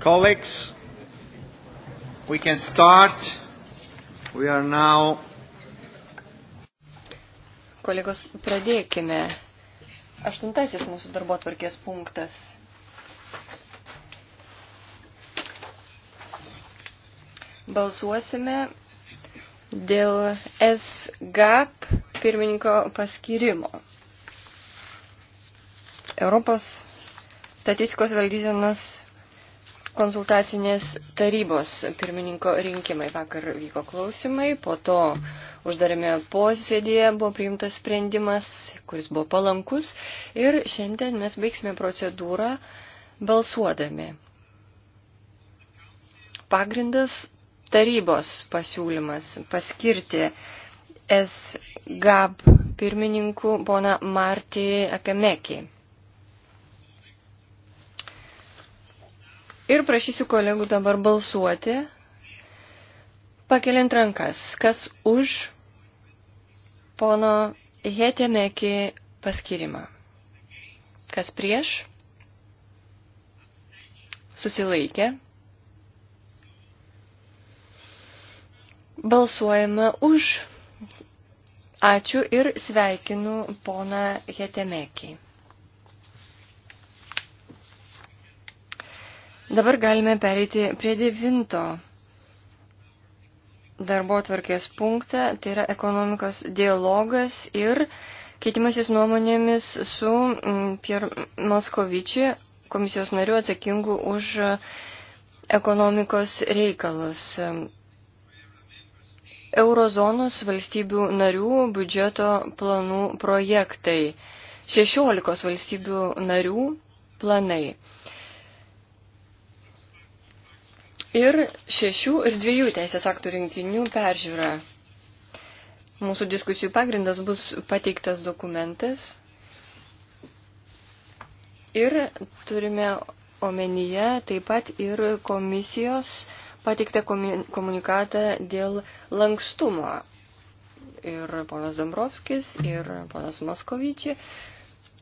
Colleagues, we can start. We are now. Kolegos, pradėkime. Aštuntasis mūsų darbo tvarkės punktas. Balsuosime dėl SGAP pirmininko paskirimo. Europos statistikos valdysenos konsultacinės tarybos pirmininko rinkimai. Vakar vyko klausimai, po to uždarėme posėdėje, buvo priimtas sprendimas, kuris buvo palankus ir šiandien mes baigsime procedūrą balsuodami. Pagrindas tarybos pasiūlymas paskirti SGAB pirmininkų pona Martį Akemekį. Ir prašysiu kolegų dabar balsuoti, pakeliant rankas, kas už pono Hetemeki paskirimą. Kas prieš? Susilaikė. Balsuojame už. Ačiū ir sveikinu poną Hetemekį. Dabar galime pereiti prie devinto darbo tvarkės punktą, tai yra ekonomikos dialogas ir keitimasis nuomonėmis su mm, Pier Moskovičiu, komisijos nariu atsakingu už ekonomikos reikalus. Eurozonos valstybių narių biudžeto planų projektai. 16 valstybių narių planai. ir šešių ir dviejų teisės aktų rinkinių peržiūra. Mūsų diskusijų pagrindas bus pateiktas dokumentas ir turime omenyje taip pat ir komisijos pateiktą komunikatą dėl lankstumo. Ir ponas Dombrovskis, ir ponas Moskovičiai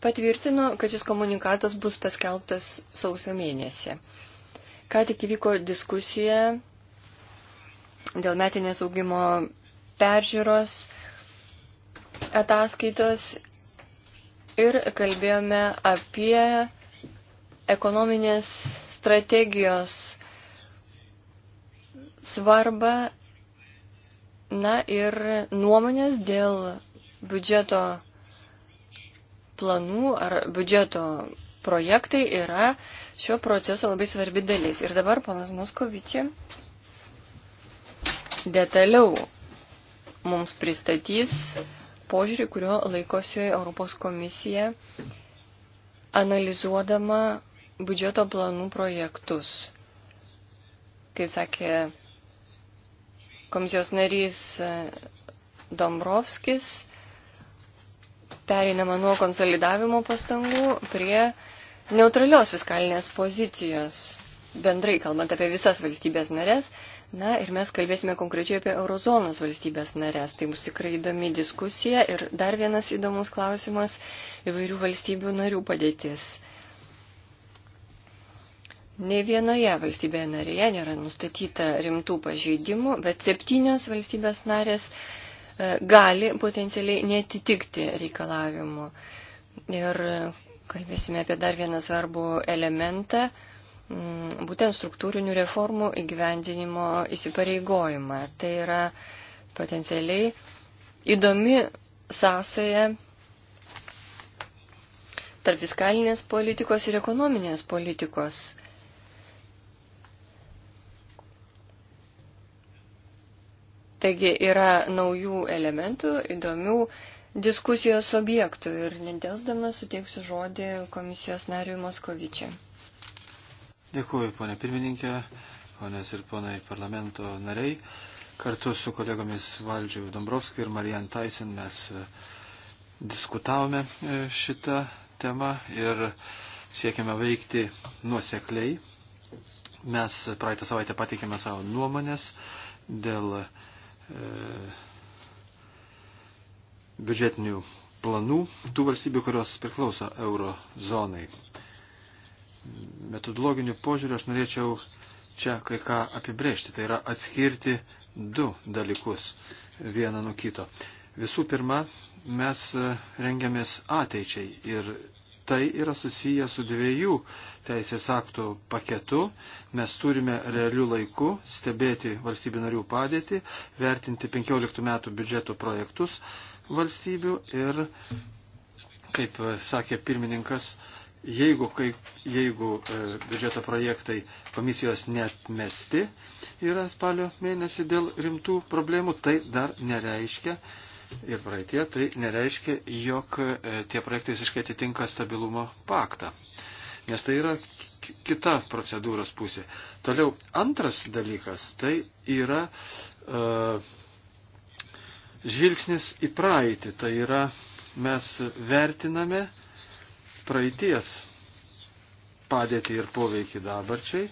patvirtino, kad šis komunikatas bus paskelbtas sausio mėnesį. Ką tik įvyko diskusija dėl metinės augimo peržiūros ataskaitos ir kalbėjome apie ekonominės strategijos svarbą, na ir nuomonės dėl biudžeto planų ar biudžeto projektai yra šio proceso labai svarbi dalis. Ir dabar ponas Moskovičiai detaliau mums pristatys požiūrį, kurio laikosi Europos komisija, analizuodama biudžeto planų projektus. Kaip sakė komisijos narys Dombrovskis, pereinama nuo konsolidavimo pastangų prie neutralios fiskalinės pozicijos, bendrai kalbant apie visas valstybės narės. Na ir mes kalbėsime konkrečiai apie eurozonos valstybės narės. Tai bus tikrai įdomi diskusija ir dar vienas įdomus klausimas įvairių valstybių narių padėtis. Ne vienoje valstybėje narėje nėra nustatyta rimtų pažeidimų, bet septynios valstybės narės e, gali potencialiai netitikti reikalavimu. Ir Kalbėsime apie dar vieną svarbų elementą mm, būtent struktūrinių reformų įgyvendinimo įsipareigojimą. Tai yra potencialiai įdomi sąsaja tarp fiskalinės politikos ir ekonominės politikos. Taigi yra naujų elementų, įdomių diskusijos objektų ir nedelsdama suteiksiu žodį komisijos nariui Moskovičiai. Dėkuoju, ponė pirmininkė, ponės ir ponai parlamento nariai. Kartu su kolegomis Valdžiu Dombrovskiu ir Marijan Taisin mes e, diskutavome e, šitą temą ir siekiame veikti nuosekliai. Mes praeitą savaitę pateikėme savo nuomonės dėl e, biudžetinių planų tų valstybių, kurios priklauso euro zonai. Metodologiniu požiūriu aš norėčiau čia kai ką apibrėžti, tai yra atskirti du dalykus vieną nuo kito. Visų pirma, mes e, rengiamės ateičiai ir tai yra susiję su dviejų teisės aktų paketu. Mes turime realių laikų stebėti valstybių narių padėtį, vertinti 15 metų biudžeto projektus, valstybių ir, kaip e, sakė pirmininkas, jeigu, kai, jeigu e, biudžeto projektai komisijos netmesti yra spalio mėnesį dėl rimtų problemų, tai dar nereiškia. Ir praeitie tai nereiškia, jog e, tie projektai visiškai atitinka stabilumo paktą. Nes tai yra kita procedūros pusė. Toliau, antras dalykas tai yra e, žvilgsnis į praeitį, tai yra mes vertiname praeities padėtį ir poveikį dabarčiai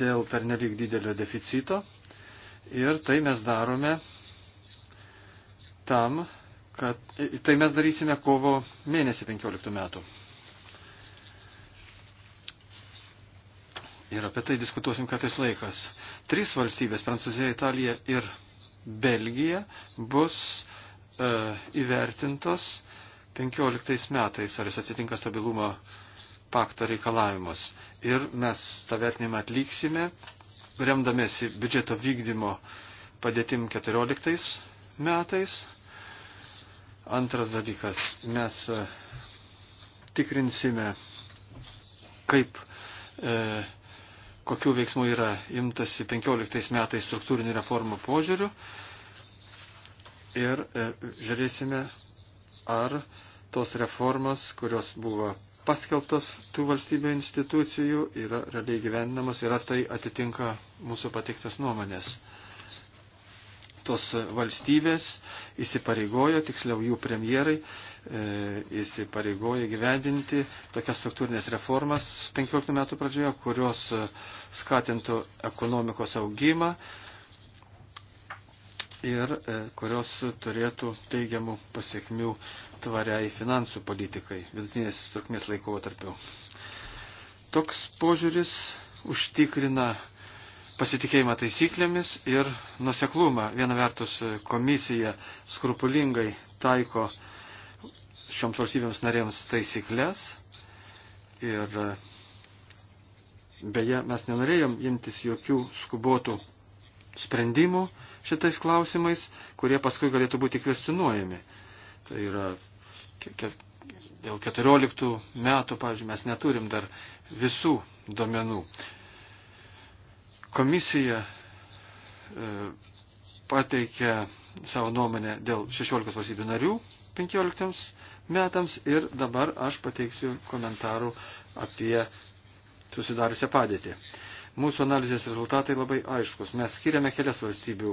dėl pernelyg didelio deficito ir tai mes darome tam, kad tai mes darysime kovo mėnesį 15 metų. Ir apie tai diskutuosim kartais laikas. Trys valstybės - Prancūzija, Italija ir Belgija bus e, įvertintos 15 metais, ar jis atitinka stabilumo pakto reikalavimus. Ir mes tą vertinimą atliksime, remdamėsi biudžeto vykdymo padėtim 14 metais. Antras dalykas, mes e, tikrinsime, kaip e, kokių veiksmų yra imtasi 15 metais struktūrinių reformų požiūrių ir e, žiūrėsime, ar tos reformas, kurios buvo paskelbtos tų valstybių institucijų, yra realiai gyvendinamos ir ar tai atitinka mūsų pateiktas nuomonės tos valstybės įsipareigojo, tiksliau jų premjerai, e, įsipareigojo gyvendinti tokias struktūrinės reformas 15 metų pradžioje, kurios e, skatintų ekonomikos augimą ir e, kurios turėtų teigiamų pasiekmių tvariai finansų politikai vidutinės trukmės laikotarpiu. Toks požiūris užtikrina pasitikėjimą taisyklėmis ir nuseklumą. Viena vertus komisija skrupulingai taiko šioms valstybėms narėms taisyklės ir beje mes nenorėjom imtis jokių skubotų sprendimų šitais klausimais, kurie paskui galėtų būti kvestionuojami. Tai yra dėl 14 metų, pavyzdžiui, mes neturim dar visų duomenų. Komisija e, pateikė savo nuomonę dėl 16 valstybių narių 15 metams ir dabar aš pateiksiu komentarų apie susidariusią padėtį. Mūsų analizės rezultatai labai aiškus. Mes skiriame kelias valstybių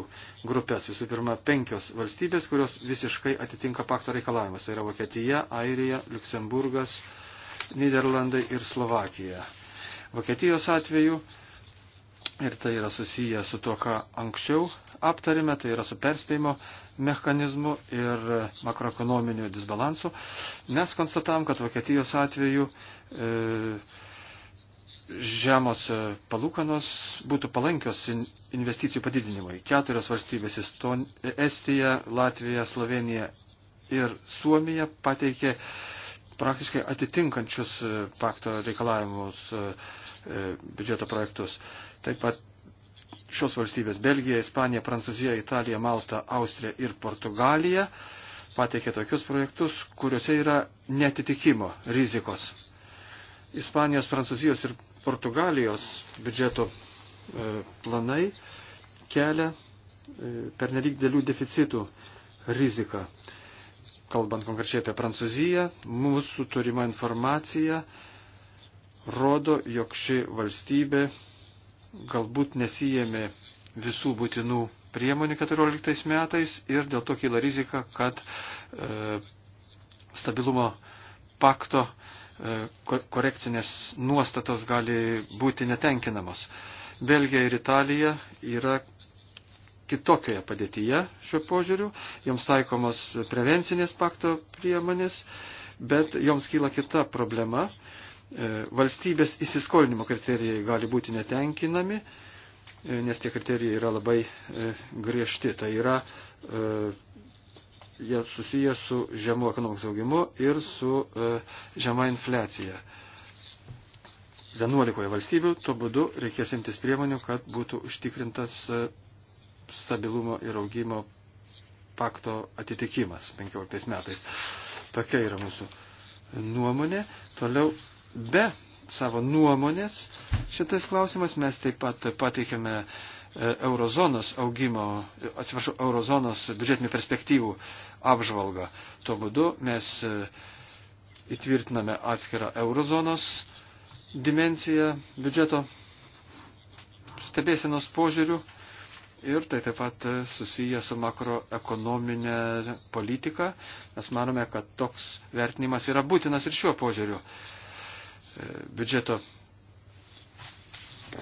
grupės. Visų pirma, penkios valstybės, kurios visiškai atitinka pakto reikalavimus. Tai yra Vokietija, Airija, Luksemburgas, Niderlandai ir Slovakija. Vokietijos atveju Ir tai yra susiję su to, ką anksčiau aptarėme, tai yra su perspėjimo mechanizmu ir makroekonominiu disbalansu. Mes konstatavom, kad Vokietijos atveju e, žemos palūkanos būtų palankios investicijų padidinimui. Keturios valstybės - Estija, Latvija, Slovenija ir Suomija pateikė praktiškai atitinkančius e, pakto reikalavimus. E, E, biudžeto projektus. Taip pat šios valstybės Belgija, Ispanija, Prancūzija, Italija, Malta, Austrija ir Portugalija pateikė tokius projektus, kuriuose yra netitikimo rizikos. Ispanijos, Prancūzijos ir Portugalijos biudžeto e, planai kelia e, per nelik dėlių deficitų riziką. Kalbant konkrečiai apie Prancūziją, mūsų turima informacija rodo, jog ši valstybė galbūt nesijėmė visų būtinų priemonių 14 metais ir dėl to kyla rizika, kad e, stabilumo pakto e, korekcinės nuostatos gali būti netenkinamos. Belgija ir Italija yra kitokioje padėtyje šiuo požiūriu, joms taikomos prevencinės pakto priemonės, bet joms kyla kita problema. E, E, valstybės įsiskolinimo kriterijai gali būti netenkinami, e, nes tie kriterijai yra labai e, griežti. Tai yra, jie susiję su žemu ekonomikos augimu ir su žema inflecija. 11 valstybių tuo būdu reikės imtis priemonių, kad būtų užtikrintas stabilumo ir augimo pakto atitikimas 15 metais. Tokia yra mūsų nuomonė. Toliau be savo nuomonės šitais klausimas. Mes taip pat pateikėme e, eurozonos augimo, atsiprašau, eurozonos biudžetinių perspektyvų apžvalgą. Tuo būdu mes e, įtvirtiname atskirą eurozonos dimenciją biudžeto stebėsenos požiūrių ir tai taip pat e, susiję su makroekonominė politika. Mes manome, kad toks vertinimas yra būtinas ir šiuo požiūriu biudžeto.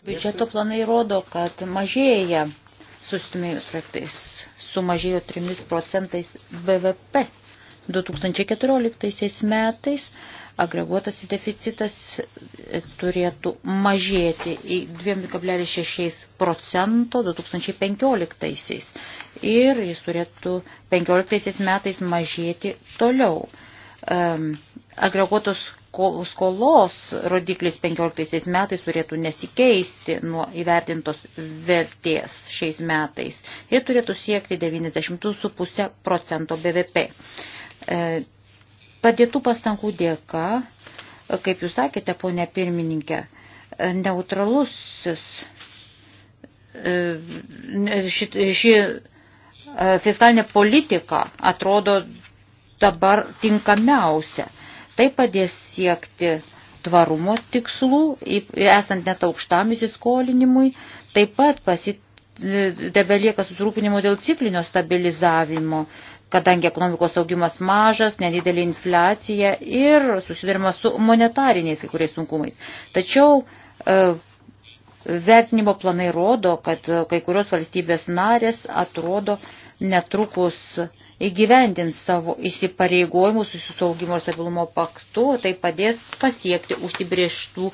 Biudžeto planai rodo, kad mažėja sustumėjus rektais, sumažėjo 3 procentais BVP. 2014 metais agreguotas deficitas turėtų mažėti į 2,6 procento 2015 ir jis turėtų 2015 metais mažėti toliau. Um, agreguotos skolos rodiklis 15 metais turėtų nesikeisti nuo įvertintos vertės šiais metais ir turėtų siekti 90,5 procento BVP. E, padėtų pastangų dėka, kaip jūs sakėte, ponė pirmininkė, e, neutralusis e, ši, ši fiskalinė politika atrodo dabar tinkamiausia Tai padės siekti tvarumo tikslų, esant net aukštam įsiskolinimui, taip pat pasit, tebelieka susirūpinimo dėl ciklinio stabilizavimo, kadangi ekonomikos augimas mažas, nedidelė infliacija ir susidurima su monetariniais kai kuriais sunkumais. Tačiau e, vertinimo planai rodo, kad e, kai kurios valstybės narės atrodo netrukus įgyvendins savo įsipareigojimus su saugimo ir stabilumo paktu, tai padės pasiekti užsibrieštų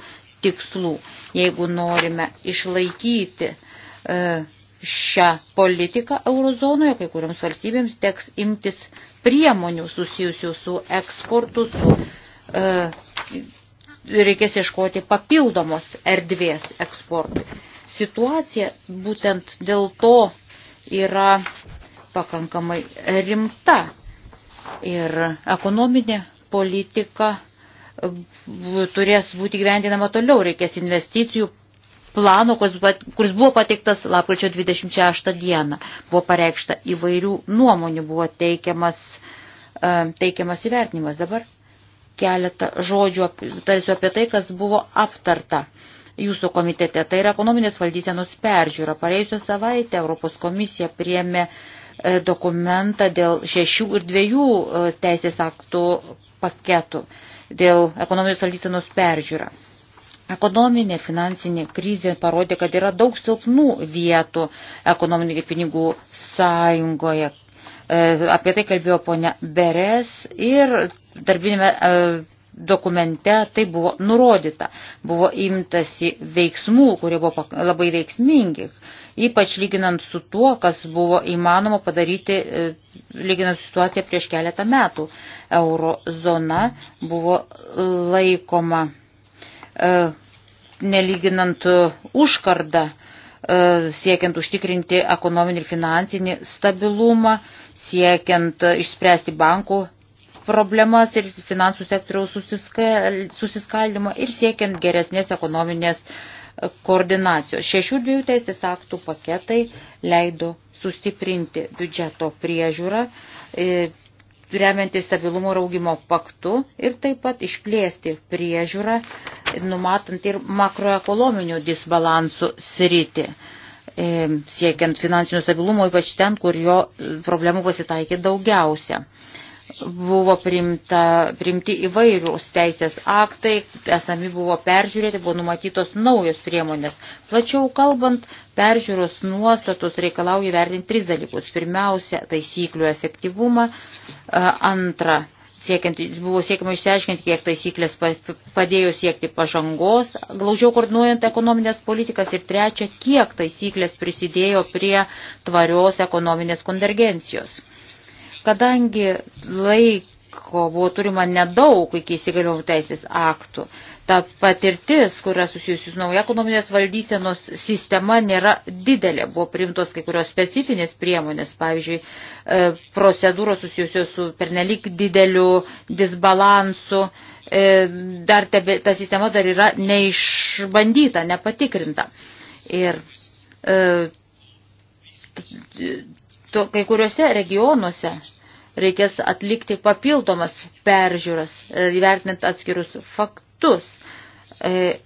tikslų. Jeigu norime išlaikyti e, šią politiką eurozonoje, kai kuriams valstybėms teks imtis priemonių susijusių su eksportu, su, e, reikės ieškoti papildomos erdvės eksportui. Situacija būtent dėl to yra pakankamai rimta. Ir ekonominė politika turės būti gyvendinama toliau, reikės investicijų plano, kuris buvo pateiktas lapkričio 26 dieną. Buvo pareikšta įvairių nuomonių, buvo teikiamas, e, teikiamas įvertinimas. Dabar keletą žodžių tarsiu apie tai, kas buvo aptarta jūsų komitete. Tai yra ekonominės valdysenos peržiūra. Pareisio savaitę Europos komisija priėmė E, dokumentą dėl šešių ir dviejų e, teisės aktų paketų dėl ekonomijos valdysenos peržiūrą. Ekonominė finansinė krizė parodė, kad yra daug silpnų vietų ekonominė pinigų sąjungoje. E, apie tai kalbėjo ponia Beres ir darbinėme dokumente tai buvo nurodyta. Buvo imtasi veiksmų, kurie buvo labai veiksmingi, ypač lyginant su tuo, kas buvo įmanoma padaryti, e, lyginant su situacija prieš keletą metų. Eurozona buvo laikoma e, nelyginant užkardą, e, siekiant užtikrinti ekonominį ir finansinį stabilumą, siekiant išspręsti bankų problemas ir finansų sektoriaus susiskaldimą ir siekiant geresnės ekonominės e, koordinacijos. Šešių dviejų teisės aktų paketai leido sustiprinti biudžeto priežiūrą, e, remiantis stabilumo ir augimo paktu ir taip pat išplėsti priežiūrą, numatant ir makroekonominių disbalansų sritį e, siekiant finansinio stabilumo, ypač ten, kur jo problemų pasitaikė daugiausia buvo primta, primti įvairūs teisės aktai, esami buvo peržiūrėti, buvo numatytos naujos priemonės. Plačiau kalbant, peržiūros nuostatus reikalauja vertinti tris dalykus. Pirmiausia, taisyklių efektyvumą. Antra, siekiant, buvo siekiama išsiaiškinti, kiek taisyklės padėjo siekti pažangos, glaužiau koordinuojant ekonominės politikas ir trečia, kiek taisyklės prisidėjo prie tvarios ekonominės konvergencijos. Kadangi laiko buvo turima nedaug iki įsigaliojimų teisės aktų, ta patirtis, kuria susijusius nauja ekonominės valdysenos sistema nėra didelė. Buvo priimtos kai kurios specifinės priemonės, pavyzdžiui, e, procedūros susijusios su pernelik dideliu disbalansu. E, dar tebe, ta sistema dar yra neišbandyta, nepatikrinta. Ir e, to, kai kuriuose regionuose reikės atlikti papildomas peržiūras, e, įvertinant atskirus faktus. E,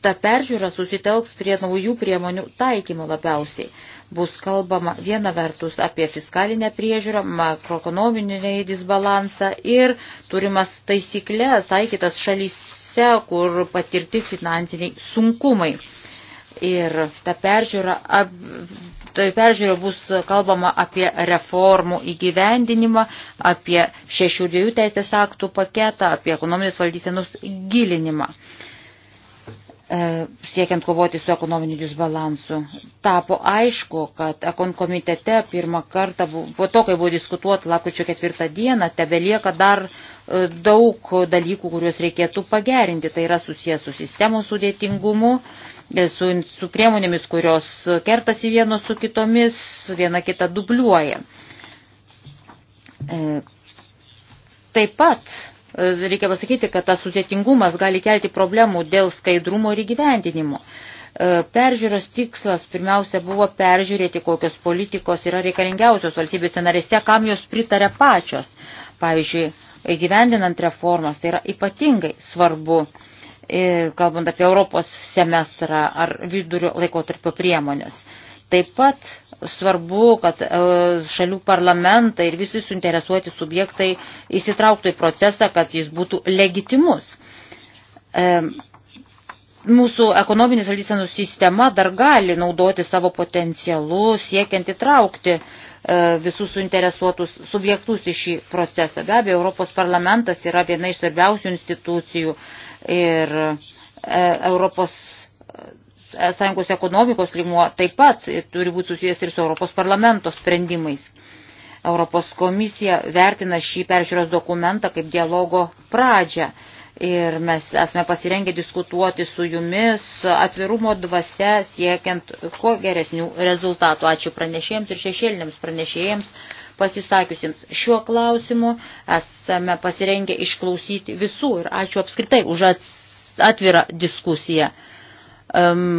ta peržiūra susitelks prie naujų priemonių taikymo labiausiai. Bus kalbama viena vertus apie fiskalinę priežiūrą, makroekonominį disbalansą ir turimas taisyklės taikytas šalyse, kur patirti finansiniai sunkumai. Ir ta peržiūra Toj tai peržiūrio bus kalbama apie reformų įgyvendinimą, apie šešių dviejų teisės aktų paketą, apie ekonominės valdysenus gilinimą e, siekiant kovoti su ekonominiu disbalansu. Tapo aišku, kad Ekon komitete pirmą kartą, po to, kai buvo diskutuota lakučio ketvirtą dieną, tebelieka dar daug dalykų, kuriuos reikėtų pagerinti. Tai yra susijęs su sistemos sudėtingumu, su, su priemonėmis, kurios kertasi vienos su kitomis, viena kita dubliuoja. E, taip pat e, reikia pasakyti, kad tas sudėtingumas gali kelti problemų dėl skaidrumo ir įgyvendinimo. E, peržiūros tikslas pirmiausia buvo peržiūrėti, kokios politikos yra reikalingiausios valstybėse narėse, kam jos pritarė pačios. Pavyzdžiui, įgyvendinant reformas, tai yra ypatingai svarbu, e, kalbant apie Europos semestrą ar vidurio laikotarpio priemonės. Taip pat svarbu, kad e, šalių parlamentai ir visi suinteresuoti subjektai įsitrauktų į procesą, kad jis būtų legitimus. E, mūsų ekonominis valdysenų sistema dar gali naudoti savo potencialu, siekiant įtraukti E, visus suinteresuotus subjektus į šį procesą. Be abejo, Europos parlamentas yra viena iš svarbiausių institucijų ir e, Europos e, sąjungos ekonomikos lygmuo taip pat turi būti susijęs ir su Europos parlamento sprendimais. Europos komisija vertina šį peržiūros dokumentą kaip dialogo pradžią ir mes esame pasirengę diskutuoti su jumis atvirumo dvasia siekiant kuo geresnių rezultatų. Ačiū pranešėjams ir šešėliniams pranešėjams pasisakiusiems šiuo klausimu. Esame pasirengę išklausyti visų ir ačiū apskritai už atvirą diskusiją.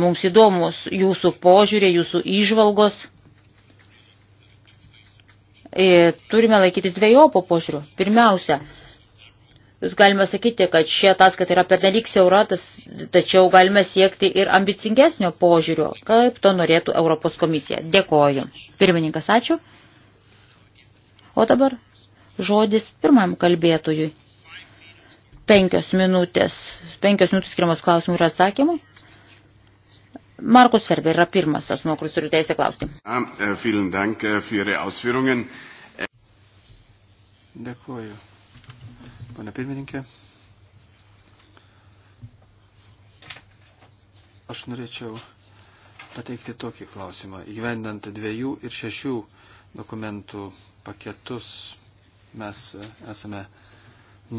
Mums įdomus jūsų požiūrė, jūsų įžvalgos. E, turime laikytis dviejopo požiūrių. Pirmiausia, Galime sakyti, kad šie ataskaita yra pernelyg siaura, tačiau galime siekti ir ambicingesnio požiūrio, kaip to norėtų Europos komisija. Dėkoju. Pirmininkas, ačiū. O dabar žodis pirmam kalbėtojui. Penkios minutės, penkios minutės skiriamos klausimų ir atsakymui. Markus Ferber yra pirmas asmo, kuris turi teisę klausti. E, e, e Dėkuoju Pane pirmininkė, aš norėčiau pateikti tokį klausimą. Įgyvendant dviejų ir šešių dokumentų paketus mes esame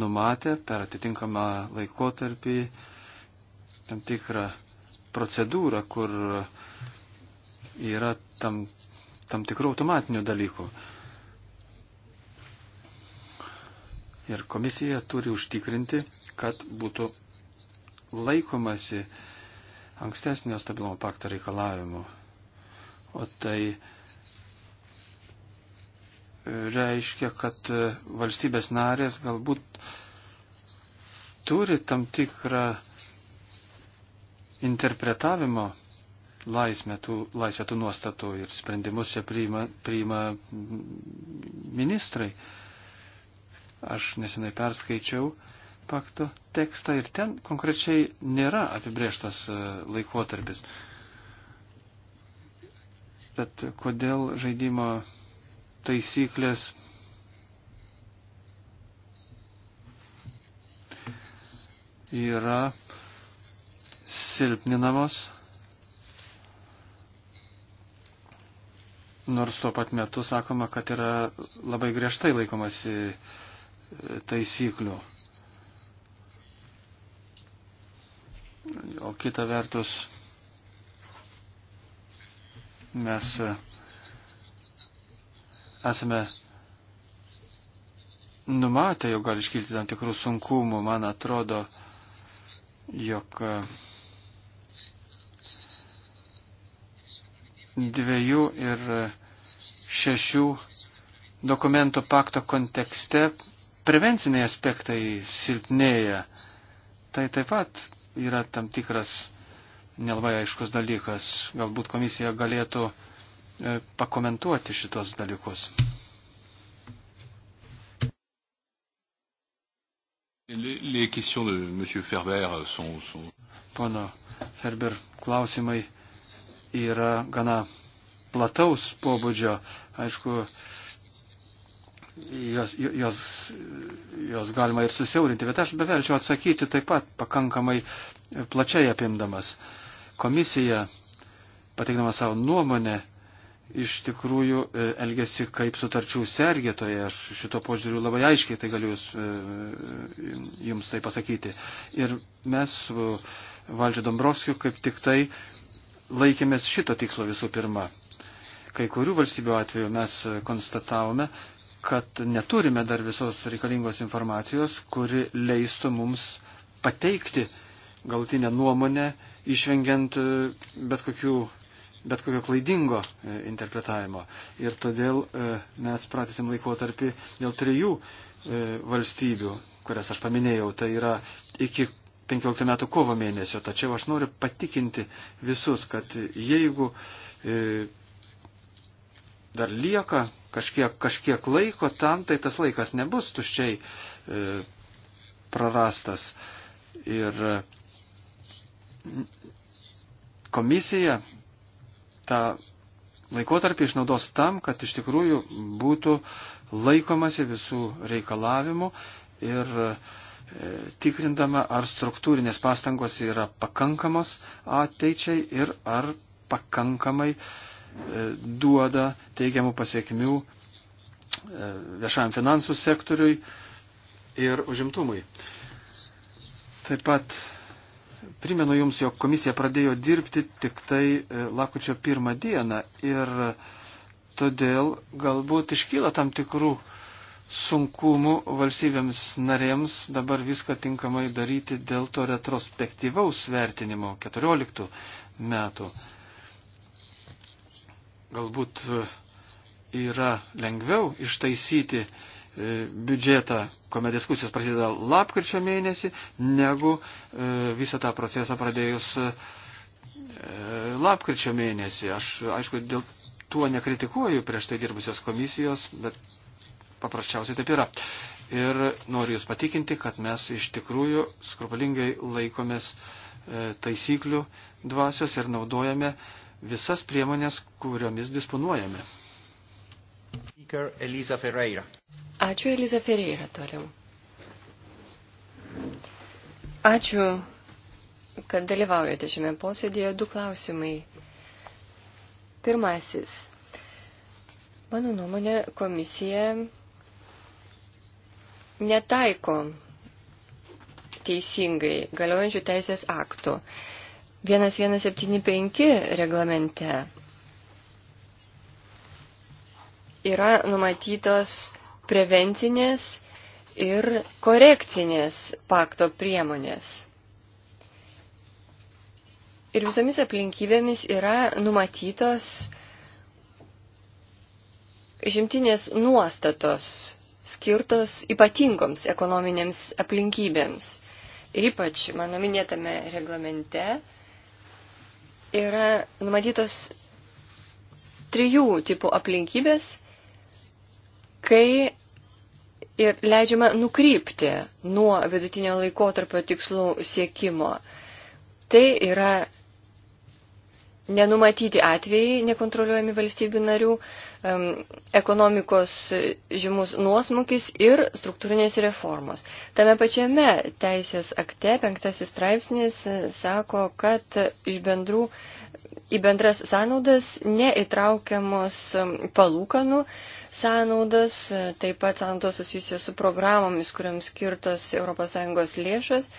numatę per atitinkamą laikotarpį tam tikrą procedūrą, kur yra tam, tam tikrų automatinių dalykų. Ir komisija turi užtikrinti, kad būtų laikomasi ankstesnio stabilumo pakto reikalavimų. O tai reiškia, kad valstybės narės galbūt turi tam tikrą interpretavimo laisvę tų, laisvę tų nuostatų ir sprendimus čia priima, priima ministrai. Uh, Aš nesenai perskaičiau pakto tekstą ir ten konkrečiai nėra apibrieštas e, laikotarpis. Bet kodėl žaidimo taisyklės yra silpninamos, nors tuo pat metu sakoma, kad yra labai griežtai laikomasi taisyklių. O kita vertus, mes e, esame numatę, jau gali iškilti tam tikrų sunkumų, man atrodo, jog e, dviejų ir e, šešių dokumento pakto kontekste prevenciniai aspektai silpnėja. Tai taip pat yra tam tikras nelabai aiškus dalykas. Galbūt komisija galėtų e, pakomentuoti šitos dalykus. Les questions de M. Ferber sont, sont... Pono Ferber klausimai yra gana plataus pobūdžio. Aišku, jos, jos, jos galima ir susiaurinti, bet aš bevelčiau atsakyti taip pat pakankamai plačiai apimdamas. Komisija, pateikdama savo nuomonę, iš tikrųjų e, elgesi kaip sutarčių sergėtoje. Aš šito požiūriu labai aiškiai tai galiu jūs, e, jums tai pasakyti. Ir mes su Valdžio Dombrovskiu kaip tik tai laikėmės šito tikslo visų pirma. Kai kurių valstybių atveju mes konstatavome, kad neturime dar visos reikalingos informacijos, kuri leistų mums pateikti galtinę nuomonę, išvengiant e, bet, kokių, bet kokio klaidingo e, interpretavimo. Ir todėl e, mes pratėsim laikotarpį dėl trijų valstybių, kurias aš paminėjau. Tai yra iki 15 metų kovo mėnesio. Tačiau aš noriu patikinti visus, kad jeigu dar lieka kažkiek, kažkiek laiko tam, tai tas laikas nebus tuščiai e, prarastas. Ir e, komisija tą laikotarpį išnaudos tam, kad iš tikrųjų būtų laikomasi visų reikalavimų ir e, tikrindama, ar struktūrinės pastangos yra pakankamos ateičiai ir ar pakankamai e, E, duoda teigiamų pasiekmių e, viešam finansų sektoriui ir užimtumui. Taip pat primenu Jums, jog komisija pradėjo dirbti tik tai e, lakučio pirmą dieną ir todėl galbūt iškyla tam tikrų sunkumų valstybėms narėms dabar viską tinkamai daryti dėl to retrospektyvaus vertinimo 14 metų galbūt e, yra lengviau ištaisyti e, biudžetą, kuomet diskusijos prasideda lapkričio mėnesį, negu e, visą tą procesą pradėjus lapkričio mėnesį. Aš, aišku, dėl tuo nekritikuoju prieš tai dirbusios komisijos, bet paprasčiausiai taip yra. Ir noriu Jūs patikinti, kad mes iš tikrųjų skrupulingai laikomės taisyklių dvasios ir naudojame uh, visas priemonės, kuriomis disponuojame. Elisa Ferreira. Ačiū Eliza Ferreira toliau. Ačiū, kad dalyvaujate šiame posėdėje. Du klausimai. Pirmasis. Mano nuomonė, komisija netaiko teisingai galiojančių teisės aktų. 1175 reglamente yra numatytos prevencinės ir korekcinės pakto priemonės. Ir visomis aplinkybėmis yra numatytos žimtinės nuostatos skirtos ypatingoms ekonominėms aplinkybėms. Ir ypač mano minėtame reglamente yra numatytos trijų tipų aplinkybės, kai ir leidžiama nukrypti nuo vidutinio laikotarpio tikslų siekimo. Tai yra nenumatyti atvejai nekontroliuojami valstybių narių, ekonomikos žymus nuosmukis ir struktūrinės reformos. Tame pačiame teisės akte penktasis straipsnis e, sako, kad iš bendrų į bendras sąnaudas neįtraukiamos palūkanų sąnaudos, e, taip pat sąnaudos susijusios su programomis, kuriams skirtos ES lėšas.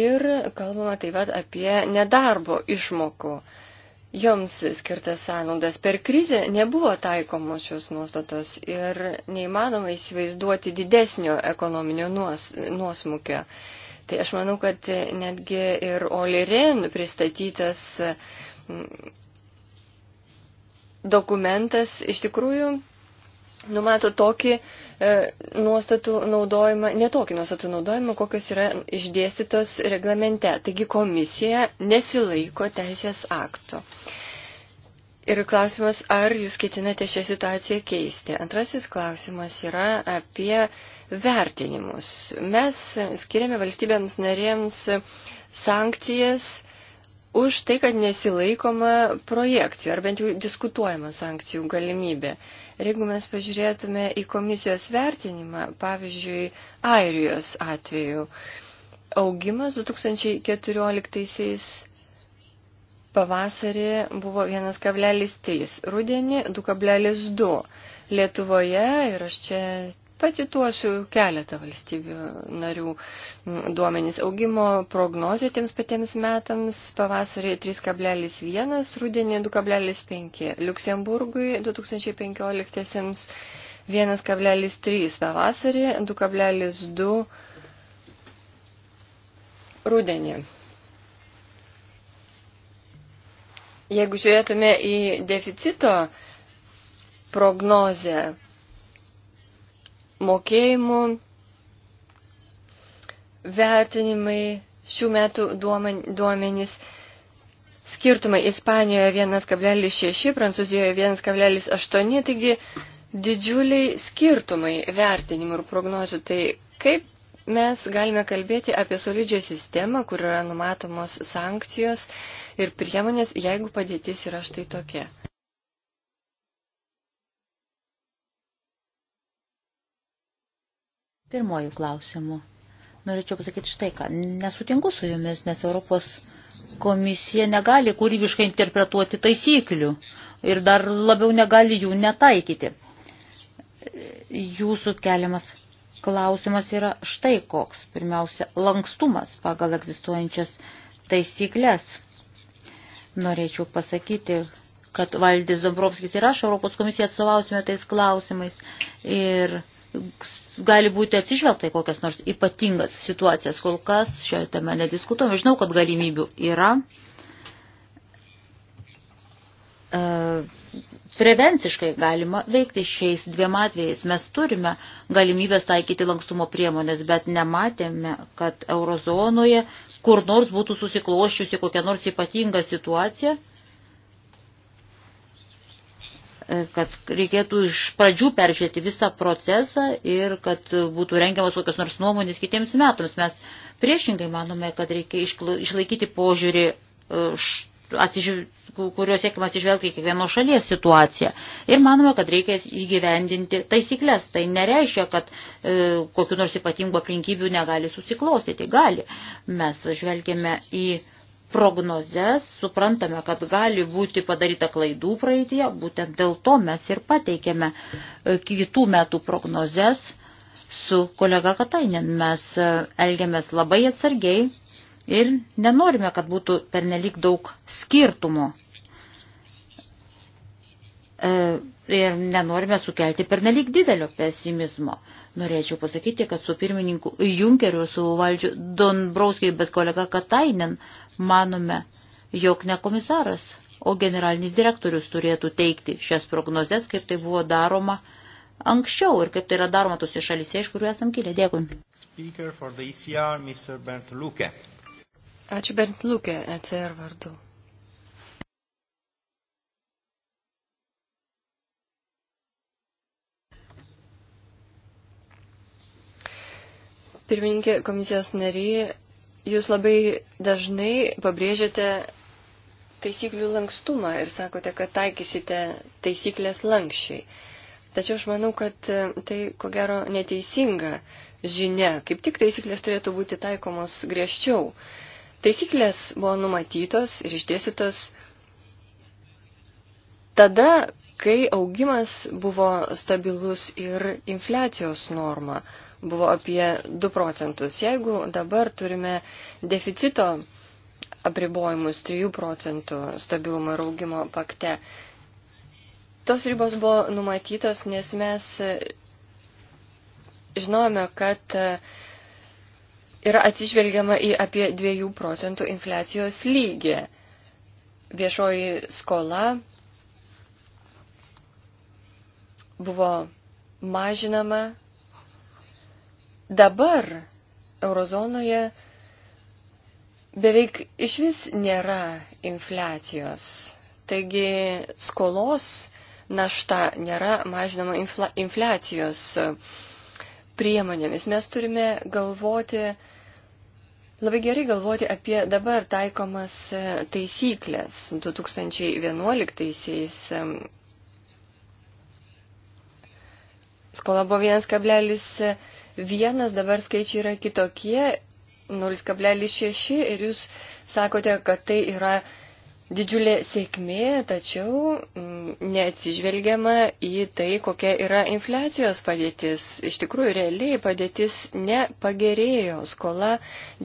Ir kalbama taip pat apie nedarbo išmokų joms skirtas sąnaudas. Per krizę nebuvo taikomos šios nuostatos ir neįmanoma įsivaizduoti didesnio ekonominio nuos, nuosmukio. Tai aš manau, kad netgi ir Oliren pristatytas mm, dokumentas iš tikrųjų numato tokį E, nuostatų naudojimą, netokį nuostatų naudojimą, kokios yra išdėstytos reglamente. Taigi komisija nesilaiko teisės akto. Ir klausimas, ar jūs ketinate šią situaciją keisti? Antrasis klausimas yra apie vertinimus. Mes skiriame valstybėms narėms sankcijas už tai, kad nesilaikoma projekcijų, ar bent jau diskutuojama sankcijų galimybė. Uh, Ir jeigu mes pažiūrėtume į komisijos vertinimą, pavyzdžiui, Airijos atveju, augimas 2014 pavasarį buvo 1,3, rudenį 2,2. Lietuvoje, ir aš čia Pacituosiu keletą valstybių narių duomenys. Augimo prognozija tiems patiems metams pavasarį 3,1, rudenį 2,5. Luksemburgui 2015 1,3 pavasarį, 2,2 rudenį. Jeigu žiūrėtume į deficito prognozę, mokėjimų vertinimai, šių metų duomenys, skirtumai Ispanijoje 1,6, Prancūzijoje 1,8, taigi didžiuliai skirtumai vertinimų ir prognozių. Tai kaip mes galime kalbėti apie solidžią sistemą, kur yra numatomos sankcijos ir priemonės, jeigu padėtis yra štai tokia? pirmojų klausimų. Norėčiau pasakyti štai ką. Nesutinku su jumis, nes Europos komisija negali kūrybiškai interpretuoti taisyklių ir dar labiau negali jų netaikyti. Jūsų keliamas klausimas yra štai koks. Pirmiausia, lankstumas pagal egzistuojančias taisyklės. Norėčiau pasakyti, kad Valdis Dombrovskis ir aš Europos komisiją atstovausime tais klausimais ir gali būti atsižvelgta į kokias nors ypatingas situacijas. Kol kas šioje teme nediskutuojame. Žinau, kad galimybių yra. E, prevenciškai galima veikti šiais dviem atvejais. Mes turime galimybės taikyti lankstumo priemonės, bet nematėme, kad eurozonoje kur nors būtų susikloščiusi kokia nors ypatinga situacija E, kad reikėtų iš pradžių peržiūrėti visą procesą ir kad būtų rengiamas kokios nors nuomonės kitiems metams. Mes priešingai manome, kad reikia išlaikyti požiūrį, e, kurio siekime atsižvelgti kiekvieno šalies situaciją. Ir manome, kad reikia įgyvendinti taisyklės. Tai nereiškia, kad e, kokiu nors ypatingu aplinkybių negali susiklostyti. Gali. Mes žvelgiame į prognozes, suprantame, kad gali būti padaryta klaidų praeitie, būtent dėl to mes ir pateikėme e, kitų metų prognozes su kolega Katainen. Mes e, elgiamės labai atsargiai ir nenorime, kad būtų pernelik daug skirtumų. E, ir nenorime sukelti pernelik didelio pesimizmo. Norėčiau pasakyti, kad su pirmininku Junkeriu, su valdžiu Donbrauskiai, bet kolega Katainen, manome, jog ne komisaras, o generalinis direktorius turėtų teikti šias prognozes, kaip tai buvo daroma anksčiau ir kaip tai yra daroma tose šalyse, iš kurių esam kilę. Dėkui. ECR, e Ačiū Bernd Lukė, ECR vardu. Pirmininkė, komisijos nariai, jūs labai dažnai pabrėžiate taisyklių lankstumą ir sakote, kad taikysite taisyklės lankščiai. Tačiau aš manau, kad e, tai ko gero neteisinga žinia. Kaip tik taisyklės turėtų būti taikomos griežčiau. Taisyklės buvo numatytos ir išdėstytos tada, kai augimas buvo stabilus ir infliacijos norma buvo apie 2 procentus. Jeigu dabar turime deficito apribojimus 3 procentų stabilumo ir augimo pakte, tos ribos buvo numatytos, nes mes žinojame, kad e, yra atsižvelgiama į apie 2 procentų infliacijos lygį. Viešoji skola buvo mažinama Dabar eurozonoje beveik iš vis nėra infliacijos. Taigi skolos našta nėra mažinama infla, infliacijos priemonėmis. Mes turime galvoti, labai gerai galvoti apie dabar taikomas taisyklės 2011-aisiais. Skola buvo 1,7 vienas, dabar skaičiai yra kitokie, 0,6 ir jūs sakote, kad tai yra didžiulė sėkmė, tačiau mm, neatsižvelgiama į tai, kokia yra infliacijos padėtis. Iš tikrųjų, realiai padėtis nepagerėjo, skola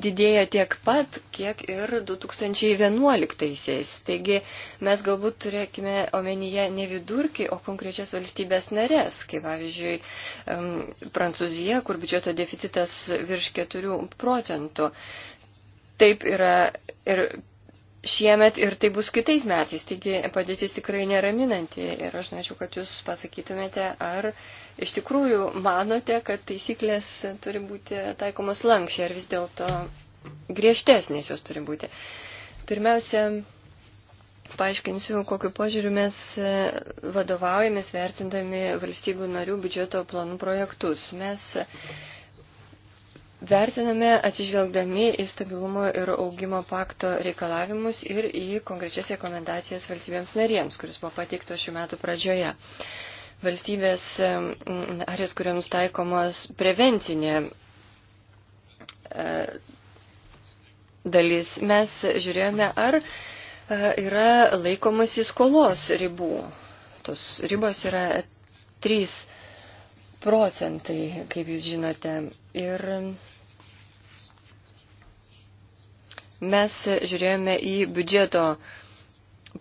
didėja tiek pat, kiek ir 2011-aisiais. Taigi mes galbūt turėkime omenyje ne vidurkį, o konkrečias valstybės narės, kaip pavyzdžiui mm, Prancūzija, kur biudžeto deficitas virš 4 procentų. Taip yra ir šiemet ir tai bus kitais metais. Taigi padėtis tikrai neraminanti ir aš norėčiau, kad jūs pasakytumėte, ar iš tikrųjų manote, kad taisyklės turi būti taikomos lankščiai, ar vis dėlto griežtesnės jos turi būti. Pirmiausia, paaiškinsiu, kokiu požiūriu mes vadovaujamės vertindami valstybių narių biudžeto planų projektus. Mes Vertiname atsižvelgdami į stabilumo ir augimo pakto reikalavimus ir į konkrečias rekomendacijas valstybėms narėms, kuris buvo pateikto šių metų pradžioje. Valstybės narės, kuriams taikomos prevencinė e, dalis, mes žiūrėjome, ar e, yra laikomasi skolos ribų. Tos ribos yra trys procentai, kaip jūs žinote. Ir mes žiūrėjome į biudžeto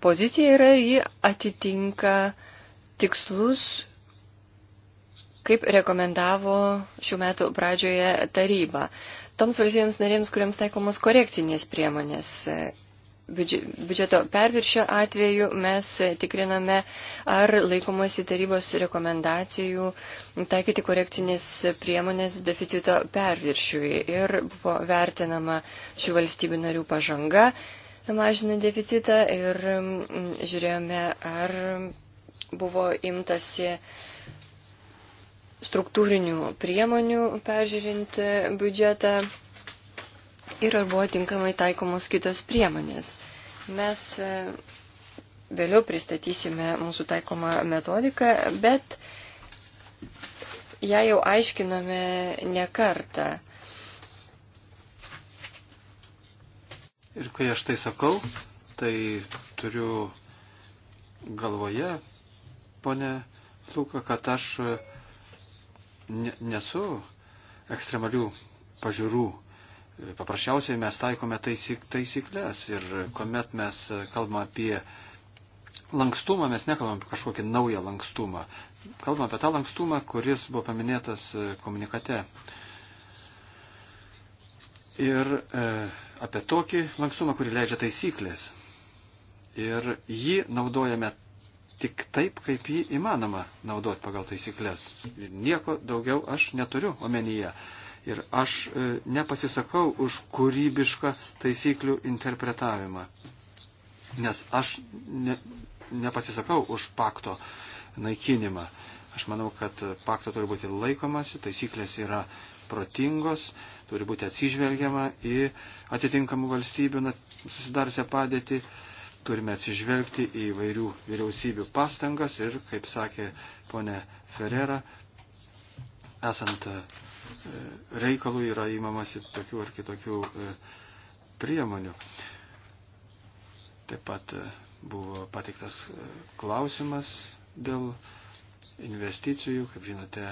poziciją ir ji atitinka tikslus, kaip rekomendavo šių metų pradžioje taryba. Toms valstybėms narėms, kuriams taikomos korekcinės priemonės biudžeto perviršio atveju mes tikriname, ar laikomasi tarybos rekomendacijų taikyti korekcinės priemonės deficito perviršiui. Ir buvo vertinama šių valstybių narių pažanga, mažina deficitą ir žiūrėjome, ar buvo imtasi struktūrinių priemonių peržiūrint biudžetą ir ar buvo tinkamai taikomos kitos priemonės. Mes e, vėliau pristatysime mūsų taikomą metodiką, bet ją jau aiškinome ne kartą. Ir kai aš tai sakau, tai turiu galvoje, ponė Luka, kad aš nesu ekstremalių pažiūrų Paprasčiausiai mes taikome taisyk, taisyklės ir kuomet mes kalbame apie lankstumą, mes nekalbame apie kažkokį naują lankstumą. Kalbame apie tą lankstumą, kuris buvo paminėtas e, komunikate. Ir e, apie tokį lankstumą, kurį leidžia taisyklės. Ir jį naudojame tik taip, kaip jį įmanoma naudoti pagal taisyklės. Ir nieko daugiau aš neturiu omenyje. E, Ir aš e, nepasisakau už kūrybišką taisyklių interpretavimą. Nes aš ne, nepasisakau už pakto naikinimą. Aš manau, kad pakto turi būti laikomasi, taisyklės yra protingos, turi būti atsižvelgiama į atitinkamų valstybių susidarsią padėtį, turime atsižvelgti į vairių vyriausybių pastangas ir, kaip sakė ponė Ferrera, esant reikalų yra įmamasi tokių ar kitokių e, priemonių. Taip pat e, buvo pateiktas e, klausimas dėl investicijų. Kaip žinote,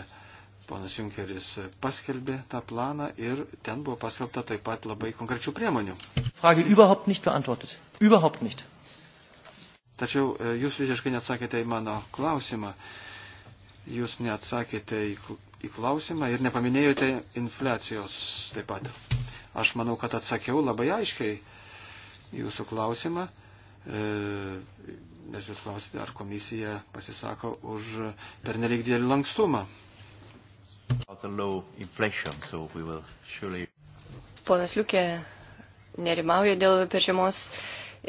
ponas Junkeris paskelbė tą planą ir ten buvo paskelbta taip pat labai konkrečių priemonių. Frage überhaupt nicht beantwortet. Überhaupt nicht. Tačiau jūs visiškai neatsakėte į mano klausimą. Jūs neatsakėte į į klausimą ir nepaminėjote infliacijos taip pat. Aš manau, kad atsakiau labai aiškiai jūsų klausimą, e, nes jūs klausite, ar komisija pasisako už pernelyg didelį lankstumą. Ponas Liukė nerimauja dėl per žemos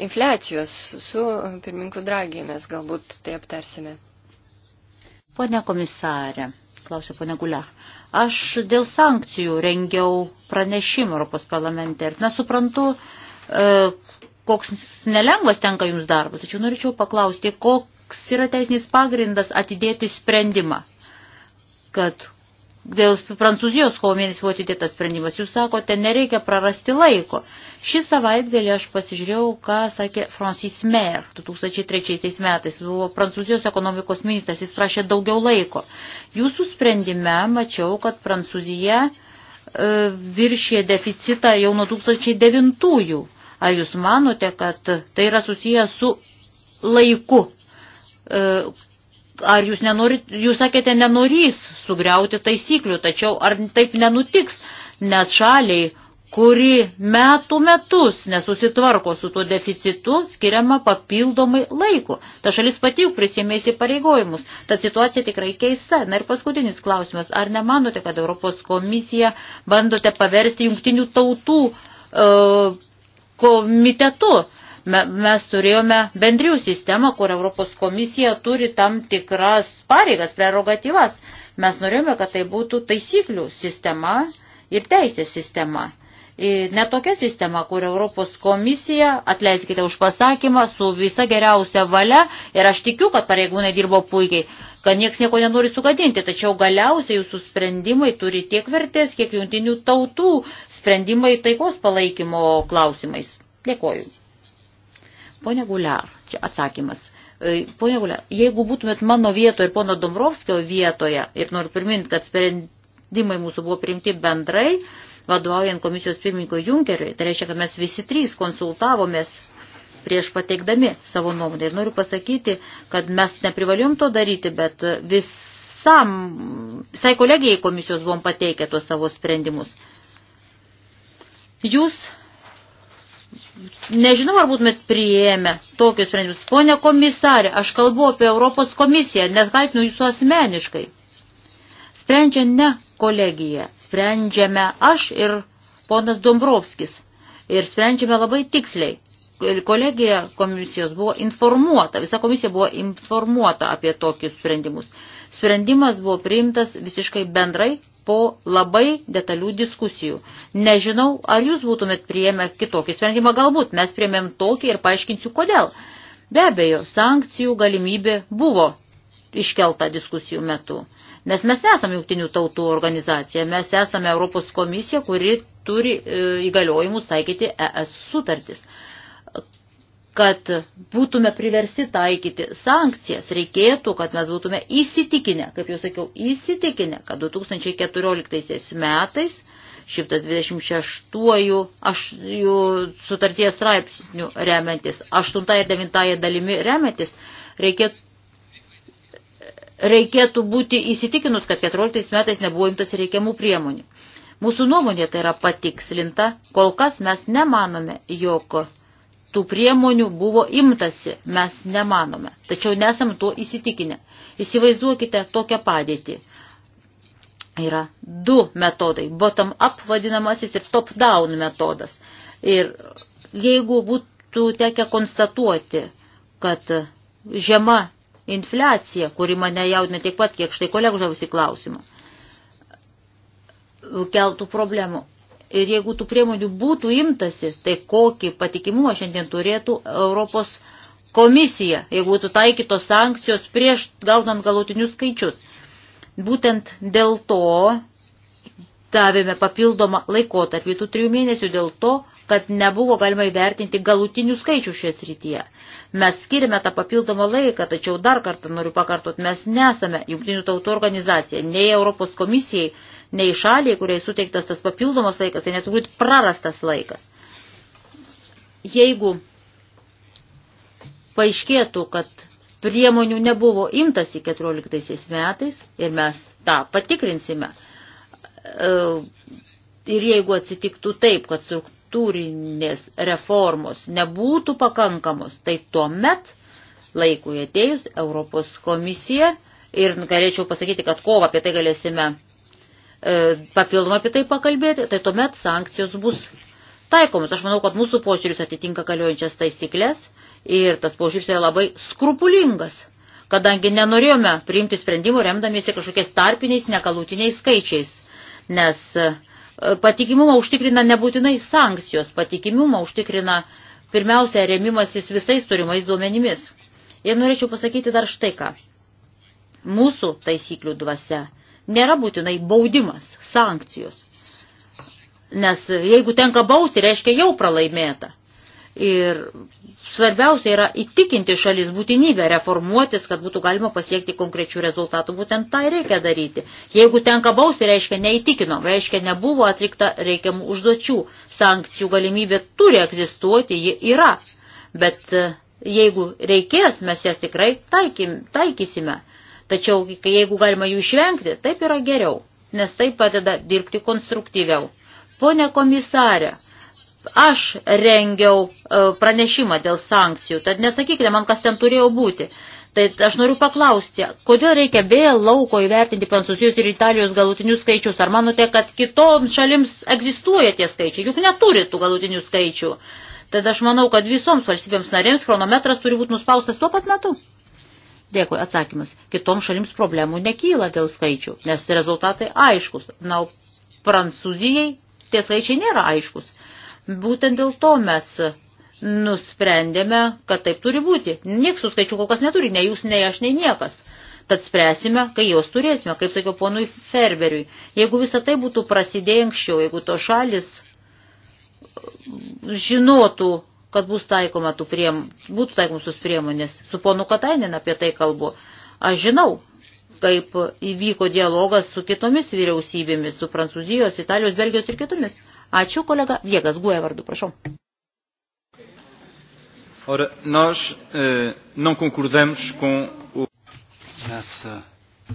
infliacijos. Su pirmininku Dragiai mes galbūt tai aptarsime. Pone komisarė, klausė ponia Gulia. Aš dėl sankcijų rengiau pranešimą Europos parlamente ir nesuprantu, e, koks nelengvas tenka jums darbas. Tačiau norėčiau paklausti, koks yra teisinis pagrindas atidėti sprendimą, kad dėl Prancūzijos kovo mėnesį buvo atidėtas sprendimas. Jūs sakote, nereikia prarasti laiko. Šį savaitgalį aš pasižiūrėjau, ką sakė Francis Mer 2003 metais. Jis buvo Prancūzijos ekonomikos ministras, jis prašė daugiau laiko. Jūsų sprendime mačiau, kad Prancūzija e, viršė deficitą jau nuo 2009-ųjų. Ar jūs manote, kad tai yra susijęs su laiku, e, ar jūs nenorit, jūs sakėte, nenorys sugriauti taisyklių, tačiau ar taip nenutiks, nes šaliai, kuri metų metus nesusitvarko su tuo deficitu, skiriama papildomai laiko. Ta šalis pati juk prisėmė įsipareigojimus. Ta situacija tikrai keista. Na ir paskutinis klausimas. Ar nemanote, kad Europos komisija bandote paversti jungtinių tautų e, komitetu? Mes turėjome bendrių sistemą, kur Europos komisija turi tam tikras pareigas, prerogatyvas. Mes norėjome, kad tai būtų taisyklių sistema ir teisės sistema. Ir ne tokia sistema, kur Europos komisija, atleiskite už pasakymą, su visa geriausia valia, ir aš tikiu, kad pareigūnai dirbo puikiai, kad nieks nieko nenori sugadinti, tačiau galiausiai jūsų sprendimai turi tiek vertės, kiek jungtinių tautų sprendimai taikos palaikymo klausimais. Dėkoju. Pone Guliar, čia atsakymas. E, pone Guliar, jeigu būtumėt mano vietoje ir pono Dombrovskio vietoje, ir noriu priminti, kad sprendimai mūsų buvo priimti bendrai, vadovaujant komisijos pirmininko Junkeriui, tai reiškia, kad mes visi trys konsultavomės prieš pateikdami savo nuomonę. Ir noriu pasakyti, kad mes neprivalėjom to daryti, bet visam, visai kolegijai komisijos buvom pateikę tuos savo sprendimus. Jūs nežinau, ar būtumėt priėmę tokius sprendimus. Pone komisarė, aš kalbu apie Europos komisiją, nes kaltinu jūsų asmeniškai. Sprendžia ne kolegija, sprendžiame aš ir ponas Dombrovskis. Ir sprendžiame labai tiksliai. Kolegija komisijos buvo informuota, visa komisija buvo informuota apie tokius sprendimus. Sprendimas buvo priimtas visiškai bendrai po labai detalių diskusijų. Nežinau, ar jūs būtumėt prieėmę kitokį sprendimą, galbūt mes priemėm tokį ir paaiškinsiu, kodėl. Be abejo, sankcijų galimybė buvo iškelta diskusijų metu. Nes mes nesame jungtinių tautų organizacija, mes esame Europos komisija, kuri turi e, įgaliojimus taikyti ES sutartis kad būtume priversti taikyti sankcijas, reikėtų, kad mes būtume įsitikinę, kaip jau sakiau, įsitikinę, kad 2014 metais 126 aš, jų sutarties straipsnių remiantis, 8 ir 9 dalimi remiantis, reikėtų reikėtų būti įsitikinus, kad 14 metais nebuvo imtas reikiamų priemonių. Mūsų nuomonė tai yra patikslinta, kol kas mes nemanome, jog tų priemonių buvo imtasi, mes nemanome, tačiau nesam tuo įsitikinę. Įsivaizduokite tokią padėtį. Yra du metodai - bottom-up vadinamasis ir top-down metodas. Ir jeigu būtų tekę konstatuoti, kad žema infliacija, kuri mane jaudina tiek pat, kiek štai kolegų žavusi klausimą, keltų problemų. Ir jeigu tų priemonių būtų imtasi, tai kokį patikimumą šiandien turėtų Europos komisija, jeigu būtų taikytos sankcijos prieš gaunant galutinius skaičius. Būtent dėl to davėme papildomą laikotarpį tų trijų mėnesių dėl to, kad nebuvo galima įvertinti galutinių skaičių šioje srityje. Mes skirime tą papildomą laiką, tačiau dar kartą noriu pakartot, mes nesame jungtinių tautų organizacija, nei Europos komisijai, nei šaliai, kuriai suteiktas tas papildomas laikas, tai neturi būti prarastas laikas. Jeigu paaiškėtų, kad priemonių nebuvo imtasi 14 metais ir mes tą patikrinsime, e, ir jeigu atsitiktų taip, kad struktūrinės reformos nebūtų pakankamos, tai tuomet laikui atėjus Europos komisija ir galėčiau pasakyti, kad kovą apie tai galėsime E, papildomai apie tai pakalbėti, tai tuomet sankcijos bus taikomas. Aš manau, kad mūsų požiūris atitinka galiojančias taisyklės ir tas požiūris yra labai skrupulingas, kadangi nenorėjome priimti sprendimų remdamiesi kažkokiais tarpiniais, nekalutiniais skaičiais, nes e, patikimumą užtikrina nebūtinai sankcijos, patikimumą užtikrina pirmiausia remimasis visais turimais duomenimis. Ir norėčiau pasakyti dar štai ką. Mūsų taisyklių dvasia nėra būtinai baudimas, sankcijos. Nes jeigu tenka bausti, reiškia jau pralaimėta. Ir svarbiausia yra įtikinti šalis būtinybę reformuotis, kad būtų galima pasiekti konkrečių rezultatų. Būtent tai reikia daryti. Jeigu tenka bausti, reiškia neįtikinom, reiškia nebuvo atlikta reikiamų užduočių. Sankcijų galimybė turi egzistuoti, ji yra. Bet e, jeigu reikės, mes jas tikrai taikim, taikysime. Tačiau, kai jeigu galima jų išvengti, taip yra geriau, nes tai padeda dirbti konstruktyviau. Pone komisarė, aš rengiau e, pranešimą dėl sankcijų, tad nesakykite man, kas ten turėjo būti. Tai aš noriu paklausti, kodėl reikia vėl lauko įvertinti Prancūzijos ir Italijos galutinius skaičius? Ar manote, kad kitoms šalims egzistuoja tie skaičiai? Juk neturi tų galutinių skaičių. Tad aš manau, kad visoms valstybėms narėms chronometras turi būti nuspaustas tuo pat metu. Dėkui, atsakymas. Kitoms šalims problemų nekyla dėl skaičių, nes rezultatai aiškus. Na, Prancūzijai tie skaičiai nėra aiškus. Būtent dėl to mes nusprendėme, kad taip turi būti. Niekas tų skaičių kol kas neturi, nei jūs, nei aš, nei niekas. Tad spręsime, kai jos turėsime, kaip sakiau ponui Ferberiui. Jeigu visą tai būtų prasidėję anksčiau, jeigu to šalis žinotų, kad bus taikoma tų priem, būtų taikomusios priemonės. Su ponu Katainin apie tai kalbu. Aš žinau, kaip įvyko dialogas su kitomis vyriausybėmis, su Prancūzijos, Italijos, Belgijos ir kitomis. Ačiū, kolega Viegas Guoja vardu, prašau. Ora, nós eh, não concordamos com o... Mes eh,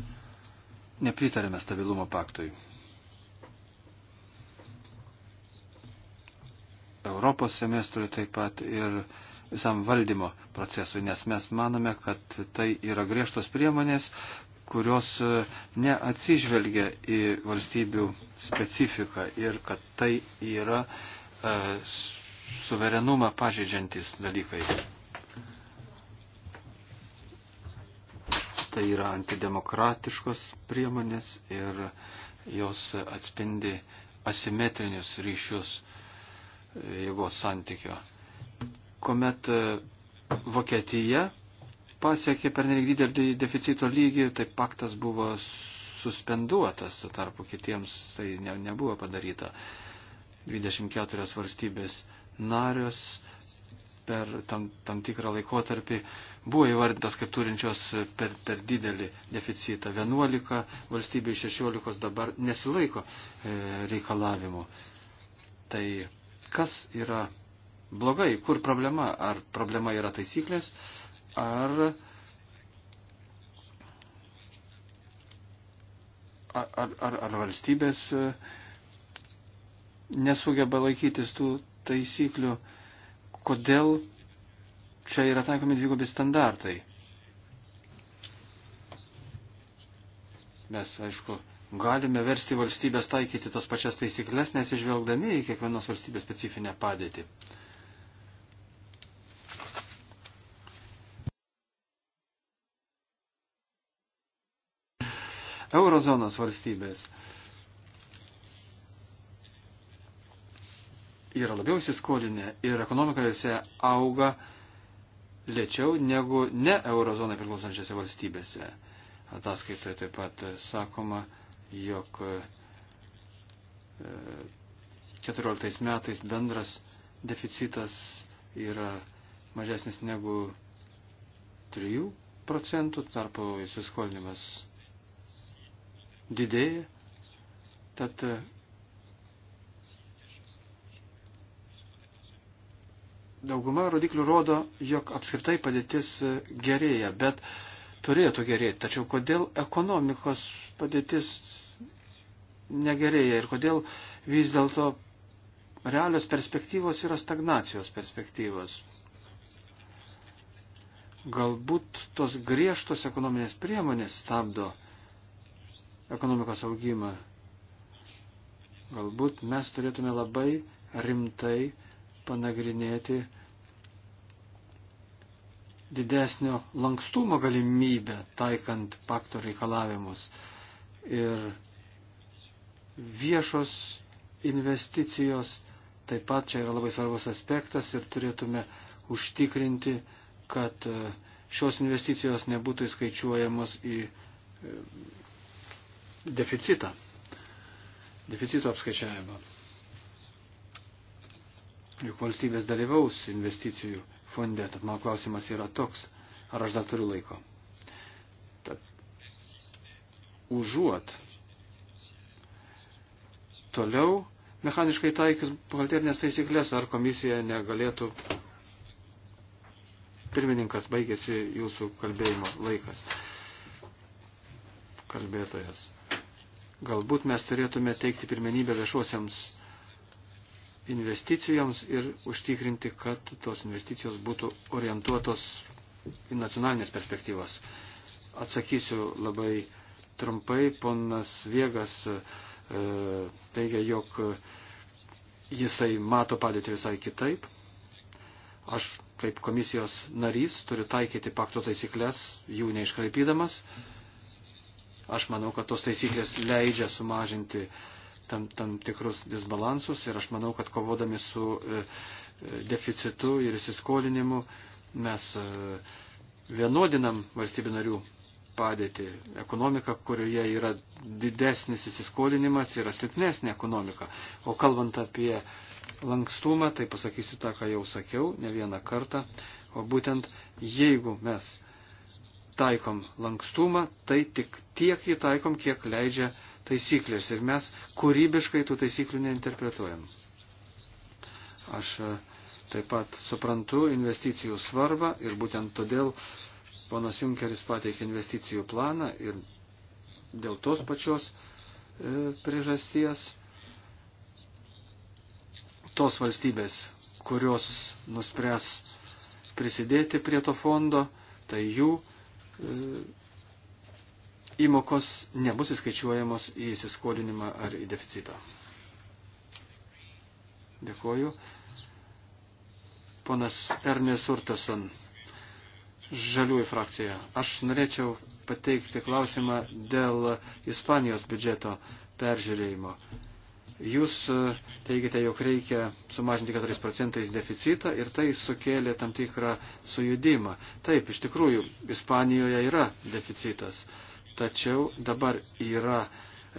nepritarėme stabilumo paktui. Europos semestrui, taip pat ir visam valdymo procesui, nes mes manome, kad tai yra griežtos priemonės, kurios e, neatsižvelgia į valstybių specifiką ir kad tai yra e, suverenumą pažydžiantis dalykai. Tai yra antidemokratiškos priemonės ir jos atspindi asimetrinius ryšius jėgos santykio, kuomet e, Vokietija pasiekė pernelik didelį deficito lygį, tai paktas buvo suspenduotas, su tarpu kitiems tai ne, nebuvo padaryta. 24 valstybės narios per tam, tam tikrą laikotarpį buvo įvardintas kaip turinčios per, per didelį deficitą. 11 valstybių iš 16 dabar nesilaiko e, reikalavimų. Tai kas yra blogai, kur problema. Ar problema yra taisyklės, ar, ar, ar, ar valstybės e, nesugeba laikytis tų taisyklių. Kodėl čia yra taikomi dvigubi standartai? Mes, aišku, galime versti valstybės taikyti tas pačias taisyklės, nesižvelgdami į kiekvienos valstybės specifinę padėtį. Eurozonos valstybės yra labiau įsiskolinę ir ekonomika jose auga lėčiau negu ne eurozonai priklausančiose valstybėse. Ataskaitoje taip pat sakoma, jog 14 e, metais bendras deficitas yra mažesnis negu 3 procentų, tarpo įsiskolinimas didėja. Tad e, dauguma rodiklių rodo, jog apskritai padėtis gerėja, bet turėtų gerėti. Tačiau kodėl ekonomikos padėtis negerėja ir kodėl vis dėlto realios perspektyvos yra stagnacijos perspektyvos. Galbūt tos griežtos ekonominės priemonės stabdo ekonomikos augimą. Galbūt mes turėtume labai rimtai panagrinėti didesnio lankstumo galimybę taikant pakto reikalavimus. Ir viešos investicijos taip pat čia yra labai svarbus aspektas ir turėtume užtikrinti, kad e, šios investicijos nebūtų įskaičiuojamos į e, deficitą, deficito apskaičiavimą. Juk valstybės dalyvaus investicijų fonde, tad mano klausimas yra toks, ar aš dar turiu laiko. Tad užuot toliau mechaniškai taikys buhalterinės taisyklės, ar komisija negalėtų. Pirmininkas baigėsi jūsų kalbėjimo laikas. Kalbėtojas. Galbūt mes turėtume teikti pirmenybę viešuosiams investicijoms ir užtikrinti, kad tos investicijos būtų orientuotos į nacionalinės perspektyvas. Atsakysiu labai trumpai, ponas Viegas uh, teigia, jog jisai mato padėtį visai kitaip. Aš kaip komisijos narys turiu taikyti pakto taisyklės, jų neiškraipydamas. Aš manau, kad tos taisyklės leidžia sumažinti tam, tam tikrus disbalansus ir aš manau, kad kovodami su e, e, deficitu ir įsiskolinimu mes e, vienodinam valstybių narių padėtį. Ekonomika, kurioje yra didesnis įsiskolinimas, yra silpnesnė ekonomika. O kalbant apie lankstumą, tai pasakysiu tą, ką jau sakiau ne vieną kartą. O būtent jeigu mes taikom lankstumą, tai tik tiek jį taikom, kiek leidžia taisyklės. Ir mes kūrybiškai tų taisyklių neinterpretuojam. Aš e, taip pat suprantu investicijų svarbą ir būtent todėl Ponas Junkeris pateikė investicijų planą ir dėl tos pačios e, priežasties tos valstybės, kurios nuspręs prisidėti prie to fondo, tai jų e, įmokos nebus įskaičiuojamos į įsiskolinimą ar į deficitą. Dėkoju. Ponas Ernės Urtason žaliųjų frakcijoje. Aš norėčiau pateikti klausimą dėl Ispanijos biudžeto peržiūrėjimo. Jūs e, teigite, jog reikia sumažinti 4 procentais deficitą ir tai sukėlė tam tikrą sujudimą. Taip, iš tikrųjų, Ispanijoje yra deficitas, tačiau dabar yra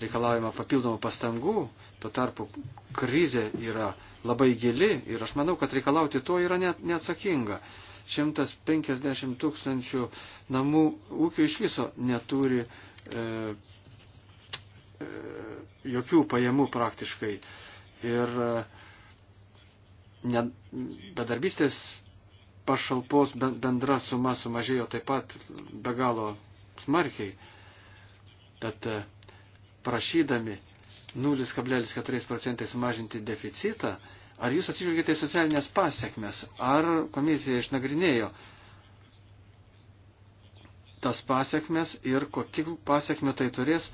reikalavimą papildomų pastangų, tuo tarpu krizė yra labai gili ir aš manau, kad reikalauti to yra neatsakinga. 150 tūkstančių namų ūkių iš viso neturi e, e, jokių pajamų praktiškai. Ir e, ne, bedarbystės pašalpos bendra suma sumažėjo taip pat be galo smarkiai. Tad e, prašydami 0,4 procentai sumažinti deficitą, Ar jūs atsižvelgėte į socialinės pasiekmes? Ar komisija išnagrinėjo tas pasiekmes ir kokių pasiekmių tai turės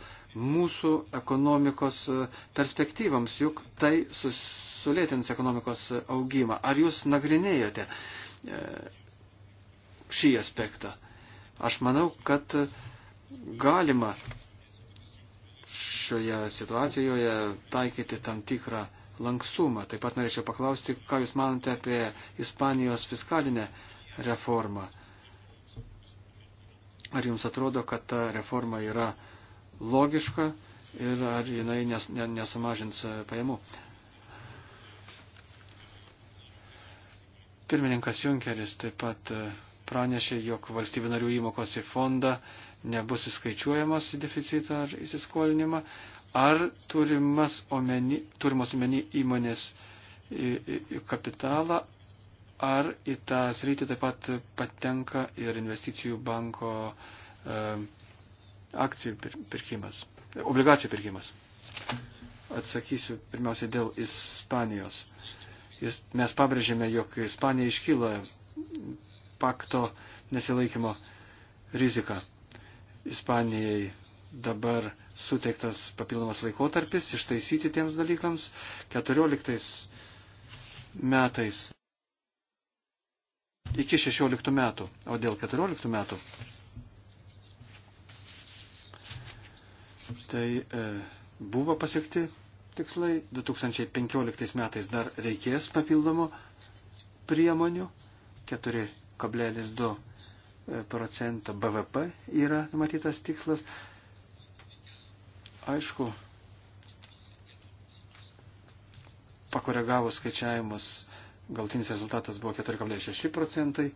mūsų ekonomikos e, perspektyvams, juk tai sulėtins ekonomikos augimą. Ar jūs nagrinėjote e, šį aspektą? Aš manau, kad galima šioje situacijoje taikyti tam tikrą lankstumą. Taip pat norėčiau paklausti, ką Jūs manote apie Ispanijos fiskalinę reformą. Ar Jums atrodo, kad ta reforma yra logiška ir ar jinai nes, ne, nesumažins e, pajamų? Pirmininkas Junkeris taip pat e, pranešė, jog valstybių narių įmokos į fondą nebus įskaičiuojamas į deficitą ar įsiskolinimą, Ar turimas omeny, turimos omeny įmonės į, į, į kapitalą, ar į tą sritį taip pat patenka ir investicijų banko e, akcijų pirkimas, obligacijų pirkimas. Atsakysiu pirmiausia dėl Ispanijos. Jis, mes pabrėžėme, jog Ispanija iškyla pakto nesilaikymo rizika. Ispanijai dabar suteiktas papildomas laikotarpis ištaisyti tiems dalykams 14 metais iki 16 metų, o dėl 14 metų tai e, buvo pasiekti tikslai, 2015 metais dar reikės papildomo priemonių, 4,2 procentą BVP yra numatytas tikslas, Aišku, pakoregavo skaičiavimus, galtinis rezultatas buvo 4,6 procentai.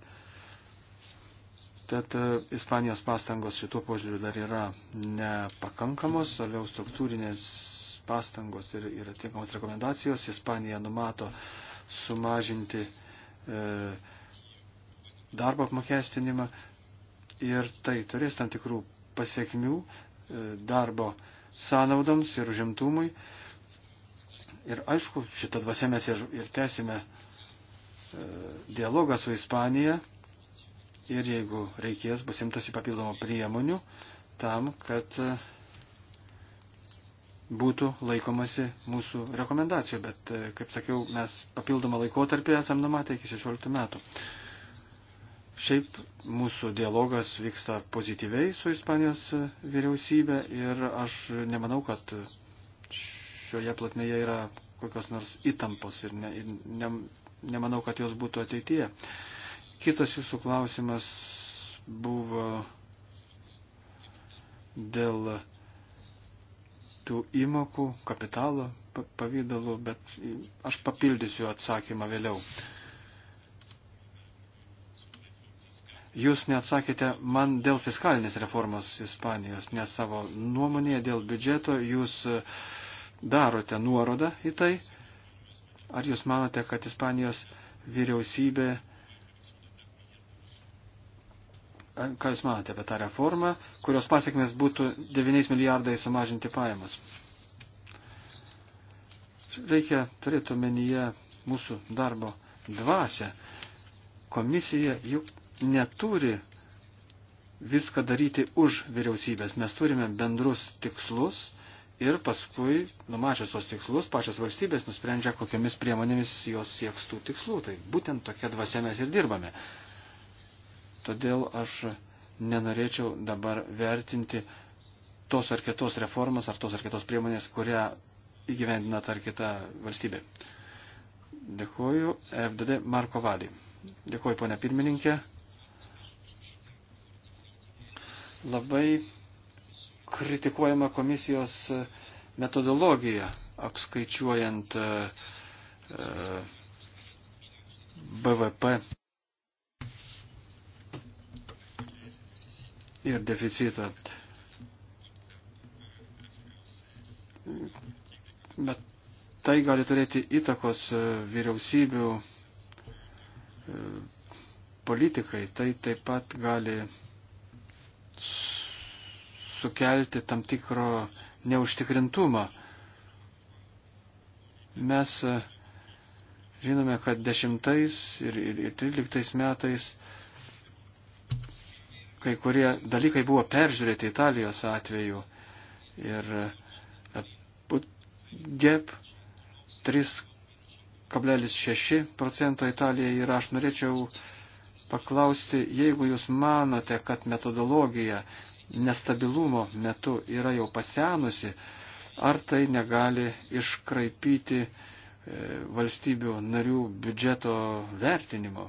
Tad e, Ispanijos pastangos šituo požiūriu dar yra nepakankamos, toliau struktūrinės pastangos ir, ir atitinkamos rekomendacijos. Ispanija numato sumažinti e, darbo apmokestinimą ir tai turės tam tikrų pasiekmių e, darbo e, sąnaudoms ir užimtumui. Ir aišku, šitą dvasę mes ir, ir tęsime e, dialogą su Ispanija ir jeigu reikės, bus imtasi papildomų priemonių tam, kad e, būtų laikomasi mūsų rekomendacijų. Bet, e, kaip sakiau, mes papildomą laikotarpį esam numatę iki 16 metų. E, Šiaip mūsų dialogas vyksta pozityviai su Ispanijos vyriausybė ir aš nemanau, kad šioje platmėje yra kokios nors įtampos ir, ne, ir ne, nemanau, kad jos būtų ateityje. Kitas jūsų klausimas buvo dėl tų įmokų kapitalo pavydalu, bet aš papildysiu atsakymą vėliau. Jūs neatsakėte man dėl fiskalinės reformos Ispanijos, nes savo nuomonėje dėl biudžeto jūs e, darote nuorodą į tai. Ar jūs manote, kad Ispanijos vyriausybė, e, ką jūs manote apie tą reformą, kurios pasiekmes būtų 9 milijardai sumažinti pajamas? Reikia turėti omenyje mūsų darbo dvasę. Komisija juk neturi viską daryti už vyriausybės. Mes turime bendrus tikslus ir paskui, numačius tos tikslus, pačios valstybės nusprendžia, kokiamis priemonėmis jos sieks tų tikslų. Tai būtent tokia dvasia mes ir dirbame. Todėl aš nenorėčiau dabar vertinti tos ar kitos reformos, ar tos ar kitos priemonės, kurią įgyvendina ta ar kita valstybė. Dėkuoju FDD Marko Vadį. Dėkuoju, ponia pirmininkė. labai kritikuojama komisijos metodologija apskaičiuojant e, e, BVP ir deficitą. Bet tai gali turėti įtakos e, vyriausybių politikai. Tai taip pat gali sukelti tam tikro neužtikrintumą. Mes e, žinome, kad dešimtais ir, ir, ir tryliktais metais kai kurie dalykai buvo peržiūrėti Italijos atveju. Ir e, GEP 3,6 procento Italija ir aš norėčiau paklausti, jeigu jūs manote, kad metodologija nestabilumo metu yra jau pasenusi, ar tai negali iškraipyti e, valstybių narių biudžeto vertinimo.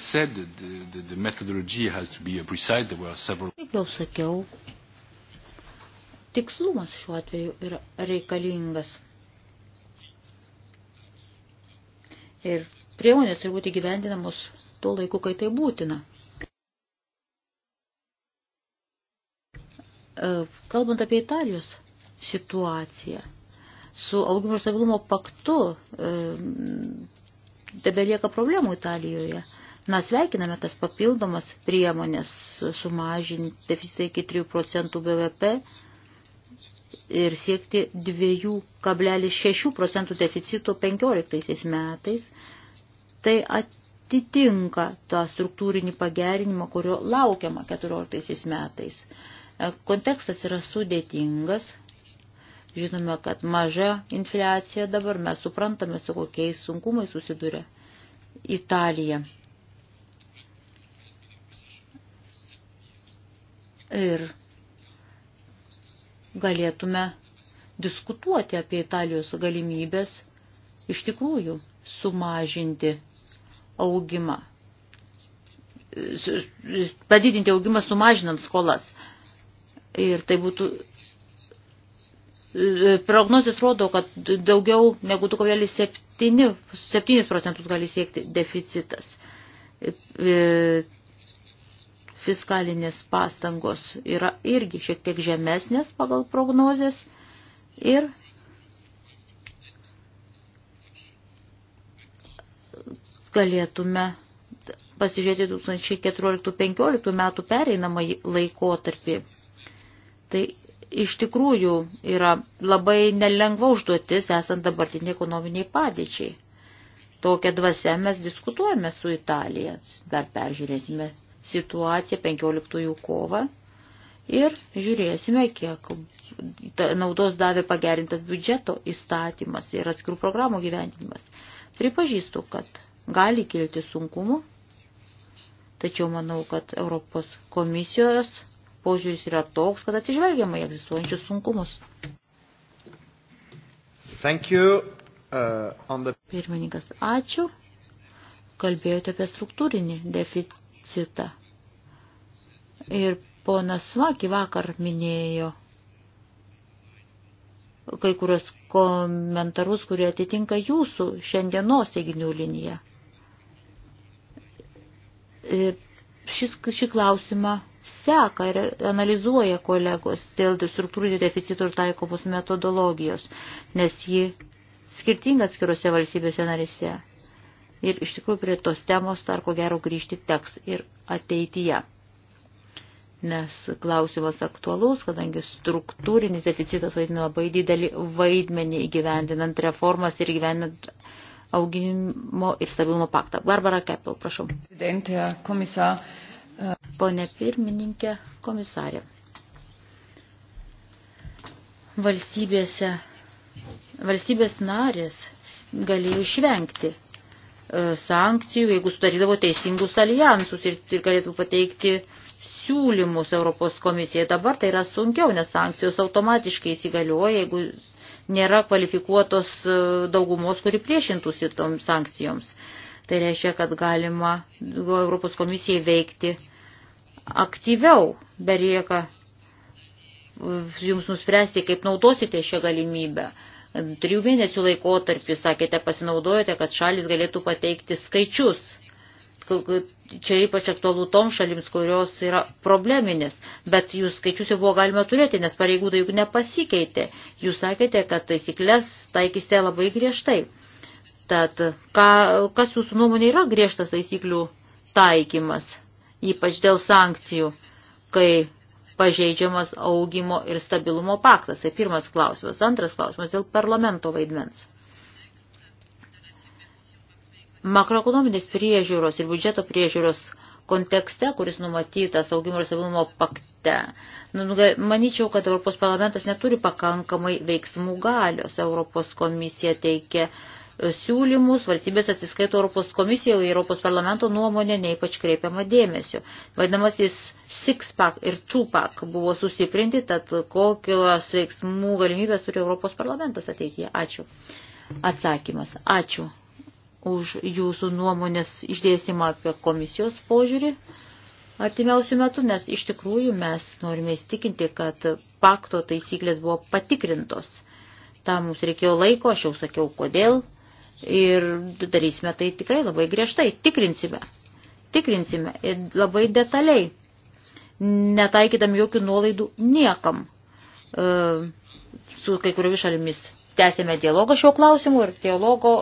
Said, the, the, the precise, several... Kaip jau sakiau, tikslumas šiuo atveju yra reikalingas. Ir priemonės turi būti gyvendinamos tuo laiku, kai tai būtina. E, kalbant apie Italijos situaciją, su augimo ir stabilumo paktu e, tebelieka problemų Italijoje. Mes sveikiname tas papildomas priemonės sumažinti deficitą iki 3 procentų BVP ir siekti 2,6 procentų deficito 15 metais Tai atitinka tą struktūrinį pagerinimą, kurio laukiama 14 metais. E, kontekstas yra sudėtingas. Žinome, kad maža infliacija dabar mes suprantame, su kokiais sunkumais susiduria Italija. Ir galėtume diskutuoti apie Italijos galimybės iš tikrųjų sumažinti augimą. Padidinti augimą sumažinant skolas. Ir tai būtų. E, prognozijas rodo, kad daugiau negu 2,7 procentus gali siekti deficitas. E, fiskalinės pastangos yra irgi šiek tiek žemesnės pagal prognozijas ir galėtume pasižiūrėti 2014-2015 metų pereinamą laikotarpį. Tai iš tikrųjų yra labai nelengva užduotis esant dabartiniai ekonominiai padėčiai. Tokią dvasę mes diskutuojame su Italija. Dar peržiūrėsime situaciją 15 kovą ir žiūrėsime, kiek naudos davė pagerintas biudžeto įstatymas ir atskirų programų gyvendinimas. Pripažįstu, kad gali kilti sunkumų, tačiau manau, kad Europos komisijos požiūris yra toks, kad atsižvelgiama į egzistuojančius sunkumus. Thank you, uh, on the... Pirmininkas, ačiū. Kalbėjote apie struktūrinį deficitą. Ir ponas Svaki vakar minėjo kai kurios komentarus, kurie atitinka jūsų šiandienos teiginių liniją šis, šį klausimą seka ir analizuoja kolegos dėl struktūrinių deficitų ir taikomos metodologijos, nes ji skirtinga atskiruose valstybėse narise. Ir iš tikrųjų prie tos temos dar ko gero grįžti teks ir ateityje. Nes klausimas aktualus, kadangi struktūrinis deficitas vaidina labai didelį vaidmenį įgyvendinant reformas ir įgyvendinant augimo ir stabilumo paktą. Barbara Keppel, prašau. E, Pone pirmininkė, komisarė. Valstybėse, valstybės narės galėjo išvengti e, sankcijų, jeigu sudarydavo teisingus alijansus ir, ir galėtų pateikti siūlymus Europos komisijai. Dabar tai yra sunkiau, nes sankcijos automatiškai įsigalioja, jeigu nėra kvalifikuotos e, daugumos, kuri priešintųsi toms sankcijoms. Tai reiškia, kad galima Europos komisijai veikti aktyviau, belieka e, jums nuspręsti, kaip naudosite šią galimybę. Trijų mėnesių laikotarpį, sakėte, pasinaudojote, kad šalis galėtų pateikti skaičius čia ypač aktualu tom šalims, kurios yra probleminės, bet jų skaičius jau buvo galima turėti, nes pareigūnai juk nepasikeitė. Jūs sakėte, kad taisyklės taikysite labai griežtai. Tad ka, kas jūsų nuomonė yra griežtas taisyklių taikymas, ypač dėl sankcijų, kai pažeidžiamas augimo ir stabilumo paktas. Tai pirmas klausimas. Antras klausimas dėl parlamento vaidmens. Makroekonominės priežiūros ir biudžeto priežiūros kontekste, kuris numatytas augimo ir stabilumo pakte, nu, nu, manyčiau, kad Europos parlamentas neturi pakankamai veiksmų galios. Europos komisija teikia e, siūlymus, valstybės atsiskaito Europos komisijoje, Europos parlamento nuomonė neįpač kreipiama dėmesio. Vadinamasis six-pack ir two-pack buvo susiprinti, tad kokios veiksmų galimybės turi Europos parlamentas ateityje. Ačiū. Atsakymas. Ačiū už jūsų nuomonės išdėstymą apie komisijos požiūrį artimiausių metų, nes iš tikrųjų mes norime įstikinti, kad pakto taisyklės buvo patikrintos. Tam mums reikėjo laiko, aš jau sakiau, kodėl. Ir darysime tai tikrai labai griežtai. Tikrinsime. Tikrinsime ir labai detaliai. Netaikydam jokių nuolaidų niekam. E, su kai kuriomis šalimis tęsėme dialogą šiuo klausimu ir dialogo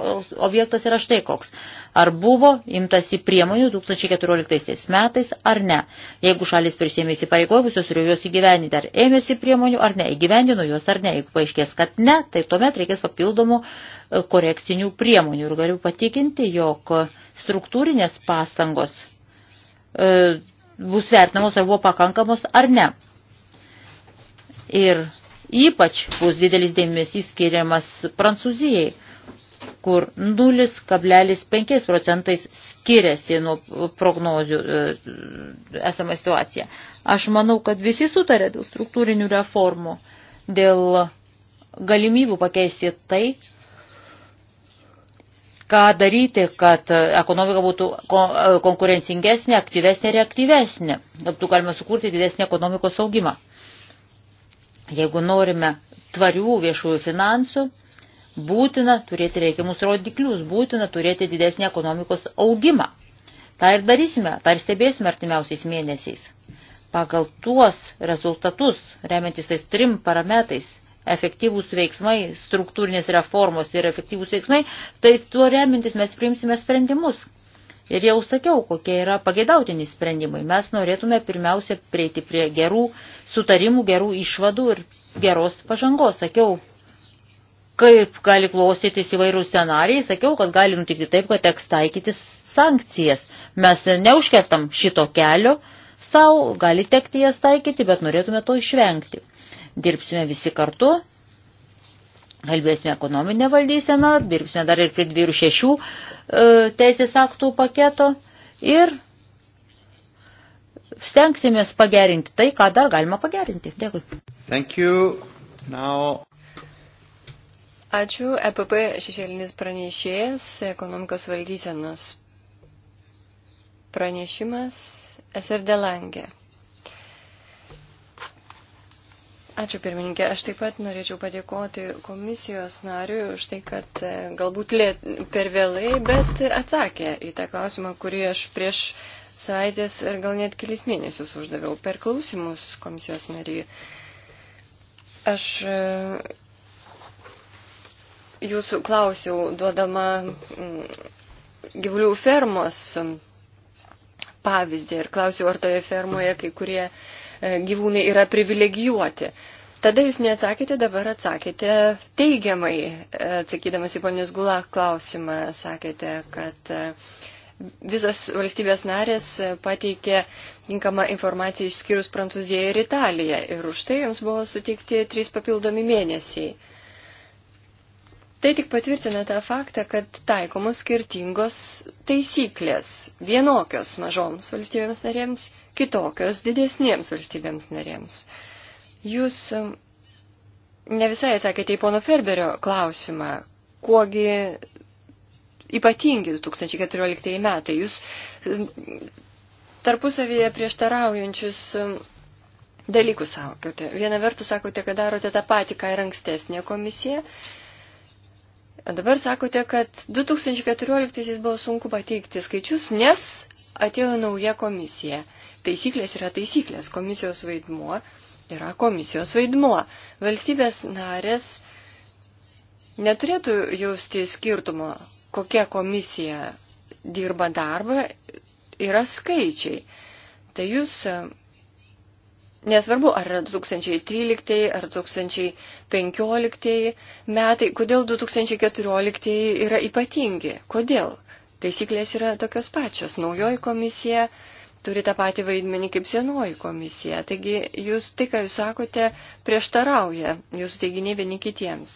objektas yra štai koks. Ar buvo imtasi priemonių 2014 metais ar ne? Jeigu šalis prisėmė įsipareigojimus, jos turėjo juos įgyveninti, ar ėmėsi priemonių ar ne, įgyvendino juos ar ne. Jeigu paaiškės, kad ne, tai tuomet reikės papildomų e, korekcinių priemonių. Ir galiu patikinti, jog struktūrinės pastangos e, bus vertinamos, ar buvo pakankamos ar ne. Ir Ypač bus didelis dėmesys skiriamas Prancūzijai, kur 0,5 procentais skiriasi nuo prognozių e, esamą situaciją. Aš manau, kad visi sutarė dėl struktūrinių reformų, dėl galimybių pakeisti tai, ką daryti, kad ekonomika būtų e, konkurencingesnė, aktyvesnė ir aktyvesnė, kad būtų galima sukurti didesnį ekonomikos augimą. Jeigu norime tvarių viešųjų finansų, būtina turėti reikiamus rodiklius, būtina turėti didesnį ekonomikos augimą. Ta ir darysime, tą ir stebėsime artimiausiais mėnesiais. Pagal tuos rezultatus, remiantis tais trim parametais, efektyvūs veiksmai, struktūrinės reformos ir efektyvūs veiksmai, tai tuo remintis mes priimsime sprendimus. Ir jau sakiau, kokie yra pageidautini sprendimai. Mes norėtume pirmiausia prieiti prie gerų sutarimų, gerų išvadų ir geros pažangos. Sakiau, kaip gali klostytis įvairių scenarijai, sakiau, kad gali nutikti taip, kad teks taikyti sankcijas. Mes neužkertam šito kelio savo, gali tekti jas taikyti, bet norėtume to išvengti. Dirbsime visi kartu, kalbėsime ekonominę valdyseną, dirbsime dar ir prie dviejų šešių e, teisės aktų paketo ir stengsimės pagerinti tai, ką dar galima pagerinti. Dėkui. Thank you. Now... Ačiū. EPP šešėlinis pranešėjas, ekonomikos valdysenos pranešimas SRD Langė. Ačiū pirmininkė. Aš taip pat norėčiau padėkoti komisijos nariui už tai, kad e, galbūt lėt, per vėlai, bet atsakė į tą klausimą, kurį aš prieš savaitės ir gal net kelis mėnesius uždaviau per klausimus komisijos nariui. Aš e, jūsų klausiau, duodama mm, gyvulių fermos pavyzdį ir klausiau, ar toje fermoje kai kurie uh, E, gyvūnai yra privilegijuoti. Tada jūs neatsakėte, dabar atsakėte teigiamai, e, atsakydamas į ponius Gula klausimą, sakėte, kad e, visos valstybės narės pateikė tinkamą informaciją išskyrus Prancūziją ir Italiją. Ir už tai jums buvo suteikti trys papildomi mėnesiai. Tai tik patvirtina tą faktą, kad taikomos skirtingos taisyklės - vienokios mažoms valstybėms narėms, kitokios didesniems valstybėms narėms. Jūs um, ne visai atsakėte į pono Ferberio klausimą, kuogi ypatingi 2014 metai. Jūs um, tarpusavyje prieštaraujančius um, dalykus sakote. Viena vertus sakote, kad darote tą patį, ką ir ankstesnė komisija. Dabar sakote, kad 2014 buvo sunku pateikti skaičius, nes atėjo nauja komisija. Taisyklės yra taisyklės. Komisijos vaidmuo yra komisijos vaidmuo. Valstybės narės neturėtų jausti skirtumo, kokia komisija dirba darbą, yra skaičiai. Tai jūs Nesvarbu, ar yra 2013 ar 2015 metai, kodėl 2014 yra ypatingi, kodėl. Taisyklės yra tokios pačios. Naujoji komisija turi tą patį vaidmenį kaip senoji komisija. Taigi jūs tai, ką jūs sakote, prieštarauja jūsų teiginiai vieni kitiems.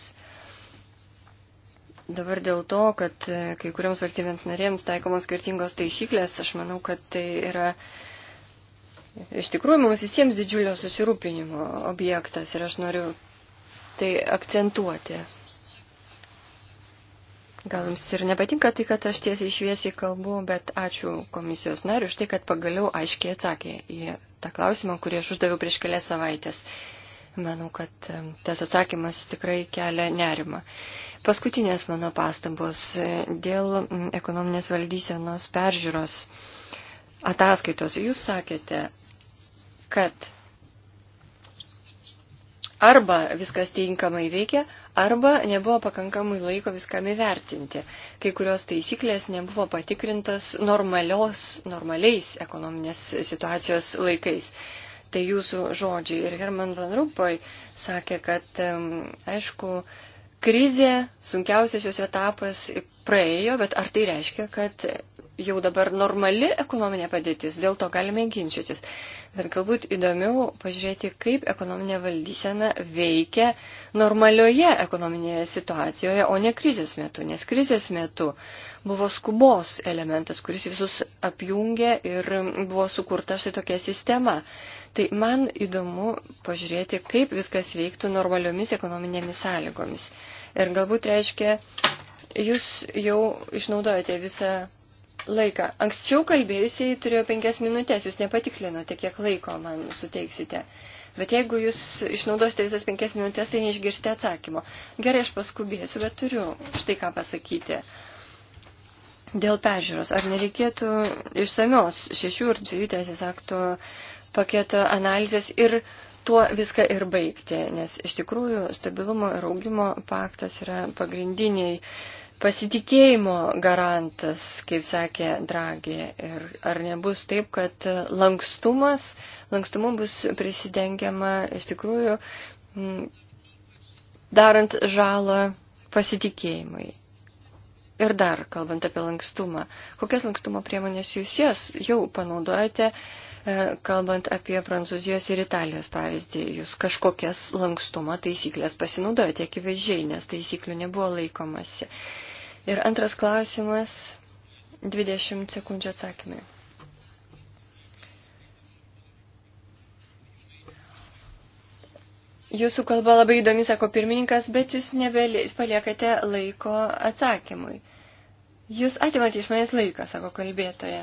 Dabar dėl to, kad kai kuriams valstybėms narėms taikomos skirtingos taisyklės, aš manau, kad tai yra iš tikrųjų mums visiems didžiulio susirūpinimo objektas ir aš noriu tai akcentuoti. Gal jums ir nepatinka tai, kad aš tiesiai išviesiai kalbu, bet ačiū komisijos nariu už tai, kad pagaliau aiškiai atsakė į tą klausimą, kurį aš uždaviau prieš kelias savaitės. Manau, kad tas atsakymas tikrai kelia nerimą. Paskutinės mano pastabos e, dėl ekonominės valdysenos peržiūros ataskaitos. Jūs sakėte, kad arba viskas tinkamai veikia, arba nebuvo pakankamai laiko viskam įvertinti. Kai kurios taisyklės nebuvo patikrintos normalios, normaliais ekonominės situacijos laikais. Tai jūsų žodžiai. Ir Herman Van Rupoj sakė, kad, aišku, krizė, sunkiausias jos etapas praėjo, bet ar tai reiškia, kad jau dabar normali ekonominė padėtis, dėl to galime ginčytis. Bet galbūt įdomiau pažiūrėti, kaip ekonominė valdysena veikia normalioje ekonominėje situacijoje, o ne krizės metu. Nes krizės metu buvo skubos elementas, kuris visus apjungė ir buvo sukurta štai tokia sistema. Tai man įdomu pažiūrėti, kaip viskas veiktų normaliomis ekonominėmis sąlygomis. Ir galbūt reiškia, jūs jau išnaudojate visą laiką. Anksčiau kalbėjusiai turėjo penkias minutės, jūs nepatiklinote, kiek laiko man suteiksite. Bet jeigu jūs išnaudosite visas penkias minutės, tai neišgirsite atsakymo. Gerai, aš paskubėsiu, bet turiu štai ką pasakyti. Dėl peržiūros, ar nereikėtų išsamios šešių ir dviejų teisės akto paketo analizės ir tuo viską ir baigti, nes iš tikrųjų stabilumo ir augimo paktas yra pagrindiniai pasitikėjimo garantas, kaip sakė Dragė. Ir ar nebus taip, kad lankstumas, lankstumu bus prisidengiama iš tikrųjų mm, darant žalą pasitikėjimui. Ir dar, kalbant apie lankstumą, kokias lankstumo priemonės jūs jas jau panaudojate, e, kalbant apie Prancūzijos ir Italijos pavyzdį, jūs kažkokias lankstumo taisyklės pasinaudojate akivaizdžiai, nes taisyklių nebuvo laikomasi. Uh, Ir antras klausimas, 20 sekundžių atsakymai. Jūsų kalba labai įdomi, sako pirmininkas, bet jūs nepaliekate laiko atsakymui. Jūs atimate iš manęs laiką, sako kalbėtoja.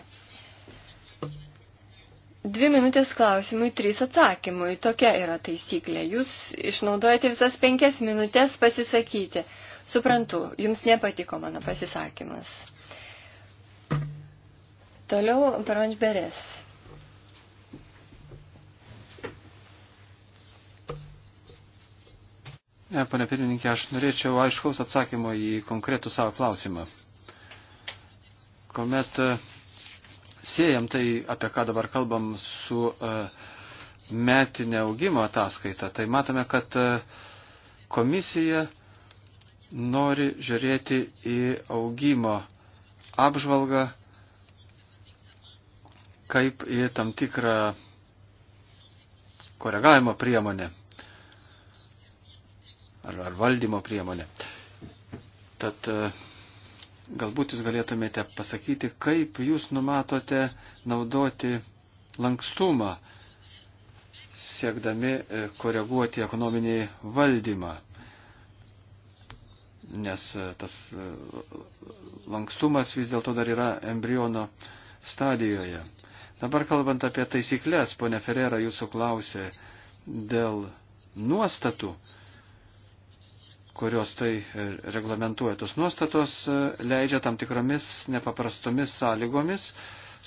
Dvi minutės klausimui, trys atsakymui. Tokia yra taisyklė. Jūs išnaudojate visas penkias minutės pasisakyti. Suprantu, jums nepatiko mano pasisakymas. Toliau Bronžberės. Ne, pane pirmininkė, aš norėčiau aiškaus atsakymo į konkretų savo klausimą. Komet e, siejam tai, apie ką dabar kalbam su e, metinė augimo ataskaita, tai matome, kad e, komisija nori žiūrėti į augimo apžvalgą kaip į tam tikrą koregavimo priemonę ar, ar valdymo priemonę. Tad e, galbūt jūs galėtumėte pasakyti, kaip jūs numatote naudoti lankstumą, siekdami e, koreguoti ekonominį valdymą nes e, tas e, lankstumas vis dėlto dar yra embriono stadijoje. Dabar kalbant apie taisyklės, ponė Ferrera jūsų klausė dėl nuostatų, kurios tai e, reglamentuoja. Tos nuostatos leidžia tam tikromis nepaprastomis sąlygomis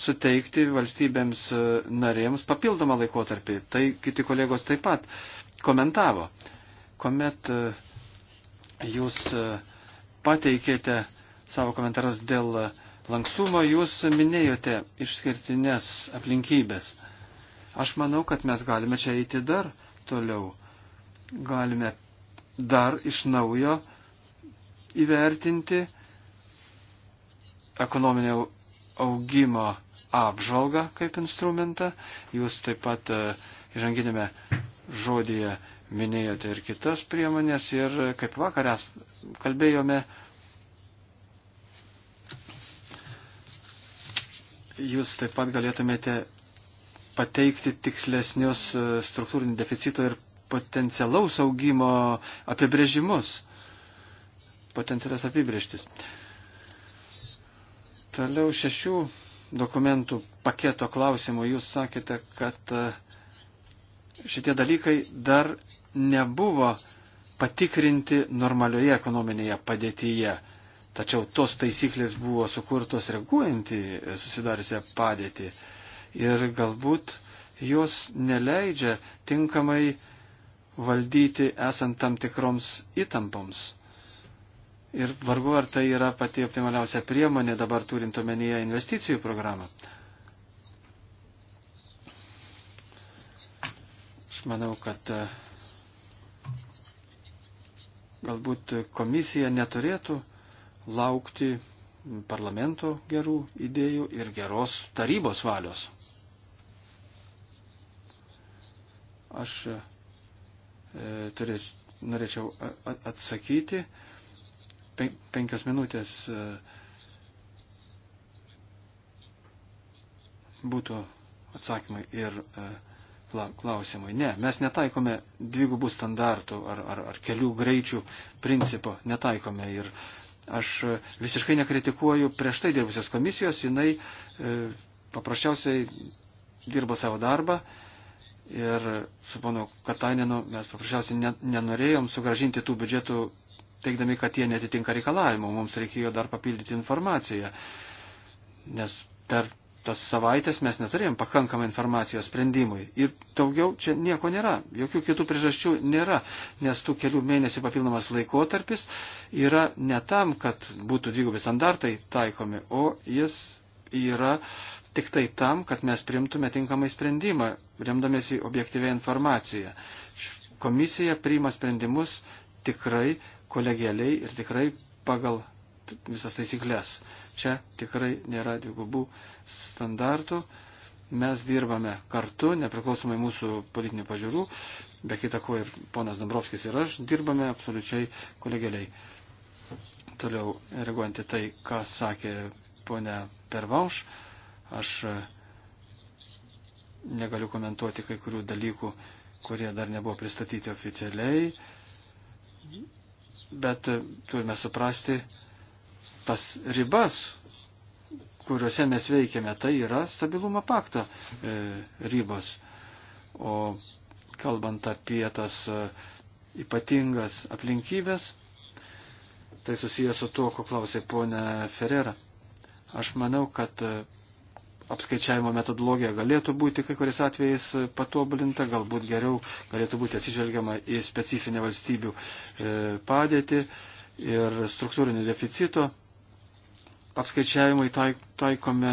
suteikti valstybėms narėms papildomą laikotarpį. Tai kiti kolegos taip pat komentavo. Komet uh, jūs e, pateikėte savo komentarus dėl lankstumo, jūs minėjote išskirtinės aplinkybės. Aš manau, kad mes galime čia eiti dar toliau. Galime dar iš naujo įvertinti ekonominio augimo apžvalgą kaip instrumentą. Jūs taip pat e, įžanginėme žodėje minėjote ir kitas priemonės ir kaip vakarės kalbėjome, jūs taip pat galėtumėte pateikti tikslesnius e, struktūrinį deficito ir potencialaus augimo apibrėžimus, potencialias apibrėžtis. Toliau šešių dokumentų paketo klausimų jūs sakėte, kad e, šitie dalykai dar nebuvo patikrinti normalioje ekonominėje padėtyje. Tačiau tos taisyklės buvo sukurtos reaguojant į susidariusią padėtį ir galbūt jos neleidžia tinkamai valdyti esant tam tikroms įtampoms. Ir vargu ar tai yra pati optimaliausia priemonė dabar turint omenyje investicijų programą. Aš manau, kad uh, Galbūt komisija neturėtų laukti parlamento gerų idėjų ir geros tarybos valios. Aš e, turėč, norėčiau atsakyti pen, penkias minutės. E, būtų atsakymai ir e, klausimui. Ne, mes netaikome dvigubų standartų ar, ar, ar kelių greičių principo, netaikome. Ir aš visiškai nekritikuoju prieš tai dirbusios komisijos, jinai e, paprasčiausiai dirbo savo darbą. Ir su ponu Katainenu mes paprasčiausiai ne, nenorėjom sugražinti tų biudžetų, teikdami, kad jie netitinka reikalavimų. Mums reikėjo dar papildyti informaciją. Nes per tas savaitės mes neturėjom pakankamai informacijos sprendimui. Ir daugiau čia nieko nėra, jokių kitų priežasčių nėra, nes tų kelių mėnesių papildomas laikotarpis yra ne tam, kad būtų dvigubi standartai taikomi, o jis yra tik tai tam, kad mes primtume tinkamai sprendimą, remdamėsi objektyvę informaciją. Komisija priima sprendimus tikrai kolegialiai ir tikrai pagal visas taisyklės. Čia tikrai nėra dvigubų standartų. Mes dirbame kartu, nepriklausomai mūsų politinių pažiūrų, be kita ko ir ponas Dombrovskis ir aš dirbame absoliučiai kolegeliai. Toliau, reaguojant į tai, ką sakė ponia Pervauš, aš e, negaliu komentuoti kai kurių dalykų, kurie dar nebuvo pristatyti oficialiai, bet e, turime suprasti, tas ribas, kuriuose mes veikiame, tai yra stabilumo pakto e, ribos. O kalbant apie tas e, ypatingas aplinkybės, tai susijęs su tuo, ko klausė ponė Ferrera. Aš manau, kad e, apskaičiavimo metodologija galėtų būti kai kuris atvejais e, patobulinta, galbūt geriau galėtų būti atsižvelgiama į specifinę valstybių e, padėtį ir struktūrinio deficito apskaičiavimui tai, taikome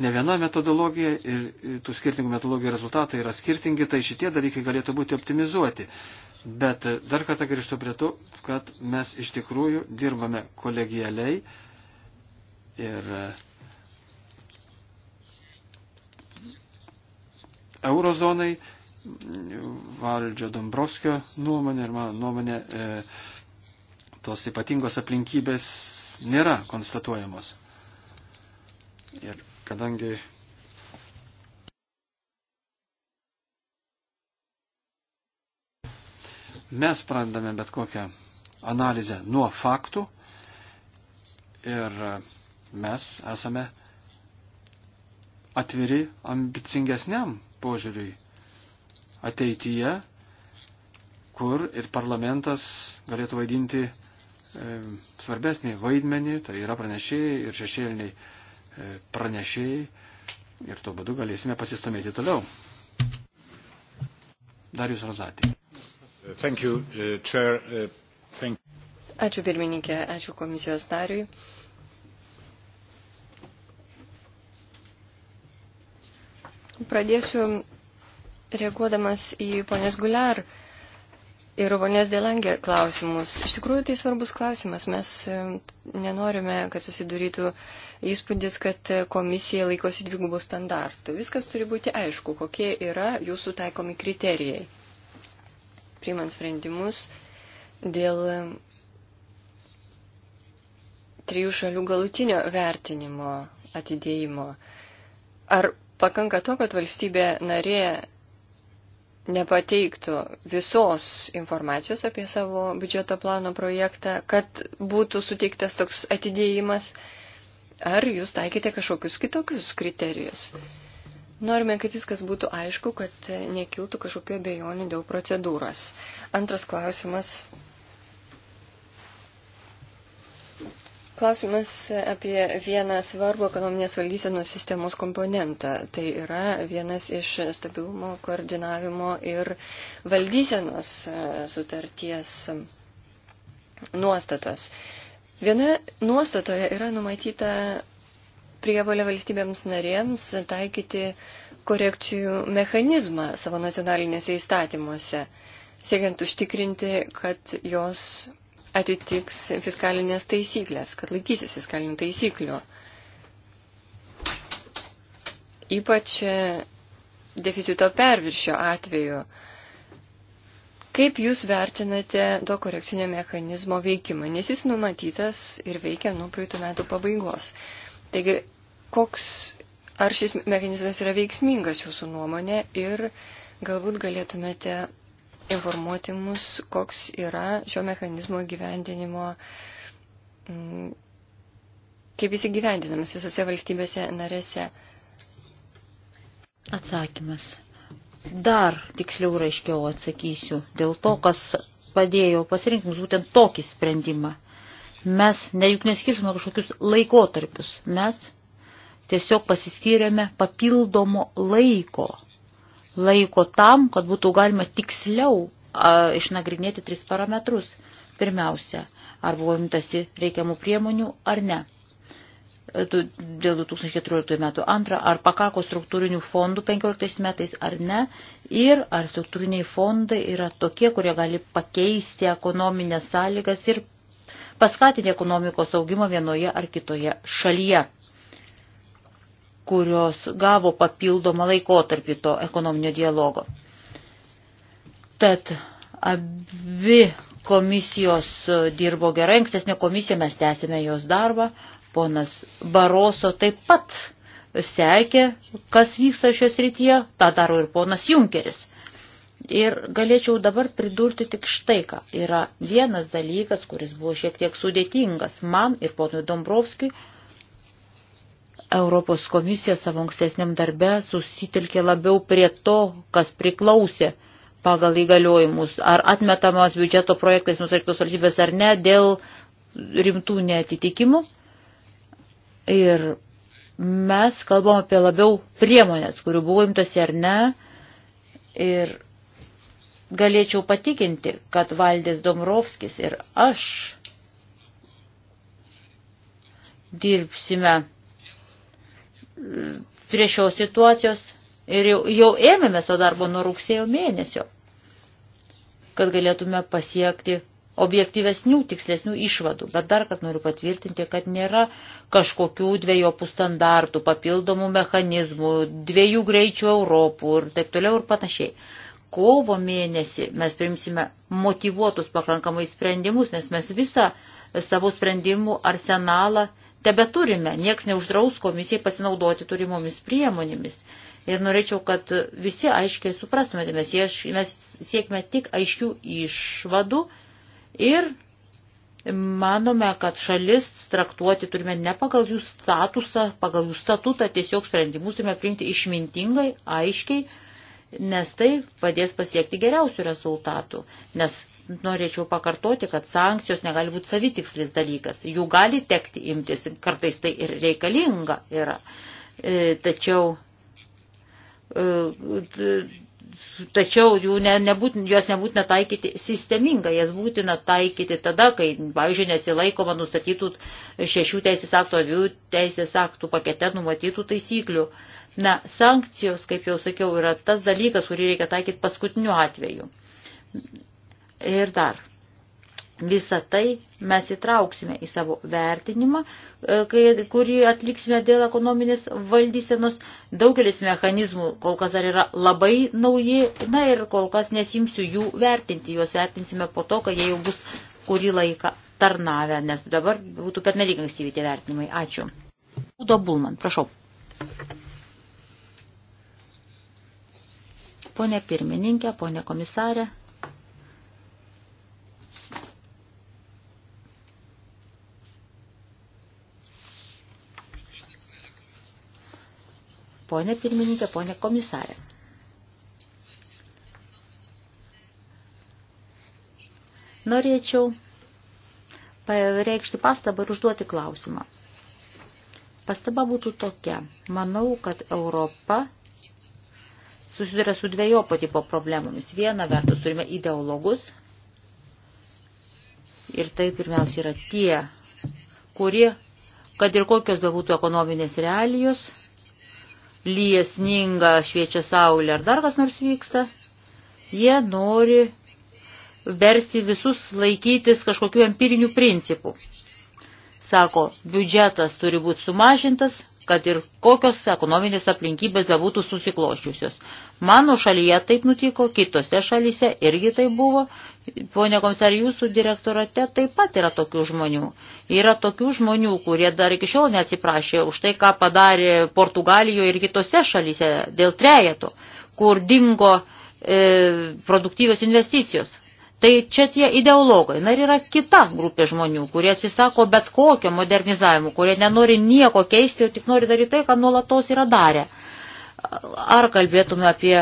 ne viena metodologija ir tų skirtingų metodologijų rezultatai yra skirtingi, tai šitie dalykai galėtų būti optimizuoti. Bet dar kartą grįžtu prie to, kad mes iš tikrųjų dirbame kolegialiai ir e, eurozonai valdžio Dombrovskio nuomonė ir mano nuomonė. E, tos ypatingos aplinkybės nėra konstatuojamos. Ir kadangi mes pradedame bet kokią analizę nuo faktų ir mes esame atviri ambicingesniam požiūriui ateityje, kur ir parlamentas galėtų vaidinti E, svarbesnį vaidmenį, tai yra pranešėjai ir šešėliniai e, pranešėjai ir tuo būdu galėsime pasistumėti toliau. Darius Rozatė. Thank you, uh, chair, uh, thank... Ačiū pirmininkė, ačiū komisijos nariui. Pradėsiu reaguodamas į ponios Guliar uh, ir vonės dėlangė klausimus. Iš tikrųjų, tai svarbus klausimas. Mes e, nenorime, kad susidarytų įspūdis, kad e, komisija laikosi dvigubų standartų. Viskas turi būti aišku, kokie yra jūsų taikomi kriterijai. Priimant sprendimus dėl e, trijų šalių galutinio vertinimo atidėjimo. Ar pakanka to, kad valstybė narė nepateiktų visos informacijos apie savo biudžeto plano projektą, kad būtų suteiktas toks atidėjimas, ar jūs taikėte kažkokius kitokius kriterijus. Norime, kad viskas būtų aišku, kad nekiltų kažkokio bejonių dėl procedūros. Antras klausimas Klausimas apie vieną svarbų ekonominės valdysenos sistemos komponentą. Tai yra vienas iš stabilumo, koordinavimo ir valdysenos e, sutarties nuostatas. Viena nuostatoje yra numatyta prievalė valstybėms narėms taikyti korekcijų mechanizmą savo nacionalinėse įstatymuose, siekiant užtikrinti, kad jos atitiks fiskalinės taisyklės, kad laikysis fiskalinių taisyklių. Ypač deficito perviršio atveju. Kaip Jūs vertinate to korekcinio mechanizmo veikimą, nes jis numatytas ir veikia nuo praeitų metų pabaigos. Taigi, koks, ar šis mechanizmas yra veiksmingas Jūsų nuomonė ir galbūt galėtumėte informuoti mus, koks yra šio mechanizmo gyvendinimo, mm, kaip jis įgyvendinamas visose valstybėse narėse. Atsakymas. Dar tiksliau raiškiau atsakysiu dėl to, kas padėjo pasirinkimus būtent tokį sprendimą. Mes ne juk neskirsime kažkokius laikotarpius, mes tiesiog pasiskyrėme papildomo laiko laiko tam, kad būtų galima tiksliau a, išnagrinėti tris parametrus. Pirmiausia, ar buvo imtasi reikiamų priemonių ar ne. E, dėl 2014 metų antra, ar pakako struktūrinių fondų 15 metais ar ne. Ir ar struktūriniai fondai yra tokie, kurie gali pakeisti ekonominės sąlygas ir paskatinti ekonomikos augimą vienoje ar kitoje šalyje kurios gavo papildomą laikotarpį to ekonominio dialogo. Tad abi komisijos e, dirbo gerai, ankstesnė komisija, mes tęsime jos darbą, ponas Baroso taip pat sekė, kas vyksta šios rytyje, tą daro ir ponas Junkeris. Ir galėčiau dabar pridurti tik štai ką. Yra vienas dalykas, kuris buvo šiek tiek sudėtingas man ir ponui Dombrovskijui, Europos komisija savo ankstesniam darbe susitelkė labiau prie to, kas priklausė pagal įgaliojimus, ar atmetamas biudžeto projektais nusreiktos valstybės ar ne, dėl rimtų netitikimų. Ir mes kalbam apie labiau priemonės, kurių buvo imtasi ar ne. Ir galėčiau patikinti, kad Valdės Domrovskis ir aš dirbsime prie šios situacijos ir jau, jau ėmėmės to darbo nuo rugsėjo mėnesio, kad galėtume pasiekti objektyvesnių, tikslesnių išvadų. Bet dar kartą noriu patvirtinti, kad nėra kažkokių dviejopų standartų, papildomų mechanizmų, dviejų greičių Europų ir taip toliau ir panašiai. Kovo mėnesį mes priimsime motivuotus pakankamai sprendimus, nes mes visą savo sprendimų arsenalą tebe turime. Niekas neuždraus komisijai pasinaudoti turimomis priemonėmis. Ir norėčiau, kad visi aiškiai suprastumėte, mes, mes siekime tik aiškių išvadų ir manome, kad šalis traktuoti turime ne pagal jų statusą, pagal jų statutą, tiesiog sprendimus turime priimti išmintingai, aiškiai, nes tai padės pasiekti geriausių rezultatų. Nes norėčiau pakartoti, kad sankcijos negali būti savitikslis dalykas. Jų gali tekti imtis, kartais tai ir reikalinga yra. E, tačiau, e, tačiau jų ne, nebūt, jos nebūtina taikyti sistemingai, jas būtina taikyti tada, kai, pavyzdžiui, nesilaikoma nustatytų šešių teisės aktų ar dviejų teisės aktų pakete numatytų taisyklių. Na, sankcijos, kaip jau sakiau, yra tas dalykas, kurį reikia taikyti paskutiniu atveju Ir dar. Visą tai mes įtrauksime į savo vertinimą, e, kai, kurį atliksime dėl ekonominės valdysenos. Daugelis mechanizmų kol kas dar yra labai nauji, na ir kol kas nesimsiu jų vertinti, juos vertinsime po to, kai jie jau bus kurį laiką tarnavę, nes dabar būtų per nelik ankstyvi tie vertinimai. Ačiū. Udo Bulman, prašau. Pone pirmininkė, pone komisarė, Pone pirmininkė, pone komisarė. Norėčiau reikšti pastabą ir užduoti klausimą. Pastaba būtų tokia. Manau, kad Europa susiduria su dviejopo tipo problemomis. Viena vertus turime ideologus ir tai pirmiausia yra tie, kurie, kad ir kokios bebūtų ekonominės realijos, lyja sninga, šviečia saulė ar dar kas nors vyksta, jie nori versti visus laikytis kažkokių empirinių principų. Sako, biudžetas turi būti sumažintas, kad ir kokios ekonominės aplinkybės bebūtų susikloščiusios. Mano šalyje taip nutiko, kitose šalyse irgi tai buvo. Pone komisarė, jūsų direktorate taip pat yra tokių žmonių. Yra tokių žmonių, kurie dar iki šiol neatsiprašė už tai, ką padarė Portugalijoje ir kitose šalyse dėl trejeto, kur dingo e, produktyvios investicijos. Tai čia tie ideologai. Na ir yra kita grupė žmonių, kurie atsisako bet kokio modernizavimo, kurie nenori nieko keisti, tik nori daryti tai, ką nuolatos yra darę. Ar kalbėtume apie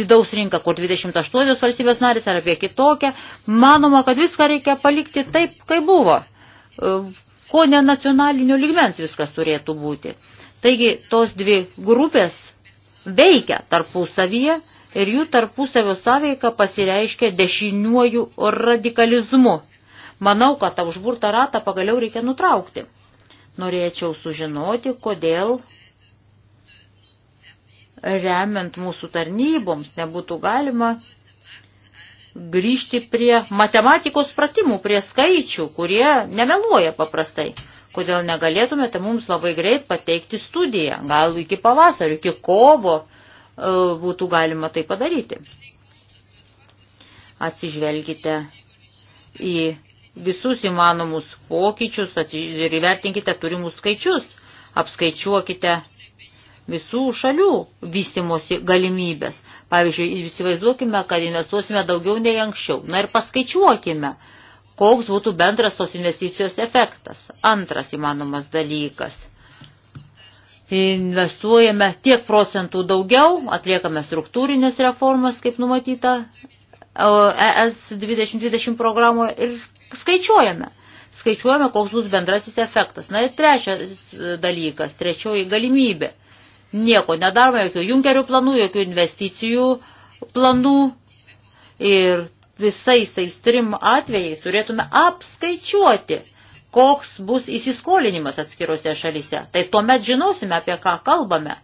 vidaus rinką, kur 28 valstybės narys, ar apie kitokią, manoma, kad viską reikia palikti taip, kaip buvo. Ko ne nacionalinio lygmens viskas turėtų būti. Taigi tos dvi grupės veikia tarpusavyje ir jų tarpusavio sąveika pasireiškia dešiniuoju radikalizmu. Manau, kad tą užburtą ratą pagaliau reikia nutraukti. Norėčiau sužinoti, kodėl remiant mūsų tarnyboms nebūtų galima grįžti prie matematikos pratimų, prie skaičių, kurie nemeluoja paprastai. Kodėl negalėtumėte mums labai greit pateikti studiją, gal iki pavasario, iki kovo E, būtų galima tai padaryti. Atsižvelgite į visus įmanomus pokyčius ir įvertinkite turimus skaičius, apskaičiuokite visų šalių vystimosi galimybės. Pavyzdžiui, įsivaizduokime, kad investuosime daugiau nei anksčiau. Na ir paskaičiuokime, koks būtų bendras tos investicijos efektas. Antras įmanomas dalykas – investuojame tiek procentų daugiau, atliekame struktūrinės reformas, kaip numatyta ES 2020 programoje ir skaičiuojame. Skaičiuojame, koks bus bendrasis efektas. Na ir trečias dalykas, trečioji galimybė. Nieko nedarome, jokių junkerių planų, jokių investicijų planų. Ir visais tais trim atvejais turėtume apskaičiuoti koks bus įsiskolinimas atskiruose šalyse. Tai tuomet žinosime, apie ką kalbame.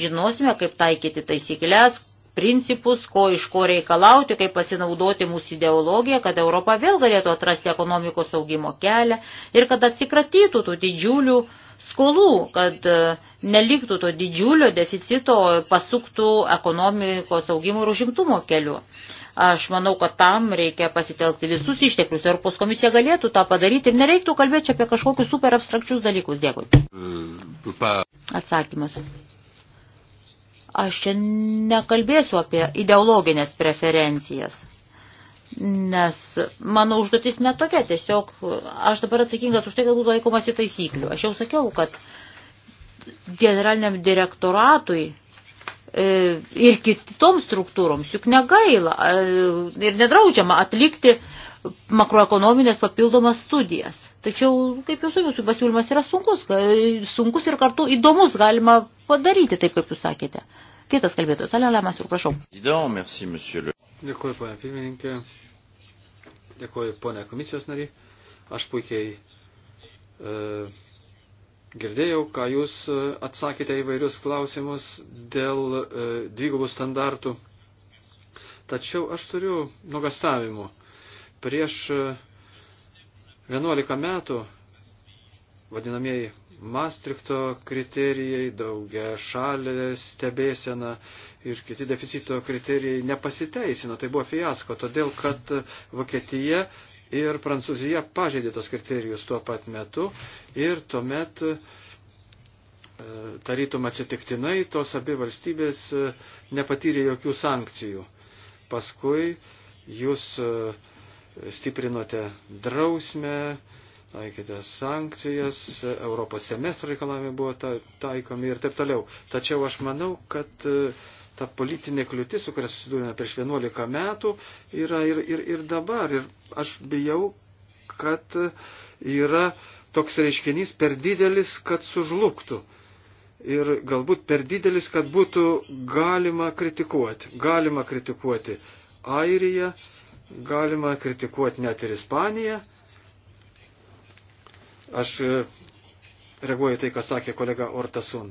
Žinosime, kaip taikyti taisyklės, principus, ko iš ko reikalauti, kaip pasinaudoti mūsų ideologiją, kad Europa vėl galėtų atrasti ekonomikos augimo kelią ir kad atsikratytų tų didžiulių skolų, kad e, neliktų to didžiulio deficito, pasuktų ekonomikos augimo ir užimtumo keliu. Aš manau, kad tam reikia pasitelkti visus išteklius. Europos komisija galėtų tą padaryti ir nereiktų kalbėti apie kažkokius super abstrakčius dalykus. Dėkui. Atsakymas. Aš čia nekalbėsiu apie ideologinės preferencijas, nes mano užduotis netokia, tiesiog aš dabar atsakingas už tai, kad būtų laikomasi taisyklių. Aš jau sakiau, kad generaliniam direktoratui E, ir kitoms struktūroms, juk negaila e, ir nedraudžiama atlikti makroekonominės papildomas studijas. Tačiau, kaip jūs jūsų pasiūlymas yra sunkus, e, sunkus ir kartu įdomus galima padaryti, taip kaip jūs sakėte. Kitas kalbėtojas, Alelė Masur, prašau. Dėkuoju, ponia pirmininkė. Dėkuoju, ponia komisijos nariai. Aš puikiai e, Girdėjau, ką jūs e, atsakėte įvairius klausimus dėl e, dvigubų standartų. Tačiau aš turiu nugastavimų. Prieš 11 e, metų vadinamieji Maastrichto kriterijai, daugia šalė stebėsena ir kiti deficito kriterijai nepasiteisino. Tai buvo fiasko, todėl kad Vokietija ir Prancūzija pažeidė tos kriterijus tuo pat metu ir tuomet e, tarytum atsitiktinai tos abi valstybės e, nepatyrė jokių sankcijų. Paskui jūs e, stiprinote drausmę, taikėte sankcijas, Europos semestro reikalavimai buvo ta, taikomi ir taip toliau. Tačiau aš manau, kad ta politinė kliūtis, su kuria susidūrėme prieš 11 metų, yra ir, ir, ir dabar. Ir aš bijau, kad yra toks reiškinys per didelis, kad sužlugtų. Ir galbūt per didelis, kad būtų galima kritikuoti. Galima kritikuoti Airiją, galima kritikuoti net ir Ispaniją. Aš e, reaguoju tai, ką sakė kolega Ortasun.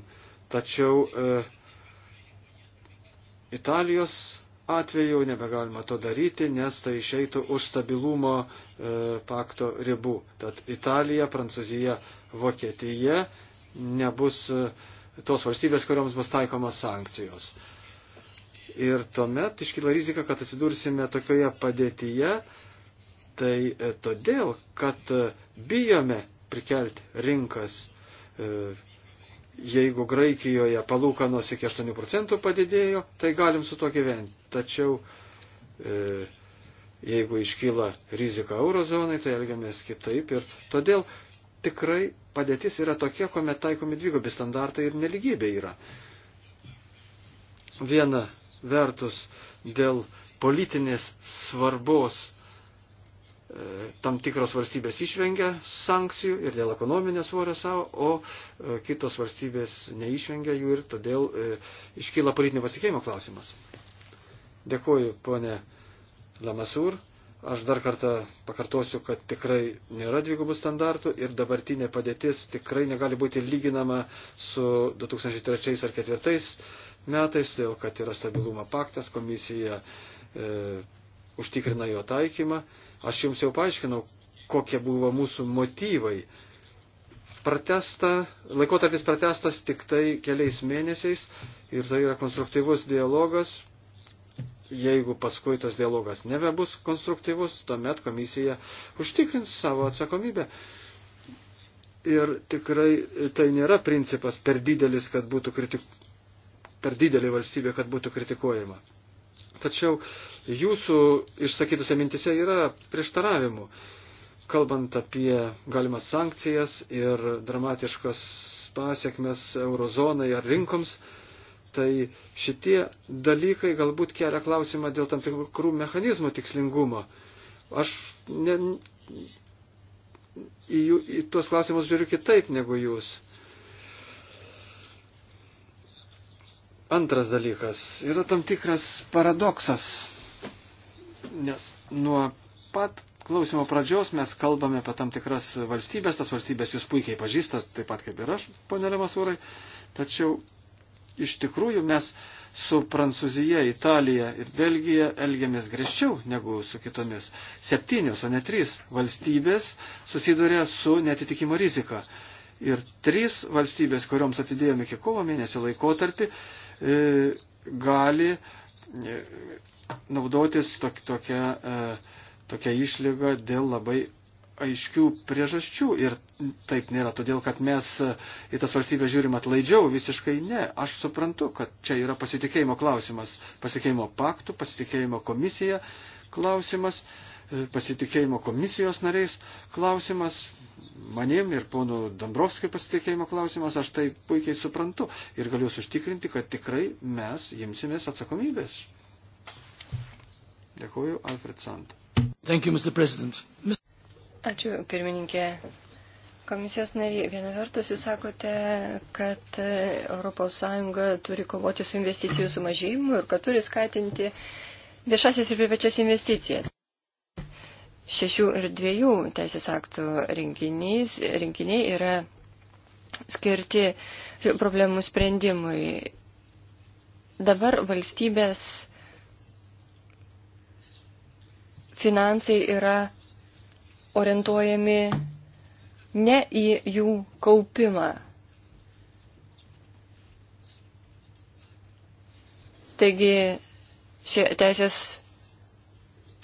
Tačiau e, Italijos atveju nebegalima to daryti, nes tai išeitų už stabilumo e, pakto ribų. Tad Italija, Prancūzija, Vokietija nebus e, tos valstybės, kuriuoms bus taikomos sankcijos. Ir tuomet iškyla rizika, kad atsidursime tokioje padėtyje, tai e, todėl, kad e, bijome prikelti rinkas. E, jeigu Graikijoje palūkanos iki 8 procentų padidėjo, tai galim su to gyventi. Tačiau e, jeigu iškyla rizika eurozonai, tai elgiamės kitaip ir todėl tikrai padėtis yra tokia, kuomet taikomi dvigubi standartai ir neligybė yra. Viena vertus dėl politinės svarbos tam tikros valstybės išvengia sankcijų ir dėl ekonominės svorio savo, o e, kitos valstybės neišvengia jų ir todėl e, iškyla politinio pasikeimo klausimas. Dėkuoju, ponė Lamasur. Aš dar kartą pakartosiu, kad tikrai nėra dvigubų standartų ir dabartinė padėtis tikrai negali būti lyginama su 2003 ar 2004 metais, dėl kad yra stabilumo paktas, komisija e, užtikrina jo taikymą. E, Aš jums jau paaiškinau, kokie buvo mūsų motyvai. Protesta, laikotarpis protestas tik tai keliais mėnesiais ir tai yra konstruktyvus dialogas. Jeigu paskui tas dialogas nebebus konstruktyvus, tuomet komisija užtikrins savo atsakomybę. Ir tikrai tai nėra principas per didelis, kad būtų kritik... per didelį valstybė, kad būtų kritikuojama. Tačiau jūsų išsakytose mintise yra prieštaravimų, kalbant apie galimas sankcijas ir dramatiškas pasiekmes eurozonai ar rinkoms. Tai šitie dalykai galbūt kelia klausimą dėl tam tikrų mechanizmų tikslingumo. Aš ne, į, į tuos klausimus žiūriu kitaip negu jūs. Antras dalykas. Yra tam tikras paradoksas, nes nuo pat klausimo pradžios mes kalbame apie tam tikras valstybės, tas valstybės jūs puikiai pažįstat, taip pat kaip ir aš, ponė Lemasūrai, tačiau iš tikrųjų mes su Prancūzija, Italija ir Belgija elgiamės greščiau negu su kitomis. Septynios, o ne trys valstybės susiduria su netitikimo rizika. Ir trys valstybės, kurioms atidėjome iki kovo mėnesio laikotarpį, E, gali e, naudotis tok, tokia, e, tokia išlyga dėl labai aiškių priežasčių ir taip nėra, todėl kad mes į tas valstybės žiūrim atlaidžiau, visiškai ne. Aš suprantu, kad čia yra pasitikėjimo klausimas, pasitikėjimo paktų, pasitikėjimo komisija klausimas. E, pasitikėjimo komisijos nariais klausimas, manim ir ponu Dombrovskiu pasitikėjimo klausimas, aš tai puikiai suprantu ir galiu užtikrinti, kad tikrai mes imsimės atsakomybės. Dėkuoju, Alfred Sant. Thank you, Mr. President. Mr. Ačiū, pirmininkė. Komisijos nariai, viena vertus jūs sakote, kad ES turi kovoti su investicijų sumažėjimu ir kad turi skatinti viešasis ir privačias investicijas. Šešių ir dviejų teisės aktų rinkinys, rinkiniai yra skirti problemų sprendimui. Dabar valstybės finansai yra orientuojami ne į jų kaupimą. Taigi šie teisės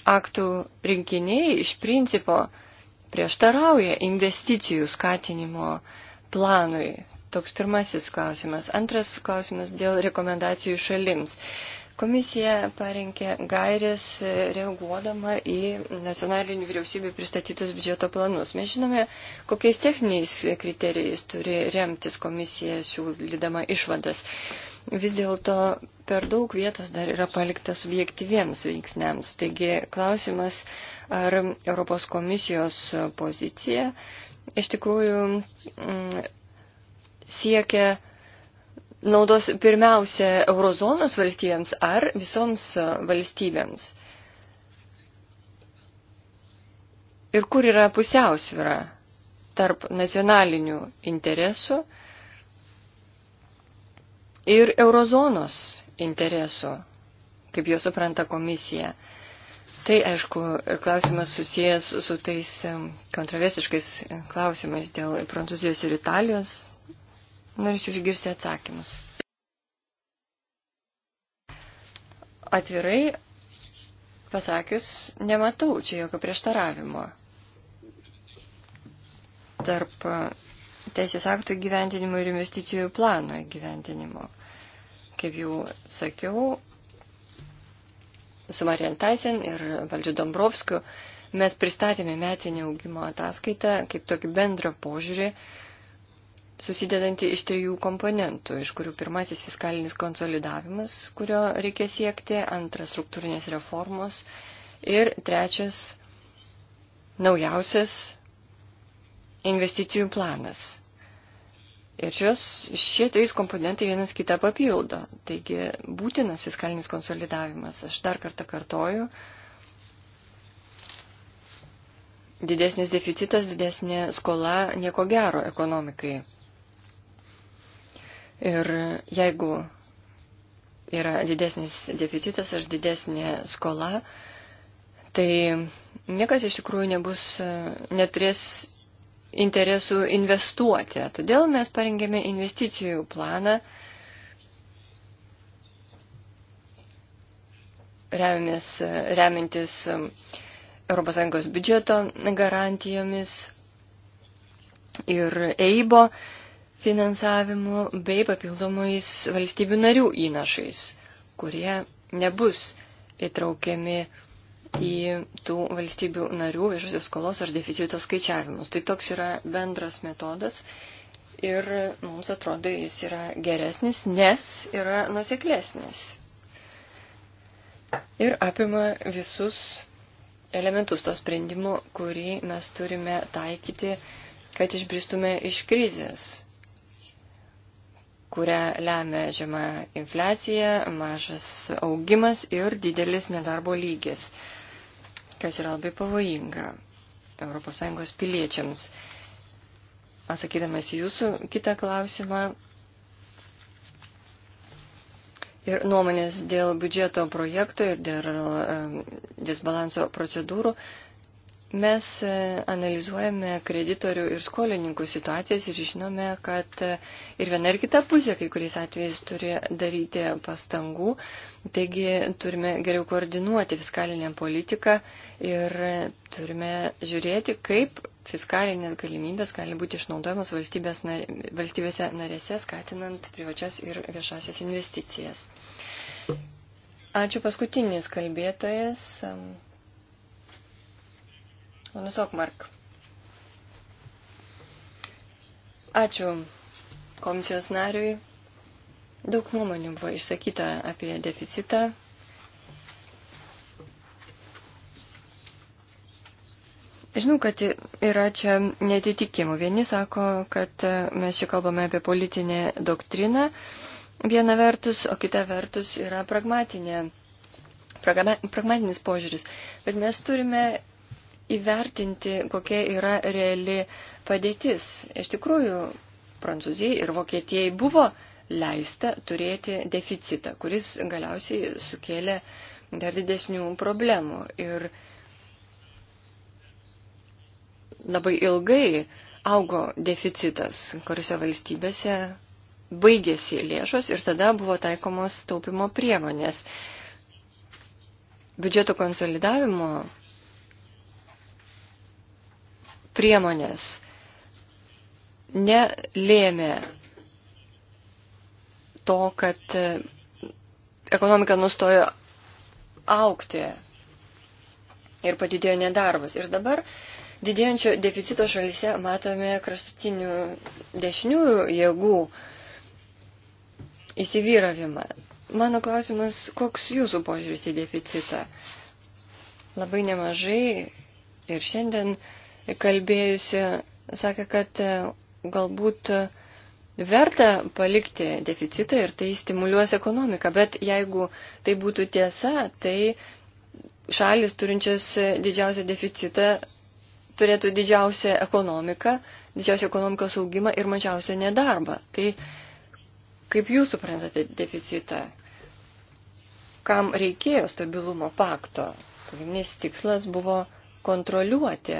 aktų rinkiniai iš principo prieštarauja investicijų skatinimo planui. Toks pirmasis klausimas. Antras klausimas dėl rekomendacijų šalims. Komisija parengė gairės e, reaguodama į nacionalinių vyriausybių pristatytus biudžeto planus. Mes žinome, kokiais techniniais kriterijais turi remtis komisija siūlydama išvadas vis dėlto per daug vietos dar yra palikta subjektyviems veiksniams. Taigi klausimas, ar Europos komisijos pozicija iš tikrųjų m, mm, siekia naudos pirmiausia eurozonos valstybėms ar visoms valstybėms. Ir kur yra pusiausvyra tarp nacionalinių interesų ir eurozonos interesų, kaip jo supranta komisija. Tai, aišku, ir klausimas susijęs su tais kontroversiškais klausimais dėl Prancūzijos ir Italijos. Norėčiau išgirsti atsakymus. Atvirai pasakius, nematau čia jokio prieštaravimo tarp teisės aktų įgyventinimo ir investicijų plano įgyventinimo. Kaip jau sakiau, su Marian Taisen ir Valdžiu Dombrovskiu mes pristatėme metinį augimo ataskaitą kaip tokį bendrą požiūrį, susidedantį iš trijų komponentų, iš kurių pirmasis fiskalinis konsolidavimas, kurio reikia siekti, antras struktūrinės reformos ir trečias naujausias investicijų planas. Ir šios, šie trys komponentai vienas kitą papildo. Taigi būtinas fiskalinis konsolidavimas. Aš dar kartą kartoju. Didesnis deficitas, didesnė skola, nieko gero ekonomikai. Ir jeigu yra didesnis deficitas ar didesnė skola, tai niekas iš tikrųjų nebus, neturės interesų investuoti. Todėl mes parengėme investicijų planą, remiamės, remintis um, ES biudžeto garantijomis ir EIBO finansavimu bei papildomais valstybių narių įnašais, kurie nebus įtraukiami į tų valstybių narių viešosios skolos ar deficito skaičiavimus. Tai toks yra bendras metodas ir mums atrodo jis yra geresnis, nes yra nuseklesnis. Ir apima visus elementus to sprendimo, kurį mes turime taikyti, kad išbristume iš krizės kurią lemia žema infliacija, mažas augimas ir didelis nedarbo lygis kas yra labai pavojinga ES piliečiams. Atsakydamas jūsų kitą klausimą ir nuomonės dėl biudžeto projektų ir dėl disbalanso procedūrų, Mes e, analizuojame kreditorių ir skolininkų situacijas ir žinome, kad e, ir viena ir kita pusė kai kuriais atvejais turi daryti pastangų. Taigi turime geriau koordinuoti fiskalinę politiką ir e, turime žiūrėti, kaip fiskalinės galimybės gali būti išnaudojamos valstybės, valstybėse narėse, skatinant privačias ir viešasias investicijas. Ačiū paskutinis kalbėtojas. Ponas Okmark. Ačiū komisijos nariui. Daug nuomonių buvo išsakyta apie deficitą. Žinau, kad yra čia netitikimų. Vieni sako, kad mes čia kalbame apie politinę doktriną viena vertus, o kita vertus yra pragmatinė, pragma, pragmatinis požiūris. Bet mes turime įvertinti, kokia yra reali padėtis. Iš tikrųjų, Prancūzijai ir Vokietijai buvo leista turėti deficitą, kuris galiausiai sukėlė dar didesnių problemų. Ir labai ilgai augo deficitas, kuriuose valstybėse baigėsi lėšos ir tada buvo taikomos taupimo priemonės. Biudžeto konsolidavimo priemonės nelėmė to, kad e, ekonomika nustojo aukti ir padidėjo nedarbas. Ir dabar didėjančio deficito šalyse matome kraštutinių dešiniųjų jėgų įsivyravimą. Mano klausimas, koks jūsų požiūris į deficitą? Labai nemažai ir šiandien uh, kalbėjusi sakė, kad e, galbūt e, verta palikti deficitą ir tai stimuliuos ekonomiką, bet jeigu tai būtų tiesa, tai šalis turinčias didžiausią deficitą turėtų didžiausią ekonomiką, didžiausią ekonomikos augimą ir mažiausią nedarbą. Tai kaip jūs suprantate deficitą? Kam reikėjo stabilumo pakto? Pagrindinis tikslas buvo kontroliuoti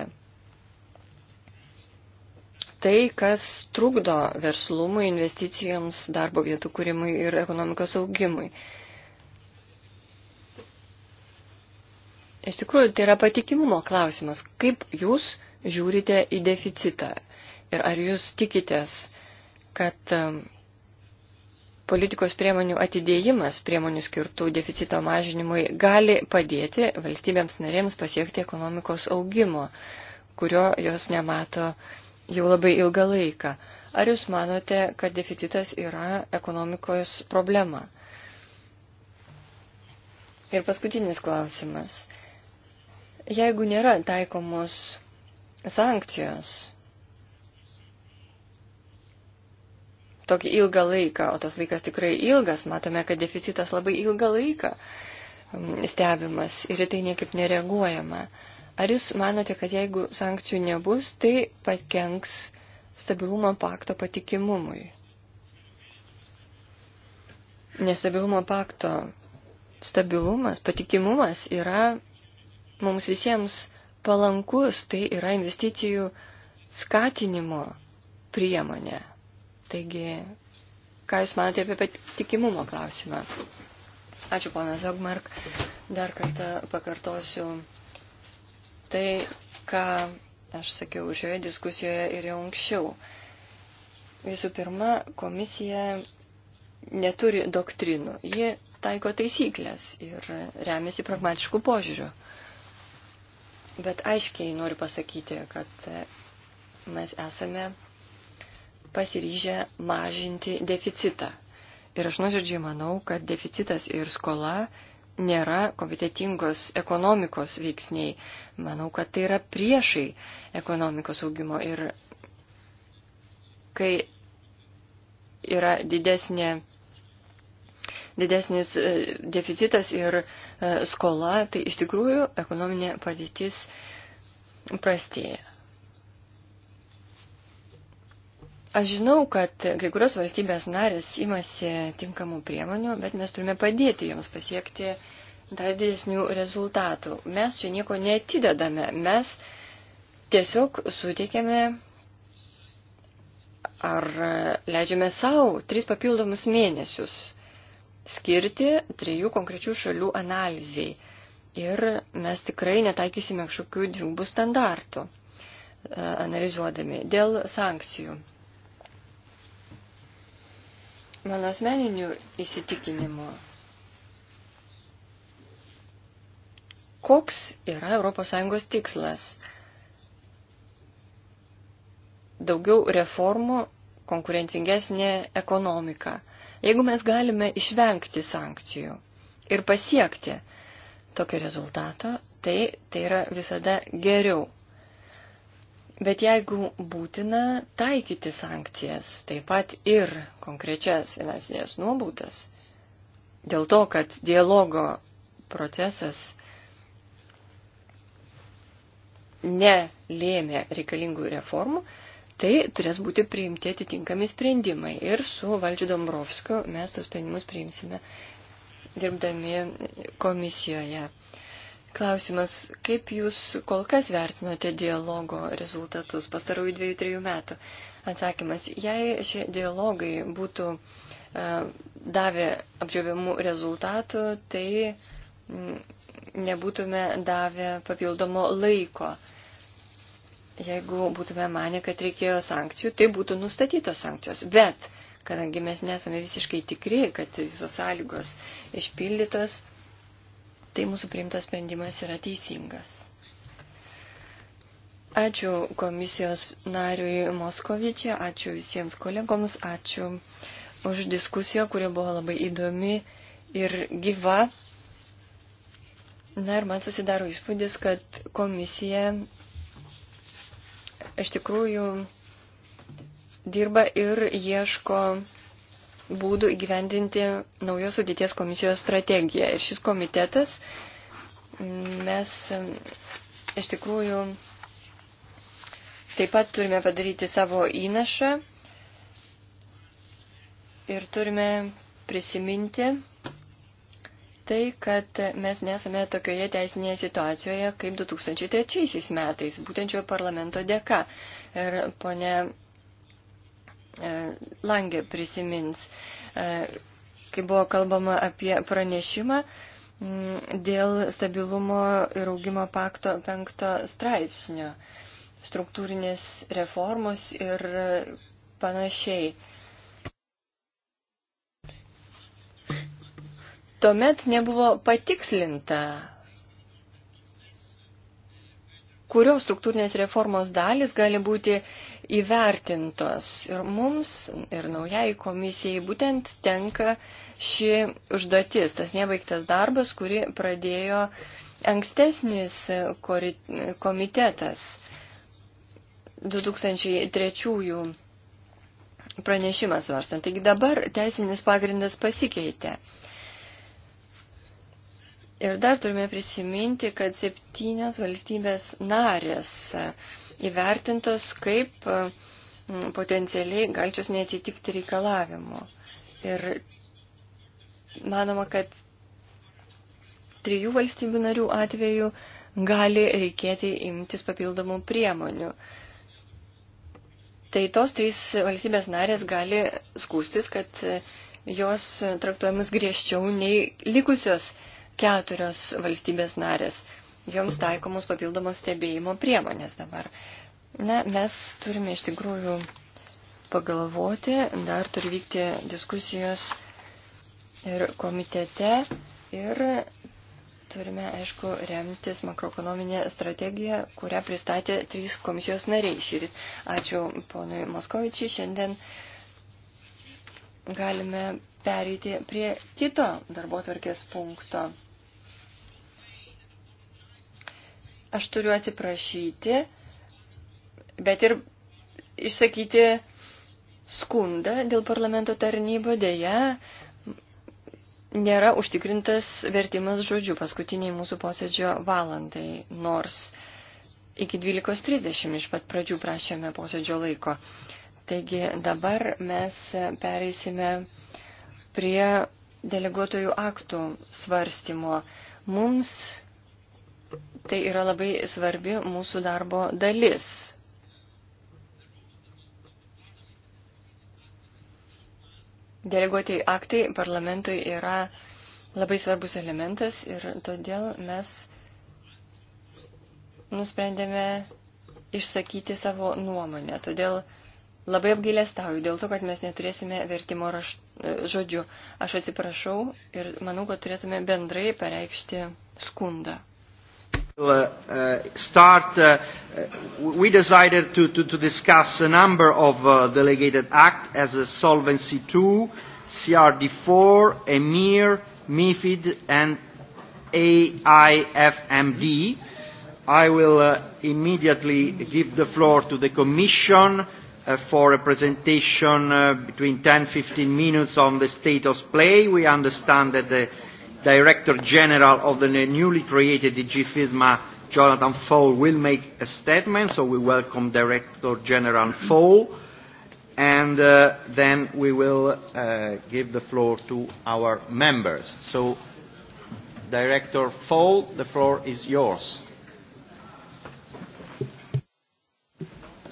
tai, kas trukdo verslumui, investicijoms, darbo vietų kūrimui ir ekonomikos augimui. Iš tikrųjų, tai yra patikimumo klausimas. Kaip jūs žiūrite į deficitą ir ar jūs tikitės, kad um, politikos priemonių atidėjimas priemonių skirtų deficito mažinimui gali padėti valstybėms narėms pasiekti ekonomikos augimo, kurio jos nemato jau labai ilgą laiką. Ar jūs manote, kad deficitas yra ekonomikos problema? Ir paskutinis klausimas. Jeigu nėra taikomos sankcijos tokį ilgą laiką, o tas laikas tikrai ilgas, matome, kad deficitas labai ilgą laiką mm, stebimas ir į tai niekaip nereaguojama. Ar jūs manote, kad jeigu sankcijų nebus, tai pakenks stabilumo pakto patikimumui? Nestabilumo pakto stabilumas, patikimumas yra mums visiems palankus, tai yra investicijų skatinimo priemonė. Taigi, ką Jūs manote apie patikimumo klausimą? Ačiū, ponas Zogmark. Dar kartą pakartosiu tai, ką aš sakiau šioje diskusijoje ir jau anksčiau. Visų pirma, komisija neturi doktrinų, ji taiko taisyklės ir remiasi pragmatiškų požiūrių. Bet aiškiai noriu pasakyti, kad mes esame pasiryžę mažinti deficitą. Ir aš nuoširdžiai manau, kad deficitas ir skola nėra kompetitingos ekonomikos veiksniai. Manau, kad tai yra priešai ekonomikos augimo. Ir kai yra didesnė, didesnis e, deficitas ir e, skola, tai iš tikrųjų ekonominė padėtis prastėja. Aš žinau, kad kai kurios valstybės narės imasi tinkamų priemonių, bet mes turime padėti joms pasiekti dar didesnių rezultatų. Mes čia nieko netidedame, mes tiesiog suteikėme ar leidžiame savo tris papildomus mėnesius skirti trijų konkrečių šalių analizai. Ir mes tikrai netaikysime kažkokių dvigubų standartų e, analizuodami dėl sankcijų. Mano asmeniniu įsitikinimu, koks yra ES tikslas? Daugiau reformų, konkurencingesnė ekonomika. Jeigu mes galime išvengti sankcijų ir pasiekti tokio rezultato, tai tai yra visada geriau. Bet jeigu būtina taikyti sankcijas, taip pat ir konkrečias finansinės nuobaudas, dėl to, kad dialogo procesas nelėmė reikalingų reformų, tai turės būti priimti atitinkami sprendimai. Ir su valdžiu Dombrovskiu mes tos sprendimus priimsime dirbdami komisijoje. Klausimas, kaip Jūs kol kas vertinate dialogo rezultatus pastarųjų dviejų, trijų metų? Atsakymas, jei šie dialogai būtų e, davė apdžiaviamų rezultatų, tai mm, nebūtume davę papildomo laiko. Jeigu būtume mane, kad reikėjo sankcijų, tai būtų nustatytos sankcijos. Bet, kadangi mes nesame visiškai tikri, kad visos sąlygos išpildytos, tai mūsų priimtas sprendimas yra teisingas. Ačiū komisijos nariui Moskovičiai, ačiū visiems kolegoms, ačiū už diskusiją, kuri buvo labai įdomi ir gyva. Na ir man susidaro įspūdis, kad komisija iš tikrųjų dirba ir ieško būdų įgyvendinti naujos sudėties komisijos strategiją. Ir šis komitetas mes iš tikrųjų taip pat turime padaryti savo įnašą ir turime prisiminti tai, kad mes nesame tokioje teisinėje situacijoje kaip 2003 metais, būtent šio parlamento dėka. Ir ponė E, Langė prisimins, e, kai buvo kalbama apie pranešimą mm, dėl stabilumo ir augimo pakto penkto straipsnio, struktūrinės reformos ir panašiai. Tuomet nebuvo patikslinta, kurios struktūrinės reformos dalis gali būti įvertintos. Ir mums, ir naujai komisijai būtent tenka ši užduotis, tas nebaigtas darbas, kurį pradėjo ankstesnis komitetas 2003 pranešimas varstant. Taigi dabar teisinis pagrindas pasikeitė. Ir dar turime prisiminti, kad septynios valstybės narės įvertintos kaip potencialiai galčios netitikti reikalavimu. Ir manoma, kad trijų valstybių narių atveju gali reikėti imtis papildomų priemonių. Tai tos trys valstybės narės gali skūstis, kad jos traktuojamas griežčiau nei likusios keturios valstybės narės. Joms taikomos papildomos stebėjimo priemonės dabar. Na, mes turime iš tikrųjų pagalvoti, dar turi vykti diskusijos ir komitete ir turime, aišku, remtis makroekonominė strategija, kurią pristatė trys komisijos nariai šįryt. Ačiū ponui Moskovičiai. Šiandien galime pereiti prie kito darbo tvarkės punkto. aš turiu atsiprašyti, bet ir išsakyti skundą dėl parlamento tarnybo dėja. Nėra užtikrintas vertimas žodžių paskutiniai mūsų posėdžio valandai, nors iki 12.30 iš pat pradžių prašėme posėdžio laiko. Taigi dabar mes pereisime prie deleguotojų aktų svarstymo. Mums Tai yra labai svarbi mūsų darbo dalis. Deleguotieji aktai parlamentui yra labai svarbus elementas ir todėl mes nusprendėme išsakyti savo nuomonę. Todėl labai apgailestauju dėl to, kad mes neturėsime vertimo raš... žodžių. Aš atsiprašau ir manau, kad turėtume bendrai pareikšti skundą. Uh, uh, start, uh, uh, we decided to, to, to discuss a number of uh, delegated acts as a Solvency II, CRD4, EMIR, MIFID, and AIFMD. I will uh, immediately give the floor to the Commission uh, for a presentation uh, between 10-15 minutes on the state of play. We understand that the Director General of the newly created DG FISMA, Jonathan Fowle, will make a statement, so we welcome Director General Fowle. And uh, then we will uh, give the floor to our members. So, Director Fowle, the floor is yours.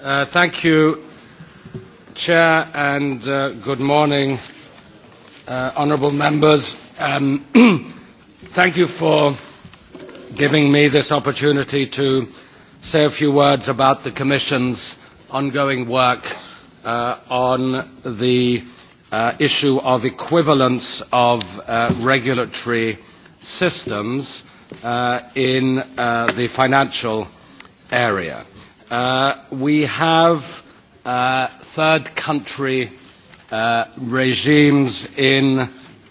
Uh, thank you, Chair, and uh, good morning, uh, honourable members. Um, thank you for giving me this opportunity to say a few words about the Commission's ongoing work uh, on the uh, issue of equivalence of uh, regulatory systems uh, in uh, the financial area. Uh, we have uh, third country uh, regimes in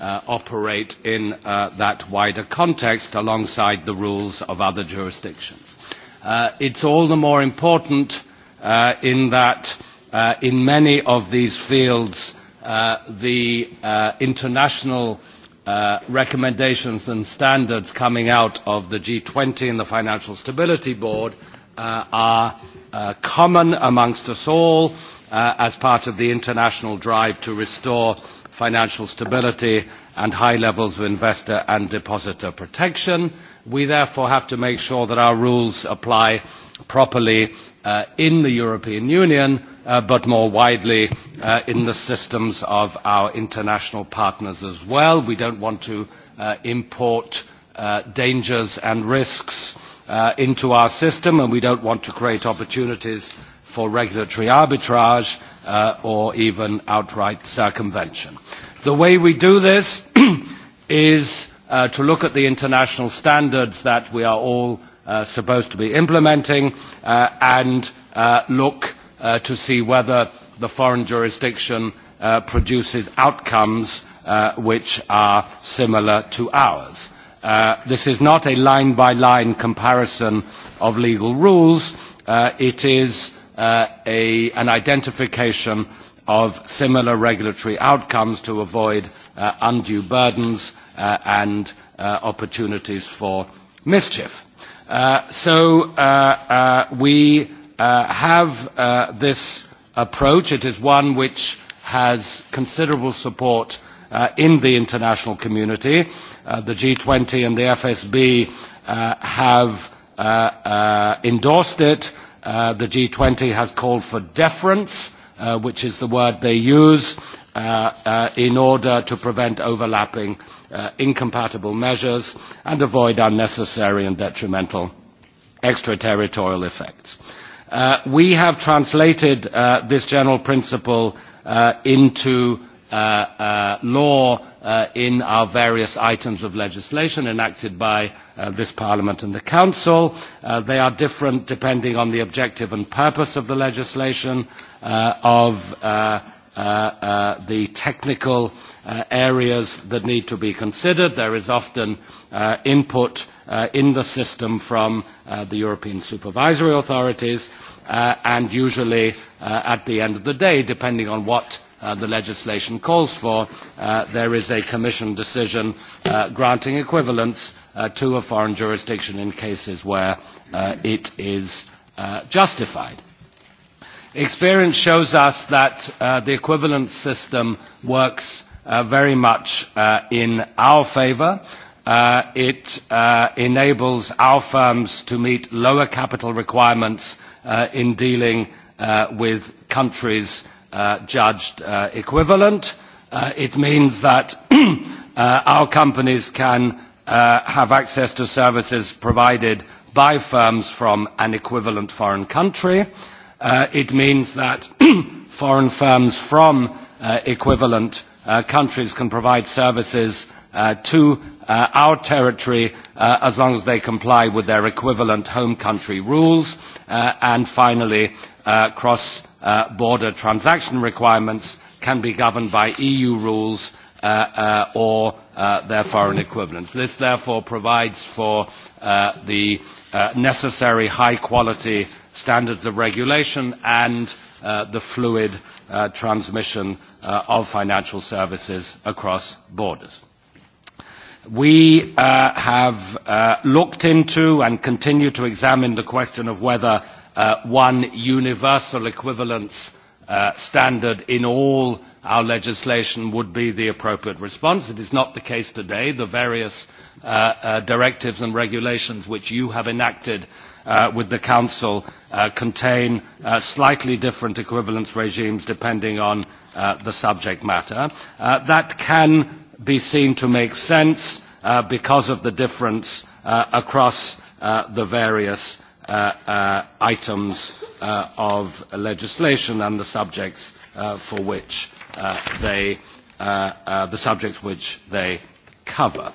uh, operate in uh, that wider context alongside the rules of other jurisdictions. Uh, it's all the more important uh, in that uh, in many of these fields uh, the uh, international uh, recommendations and standards coming out of the G20 and the Financial Stability Board uh, are uh, common amongst us all uh, as part of the international drive to restore uh, financial stability and high levels of investor and depositor protection. We therefore have to make sure that our rules apply properly uh, in the European Union, uh, but more widely uh, in the systems of our international partners as well. We don't want to uh, import uh, dangers and risks uh, into our system, and we don't want to create opportunities for regulatory arbitrage uh, or even outright circumvention. The way we do this is uh, to look at the international standards that we are all uh, supposed to be implementing uh, and uh, look uh, to see whether the foreign jurisdiction uh, produces outcomes uh, which are similar to ours. Uh, this is not a line-by-line -line comparison of legal rules. Uh, it is uh, a, an identification of similar regulatory outcomes to avoid uh, undue burdens uh, and uh, opportunities for mischief. Uh, so uh, uh, we uh, have uh, this approach. It is one which has considerable support uh, in the international community. Uh, the G20 and the FSB uh, have uh, uh, endorsed it. Uh, Uh, the G20 has called for deference, uh, which is the word they use, uh, uh, in order to prevent overlapping uh, incompatible measures and avoid unnecessary and detrimental extraterritorial effects. Uh, we have translated uh, this general principle uh, into uh, uh, law uh, in our various items of legislation enacted by uh, this Parliament and the Council. Uh, they are different depending on the objective and purpose of the legislation, uh, of uh, uh, uh, the technical uh, uh, areas that need to be considered. There is often uh, input uh, in the system from uh, the European supervisory authorities uh, and usually uh, at the end of the day, depending on what uh, the legislation calls for, uh, there is a Commission decision uh, granting equivalence uh, to a foreign jurisdiction in cases where uh, it is uh, justified. Experience shows us that uh, the equivalence system works uh, very much uh, in our favour. Uh, it uh, enables our firms to meet lower capital requirements uh, in dealing uh, with countries uh, uh, judged uh, equivalent. Uh, it means that uh, our companies can uh, have access to services provided by firms from an equivalent foreign country. Uh, it means that foreign firms from uh, equivalent uh, countries can provide services uh, to uh, our territory uh, as long as they comply with their equivalent home country rules. Uh, and finally, uh, cross uh, border transaction requirements can be governed by EU rules uh, uh, or uh, their foreign equivalents. This therefore provides for uh, the uh, necessary high quality standards of regulation and uh, the fluid uh, transmission uh, of financial services across borders. We uh, have uh, looked into and continue to examine the question of whether uh, one universal equivalence uh, standard in all our legislation would be the appropriate response. It is not the case today. The various uh, uh, directives and regulations which you have enacted uh, with the Council uh, contain uh, slightly different equivalence regimes depending on uh, the subject matter. Uh, that can be seen to make sense uh, because of the difference uh, across uh, the various uh, uh, uh, items uh, of legislation and the subjects uh, for which uh, they, uh, uh, the subjects which they cover.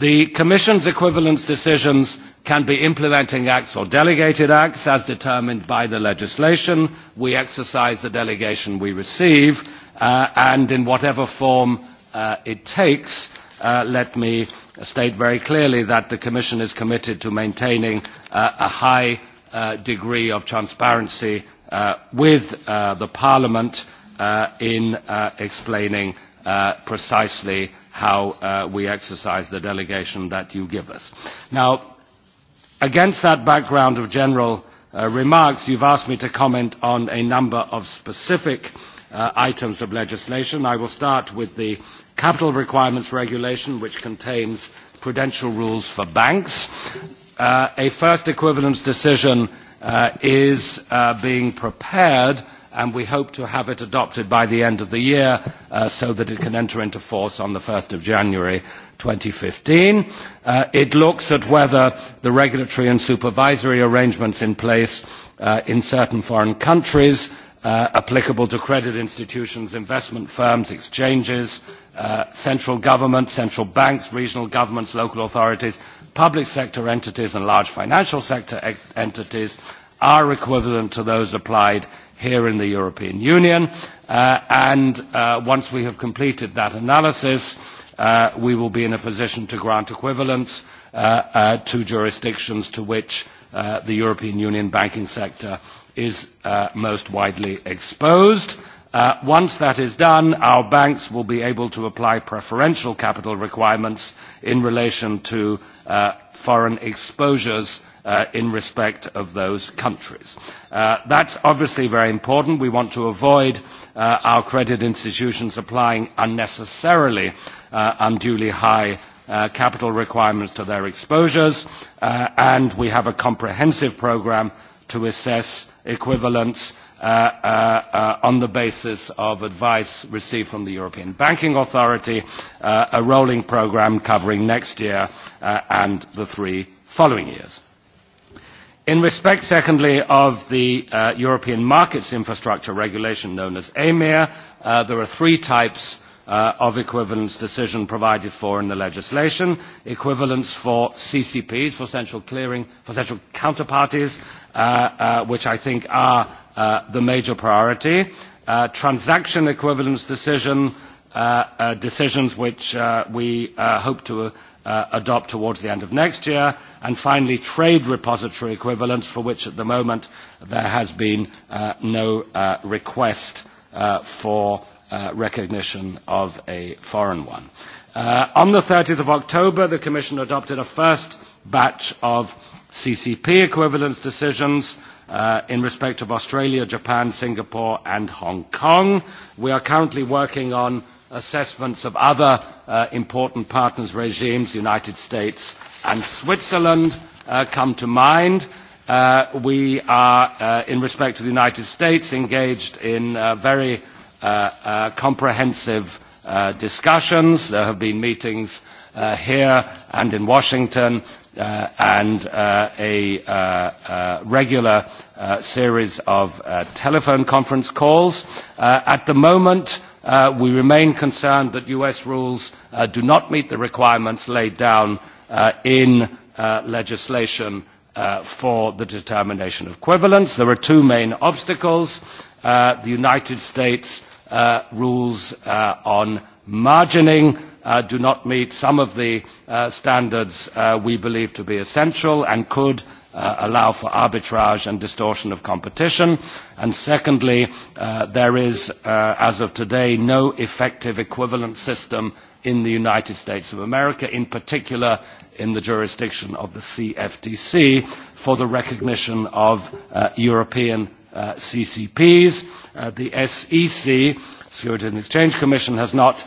The Commission's equivalence decisions can be implementing acts or delegated acts as determined by the legislation. We exercise the delegation we receive uh, and in whatever form uh, it takes, uh, let me uh, state very clearly that the Commission is committed to maintaining uh, a high uh, degree of transparency uh, with uh, the Parliament uh, in uh, explaining uh, precisely how uh, we exercise the delegation that you give us. Now, against that background of general uh, remarks, you've asked me to comment on a number of specific uh, items of legislation. I will start with the uh, capital requirements regulation which contains prudential rules for banks. Uh, a first equivalence decision uh, is uh, being prepared and we hope to have it adopted by the end of the year uh, so that it can enter into force on the 1st of January 2015. Uh, it looks at whether the regulatory and supervisory arrangements in place uh, in certain foreign countries uh, applicable to credit institutions, investment firms, exchanges, uh, uh, central governments, central banks, regional governments, local authorities, public sector entities and large financial sector e entities are equivalent to those applied here in the European Union. Uh, and uh, once we have completed that analysis, uh, we will be in a position to grant equivalence uh, uh, to jurisdictions to which uh, the European Union banking sector is uh, most widely exposed. Uh, Uh, once that is done, our banks will be able to apply preferential capital requirements in relation to uh, foreign exposures uh, in respect of those countries. Uh, that's obviously very important. We want to avoid uh, our credit institutions applying unnecessarily uh, unduly high uh, capital requirements to their exposures, uh, and we have a comprehensive program to assess equivalence Uh, uh, uh, on the basis of advice received from the European Banking Authority, uh, a rolling programme covering next year uh, and the three following years. In respect, secondly, of the uh, European Markets Infrastructure Regulation known as EMIR, uh, there are three types uh, of equivalence decision provided for in the legislation. Equivalence for CCPs, for central clearing, for central counterparties, uh, uh, which I think are uh, the major priority. Uh, transaction equivalence decision, uh, uh, decisions which uh, we uh, hope to uh, uh, adopt towards the end of next year, and finally trade repository equivalence, for which at the moment there has been uh, no uh, request uh, for uh, recognition of a foreign one. Uh, on the 30th of October, the Commission adopted a first batch of CCP equivalence decisions. Uh, uh, in respect of Australia, Japan, Singapore and Hong Kong. We are currently working on assessments of other uh, important partners regimes, United States and Switzerland uh, come to mind. Uh, we are, uh, in respect to the United States, engaged in uh, very uh, uh, comprehensive uh, discussions. There have been meetings uh, here and in Washington uh, and uh, a uh, uh, regular uh, series of uh, telephone conference calls. Uh, at the moment, uh, we remain concerned that US rules uh, do not meet the requirements laid down uh, in uh, legislation uh, for the determination of equivalence. There are two main obstacles. Uh, the United States uh, rules uh, on margining uh, do not meet some of the uh, standards uh, we believe to be essential and could uh, allow for arbitrage and distortion of competition. And secondly, uh, there is, uh, as of today, no effective equivalent system in the United States of America, in particular in the jurisdiction of the CFTC, for the recognition of uh, European uh, CCPs. Uh, the SEC, Securities and Exchange Commission, has not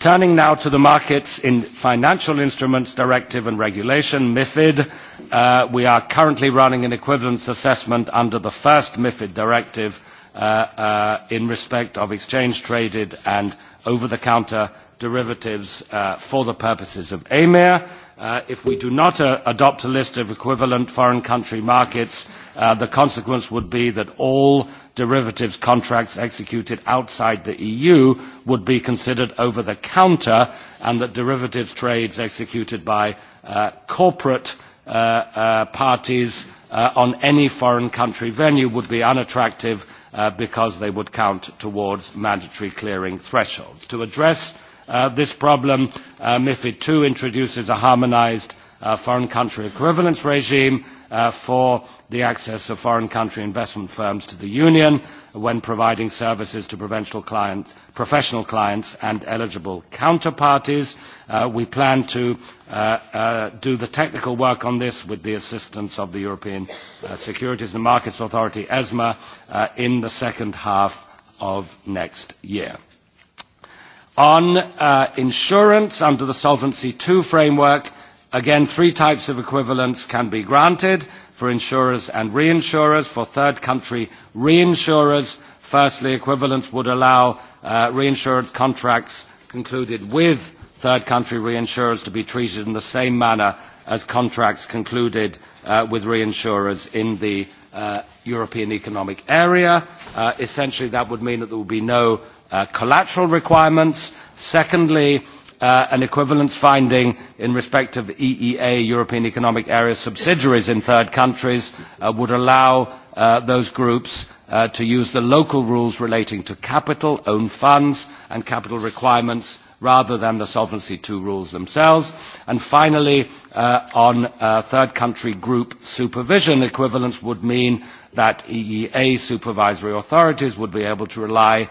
Turning now to the markets in financial instruments directive and regulation, MIFID, uh, we are currently running an equivalence assessment under the first MIFID directive uh, uh, in respect of exchange traded and over-the-counter derivatives uh, for the purposes of AMIR Uh, if we do not uh, adopt a list of equivalent foreign country markets, uh, the consequence would be that all derivatives contracts executed outside the EU would be considered over the counter and that derivatives trades executed by uh, corporate uh, uh, parties uh, on any foreign country venue would be unattractive uh, because they would count towards mandatory clearing thresholds. To address uh, uh, this problem. Uh, MIFID II introduces a harmonised uh, foreign country equivalence regime uh, for the access of foreign country investment firms to the Union when providing services to clients, professional clients and eligible counterparties. Uh, we plan to uh, uh, do the technical work on this with the assistance of the European uh, Securities and Markets Authority, ESMA, uh, in the second half of next year. On uh, insurance under the Solvency II framework, again, three types of equivalence can be granted for insurers and reinsurers. For third country reinsurers, firstly, equivalence would allow uh, reinsurance contracts concluded with third country reinsurers to be treated in the same manner as contracts concluded uh, with reinsurers in the uh, European Economic Area. Uh, essentially, that would mean that there would be no uh, collateral requirements. Secondly, uh, an equivalence finding in respect of EEA, European Economic Area subsidiaries in third countries, uh, would allow uh, those groups uh, to use the local rules relating to capital, own funds, and capital requirements rather than the Solvency II rules themselves. And finally, uh, on uh, third country group supervision equivalence would mean that EEA supervisory authorities would be able to rely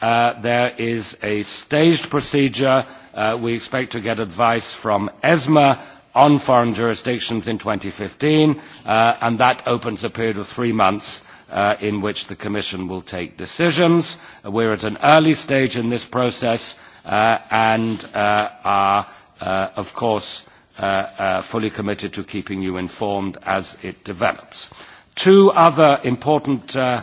Uh, there is a staged procedure. Uh, we expect to get advice from ESMA on foreign jurisdictions in 2015, uh, and that opens a period of three months uh, in which the Commission will take decisions. Uh, we're at an early stage in this process uh, and uh, are, uh, of course, uh, uh, fully committed to keeping you informed as it develops. Two other important uh,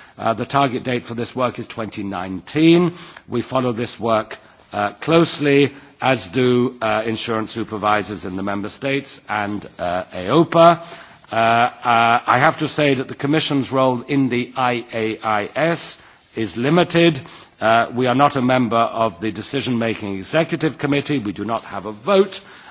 Uh, the target date for this work is 2019. We follow this work uh, closely, as do uh, insurance supervisors in the Member States and uh, AOPA. Uh, uh, I have to say that the Commission's role in the IAIS is limited. Uh, we are not a member of the decision-making executive committee. We do not have a vote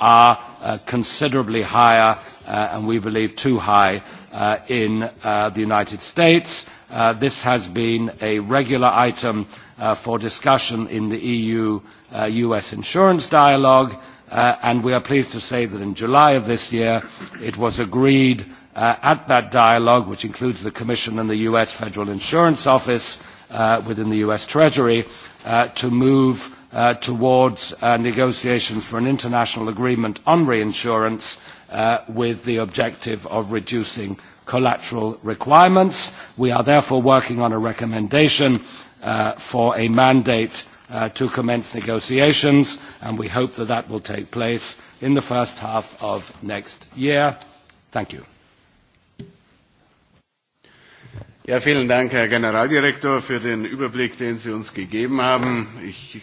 are uh, considerably higher, uh, and we believe too high, uh, in uh, the United States. Uh, this has been a regular item uh, for discussion in the EU-US uh, insurance dialogue, uh, and we are pleased to say that in July of this year it was agreed uh, at that dialogue, which includes the Commission and the US Federal Insurance Office uh, within the US Treasury, uh, to move uh, uh, towards uh, negotiations for an international agreement on reinsurance uh, with the objective of reducing collateral requirements. We are therefore working on a recommendation uh, for a mandate uh, to commence negotiations and we hope that that will take place in the first half of next year. Thank you. Ja, vielen Dank, Herr Generaldirektor, für den Überblick, den Sie uns gegeben haben. Ich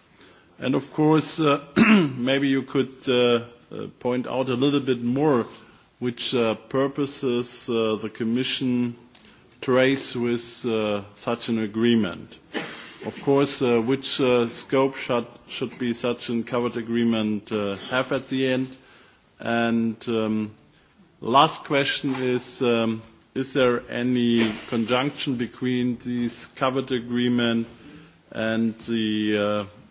And of course, uh, maybe you could uh, uh, point out a little bit more which uh, purposes uh, the Commission trace with uh, such an agreement. Of course, uh, which uh, scope should, should be such a covered agreement uh, have at the end? And um, last question is, um, is there any conjunction between this covered agreement and the uh,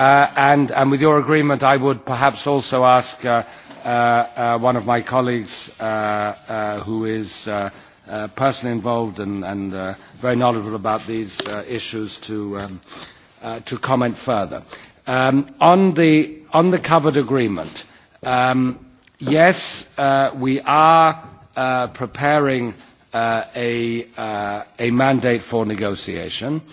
Uh, and, and with your agreement, I would perhaps also ask uh, uh, uh, one of my colleagues uh, uh, who is uh, uh, personally involved and, and uh, very knowledgeable about these uh, issues to, um, uh, to comment further. Um, on, the, on the covered agreement, um, yes, uh, we are uh, preparing uh, a, uh, a mandate for negotiation. Uh,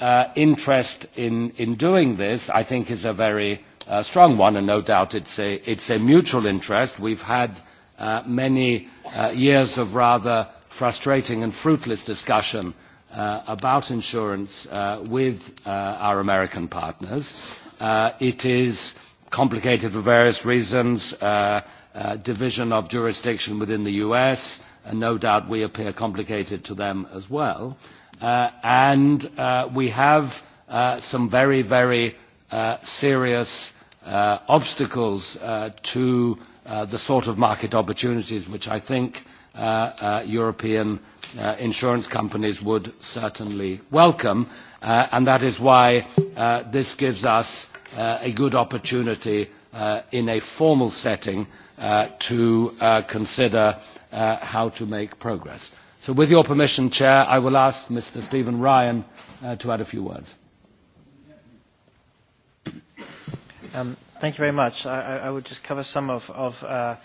uh, interest in, in doing this, I think, is a very uh, strong one, and no doubt it's a, it's a mutual interest. We've had uh, many uh, years of rather frustrating and fruitless discussion uh, about insurance uh, with uh, our American partners. Uh, it is complicated for various reasons, uh, uh, division of jurisdiction within the US, and no doubt we appear complicated to them as well. Uh, uh, and uh, we have uh, some very, very uh, serious uh, obstacles uh, to uh, the sort of market opportunities which I think uh, uh, European uh, insurance companies would certainly welcome, uh, and that is why uh, this gives us uh, a good opportunity uh, in a formal setting uh, to uh, consider uh, how to make progress. So with your permission, Chair, I will ask Mr. Stephen Ryan uh, to add a few words. Um, thank you very much. I, I would just cover some of, of uh, uh,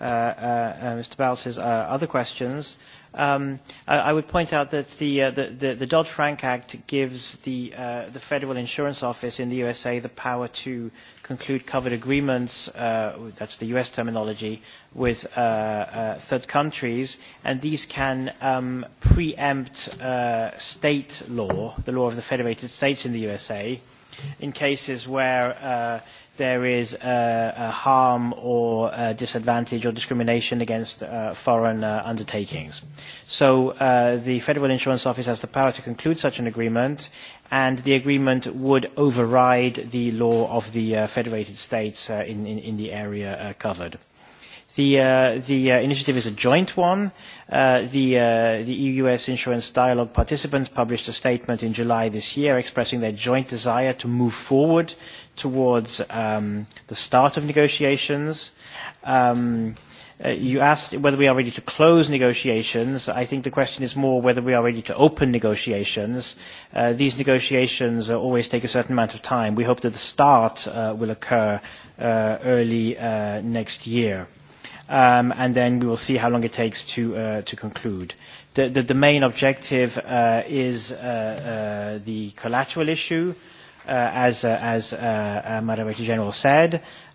uh, uh Mr. Bowles' uh, other questions. Um, I, I would point out that the, uh, the, the, the Dodd-Frank Act gives the, uh, the Federal Insurance Office in the USA the power to uh, conclude covered agreements, uh, that's the US terminology, with uh, uh, third countries, and these can um, preempt uh, state law, the law of the Federated States in the USA, in cases where uh, there is uh, a harm or a disadvantage or discrimination against uh, foreign uh, undertakings. So uh, the Federal Insurance Office has the power to conclude such an agreement and the agreement would override the law of the uh, federated states uh, in, in, in the area uh, covered. Uh, The, uh, the uh, initiative is a joint one. Uh, the, uh, the EU-US Insurance Dialogue participants published a statement in July this year expressing their joint desire to move forward towards um, the start of negotiations. Um, uh, you asked whether we are ready to close negotiations. I think the question is more whether we are ready to open negotiations. Uh, these negotiations uh, always take a certain amount of time. We hope that the start uh, will occur uh, early uh, next year. Uh, um, and then we will see how long it takes to, uh, to conclude. The, the, the main objective uh, is uh, uh, the collateral issue, uh, as, uh, as uh, uh, Madam Director General said,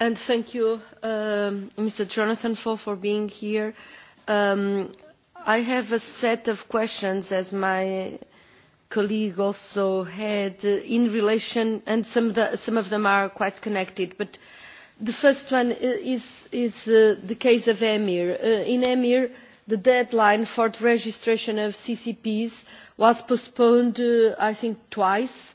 And thank you, um, Mr. Jonathan, for, for being here. Um, I have a set of questions, as my colleague also had, uh, in relation, and some of, the, some of them are quite connected. But the first one is, is uh, the case of EMIR. Uh, in EMIR, the deadline for the registration of CCPs was postponed, uh, I think, twice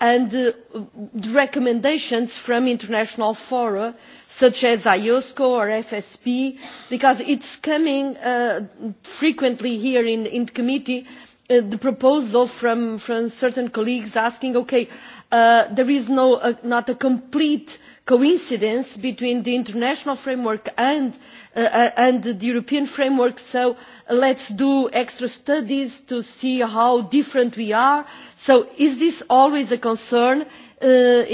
and uh, the recommendations from international fora such as iosco or fsp because it is coming uh, frequently here in, in committee uh, the proposal from, from certain colleagues asking okay uh, there is no, uh, not a complete uh, coincidence between the international framework and, uh, uh, and the European framework, so let's do extra studies to see how different we are. So is this always a concern uh,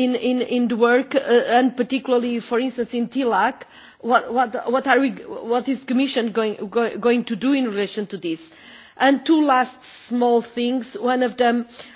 in, in, in the work, uh, and particularly, for instance, in TILAC? What, what, what, are we, what is the Commission going, go, going to do in relation to this? And two last small things. One of them, uh,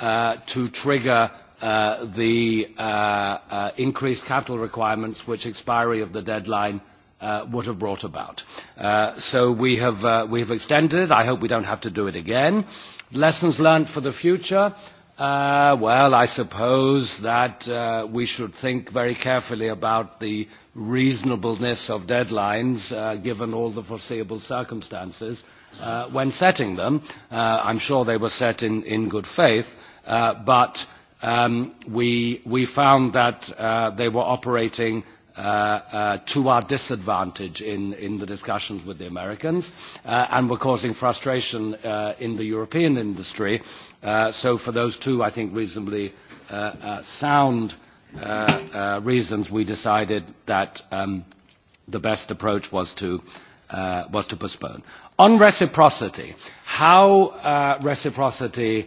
uh, to trigger uh, the uh, uh, increased capital requirements which expiry of the deadline uh, would have brought about. Uh, so we have, uh, we have extended it. I hope we don't have to do it again. Lessons learned for the future. Uh, well, I suppose that uh, we should think very carefully about the reasonableness of deadlines, uh, given all the foreseeable circumstances uh, when setting them. Uh, I'm sure they were set in, in good faith, uh, but um, we, we found that uh, they were operating uh, uh, to our disadvantage in, in the discussions with the Americans uh, and were causing frustration uh, in the European industry. Uh, so for those two, I think, reasonably uh, uh, sound uh, uh, reasons, we decided that um, the best approach was to, uh, was to postpone. On reciprocity, how uh, reciprocity uh,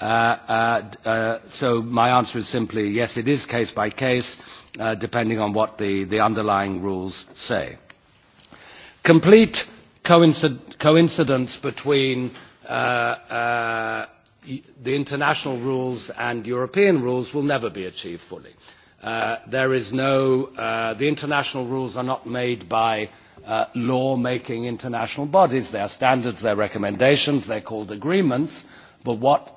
Uh, uh, uh, so my answer is simply yes, it is case by case, uh, depending on what the, the underlying rules say. Complete coincid coincidence between uh, uh, the international rules and European rules will never be achieved fully. Uh, there is no, uh, the international rules are not made by uh, law-making international bodies. They are standards, they're recommendations, they're called agreements, but what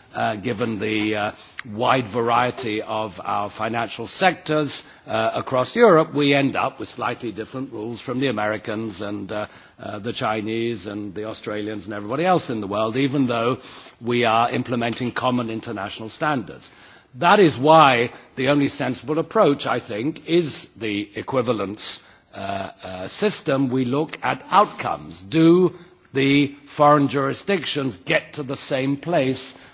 uh, given the uh, wide variety of our financial sectors uh, across Europe, we end up with slightly different rules from the Americans and uh, uh, the Chinese and the Australians and everybody else in the world, even though we are implementing common international standards. That is why the only sensible approach, I think, is the equivalence uh, uh, system. We look at outcomes. Do the foreign jurisdictions get to the same place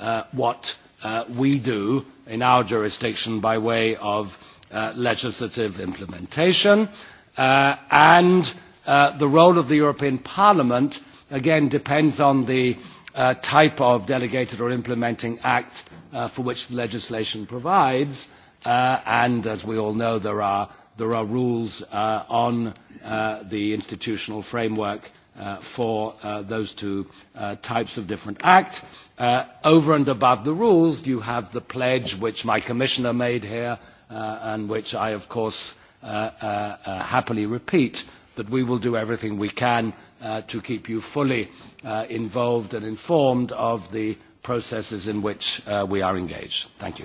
uh, what uh, we do in our jurisdiction by way of uh, legislative implementation. Uh, and uh, the role of the European Parliament, again, depends on the uh, type of delegated or implementing act uh, for which the legislation provides. Uh, and as we all know, there are, there are rules uh, on uh, the institutional framework uh, for uh, those two uh, types of different acts Uh, over and above the rules, you have the pledge which my commissioner made here uh, and which I, of course, uh, uh, uh, happily repeat, that we will do everything we can uh, to keep you fully uh, involved and informed of the processes in which uh, we are engaged. Thank you.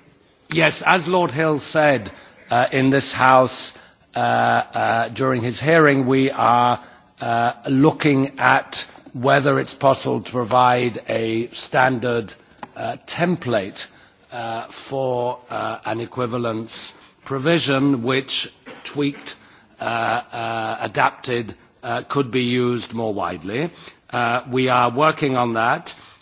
Yes, as Lord Hill said uh, in this House uh, uh, during his hearing, we are uh, looking at whether it's possible to provide a standard uh, template uh, for uh, an equivalence provision which tweaked, uh, uh, adapted, uh, could be used more widely. Uh, we are working on that. Uh,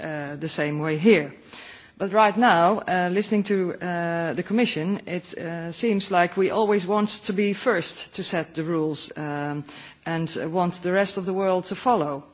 uh, the same way here. But right now, uh, listening to uh, the Commission, it uh, seems like we always want to be first to set the rules um, and want the rest of the world to follow.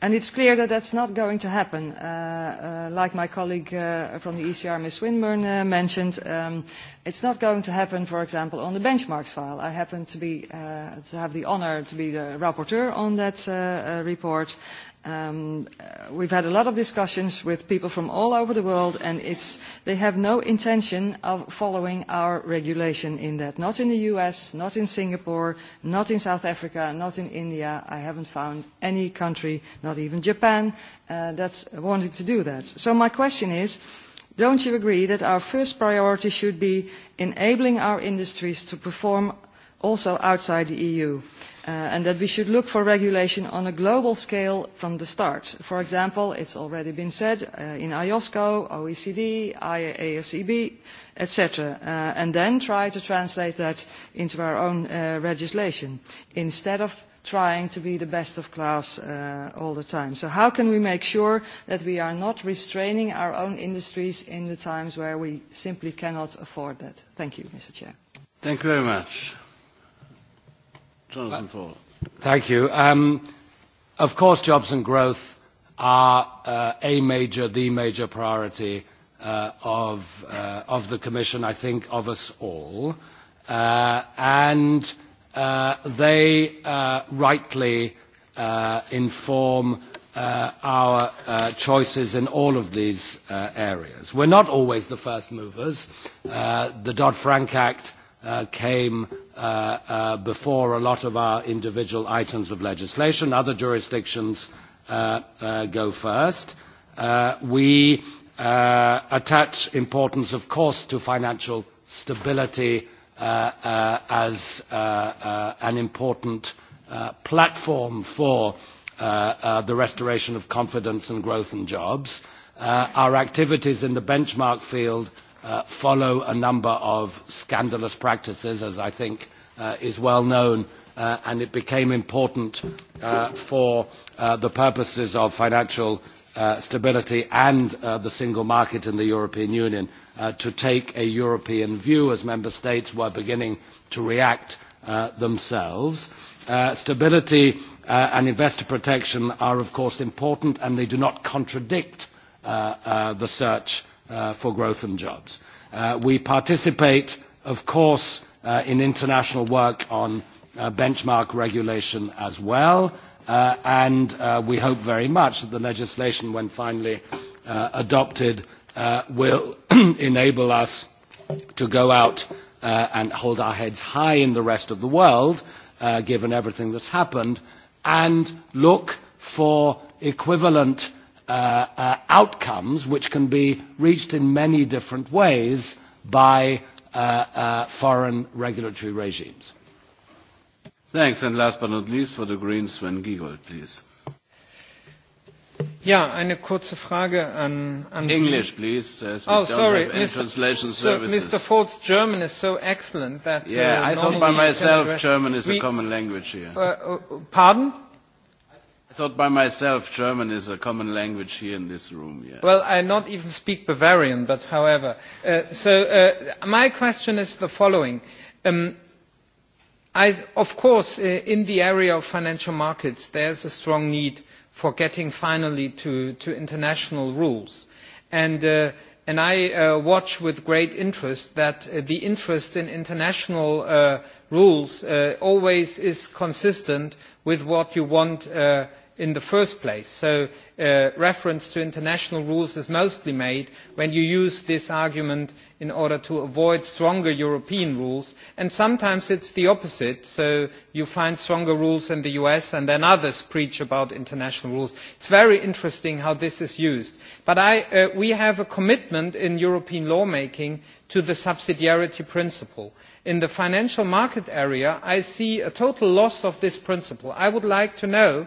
And it's clear that that's not going to happen. Uh, uh, like my colleague uh, from the ECR, Ms. Swinburne, uh, mentioned, um, It's not going to happen, for example, on the benchmarks file. I happen to, be, uh, to have the honor to be the rapporteur on that uh, uh, report. Um, uh, we've had a lot of discussions with people from all over the world, and it's, they have no intention of following our regulation in that. Not in the US, not in Singapore, not in South Africa, not in India. I haven't found any country, not even Japan, uh, that's wanting to do that. So my question is, uh, Don't you agree that our first priority should be enabling our industries to perform also outside the EU? Uh, and that we should look for regulation on a global scale from the start. For example, it's already been said uh, in IOSCO, OECD, IASEB, etc. Uh, and then try to translate that into our own uh, legislation instead of uh, trying to be the best of class uh, all the time. So how can we make sure that we are not restraining our own industries in the times where we simply cannot afford that? Thank you, Mr. Chair. Thank you very much. Jonathan Fall. Thank you. Um, of course, jobs and growth are uh, a major, the major priority uh, of, uh, of the Commission, I think, of us all. Uh, and uh, uh, they uh, rightly uh, inform uh, our uh, choices in all of these uh, areas. We're not always the first movers. Uh, the Dodd-Frank Act uh, came uh, uh, before a lot of our individual items of legislation. Other jurisdictions uh, uh, go first. Uh, we uh, attach importance, of course, to financial stability uh, uh, as uh, uh, an important uh, platform for uh, uh, the restoration of confidence and growth and jobs. Uh, our activities in the benchmark field uh, follow a number of scandalous practices, as I think uh, is well known, uh, and it became important uh, for uh, the purposes of financial uh, uh, stability and uh, the single market in the European Union uh, to take a European view as member states were beginning to react uh, themselves. Uh, stability uh, and investor protection are of course important and they do not contradict uh, uh, the search uh, for growth and jobs. Uh, we participate of course uh, in international work on uh, benchmark regulation as well uh, and uh, we hope very much that the legislation, when finally uh, adopted, uh, will enable us to go out uh, and hold our heads high in the rest of the world, uh, given everything that's happened, and look for equivalent uh, uh, outcomes which can be reached in many different ways by uh, uh, foreign regulatory regimes. Thanks, and last but not least, for the Greens, Sven Giegold, please. Ja, eine kurze Frage an, an English, Sie. please. As we oh, don't sorry, have Mr. Translation so services. Mr. Ford's German is so excellent that. Yeah, uh, I thought by myself German is we, a common language here. Uh, uh, pardon? I thought by myself German is a common language here in this room. Yeah. Well, I not even speak Bavarian, but however. Uh, so uh, my question is the following. Um, I, of course uh, in the area of financial markets there is a strong need for getting finally to, to international rules and, uh, and i uh, watch with great interest that uh, the interest in international uh, rules uh, always is consistent with what you want in the first place. So uh, reference to international rules is mostly made when you use this argument in order to avoid stronger European rules. And sometimes it's the opposite. So you find stronger rules in the US and then others preach about international rules. It's very interesting how this is used. But I, uh, we have a commitment in European lawmaking to the subsidiarity principle. In the financial market area, I see a total loss of this principle. I would like to know uh,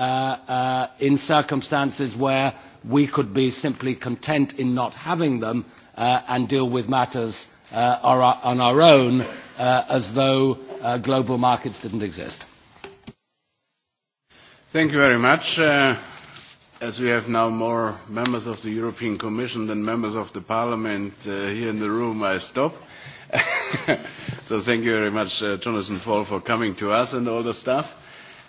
uh, uh, in circumstances where we could be simply content in not having them uh, and deal with matters uh, our, on our own uh, as though uh, global markets didn't exist. Thank you very much. Uh, as we have now more members of the European Commission than members of the Parliament uh, here in the room, I stop. so thank you very much, uh, Jonathan Fall, for coming to us and all the staff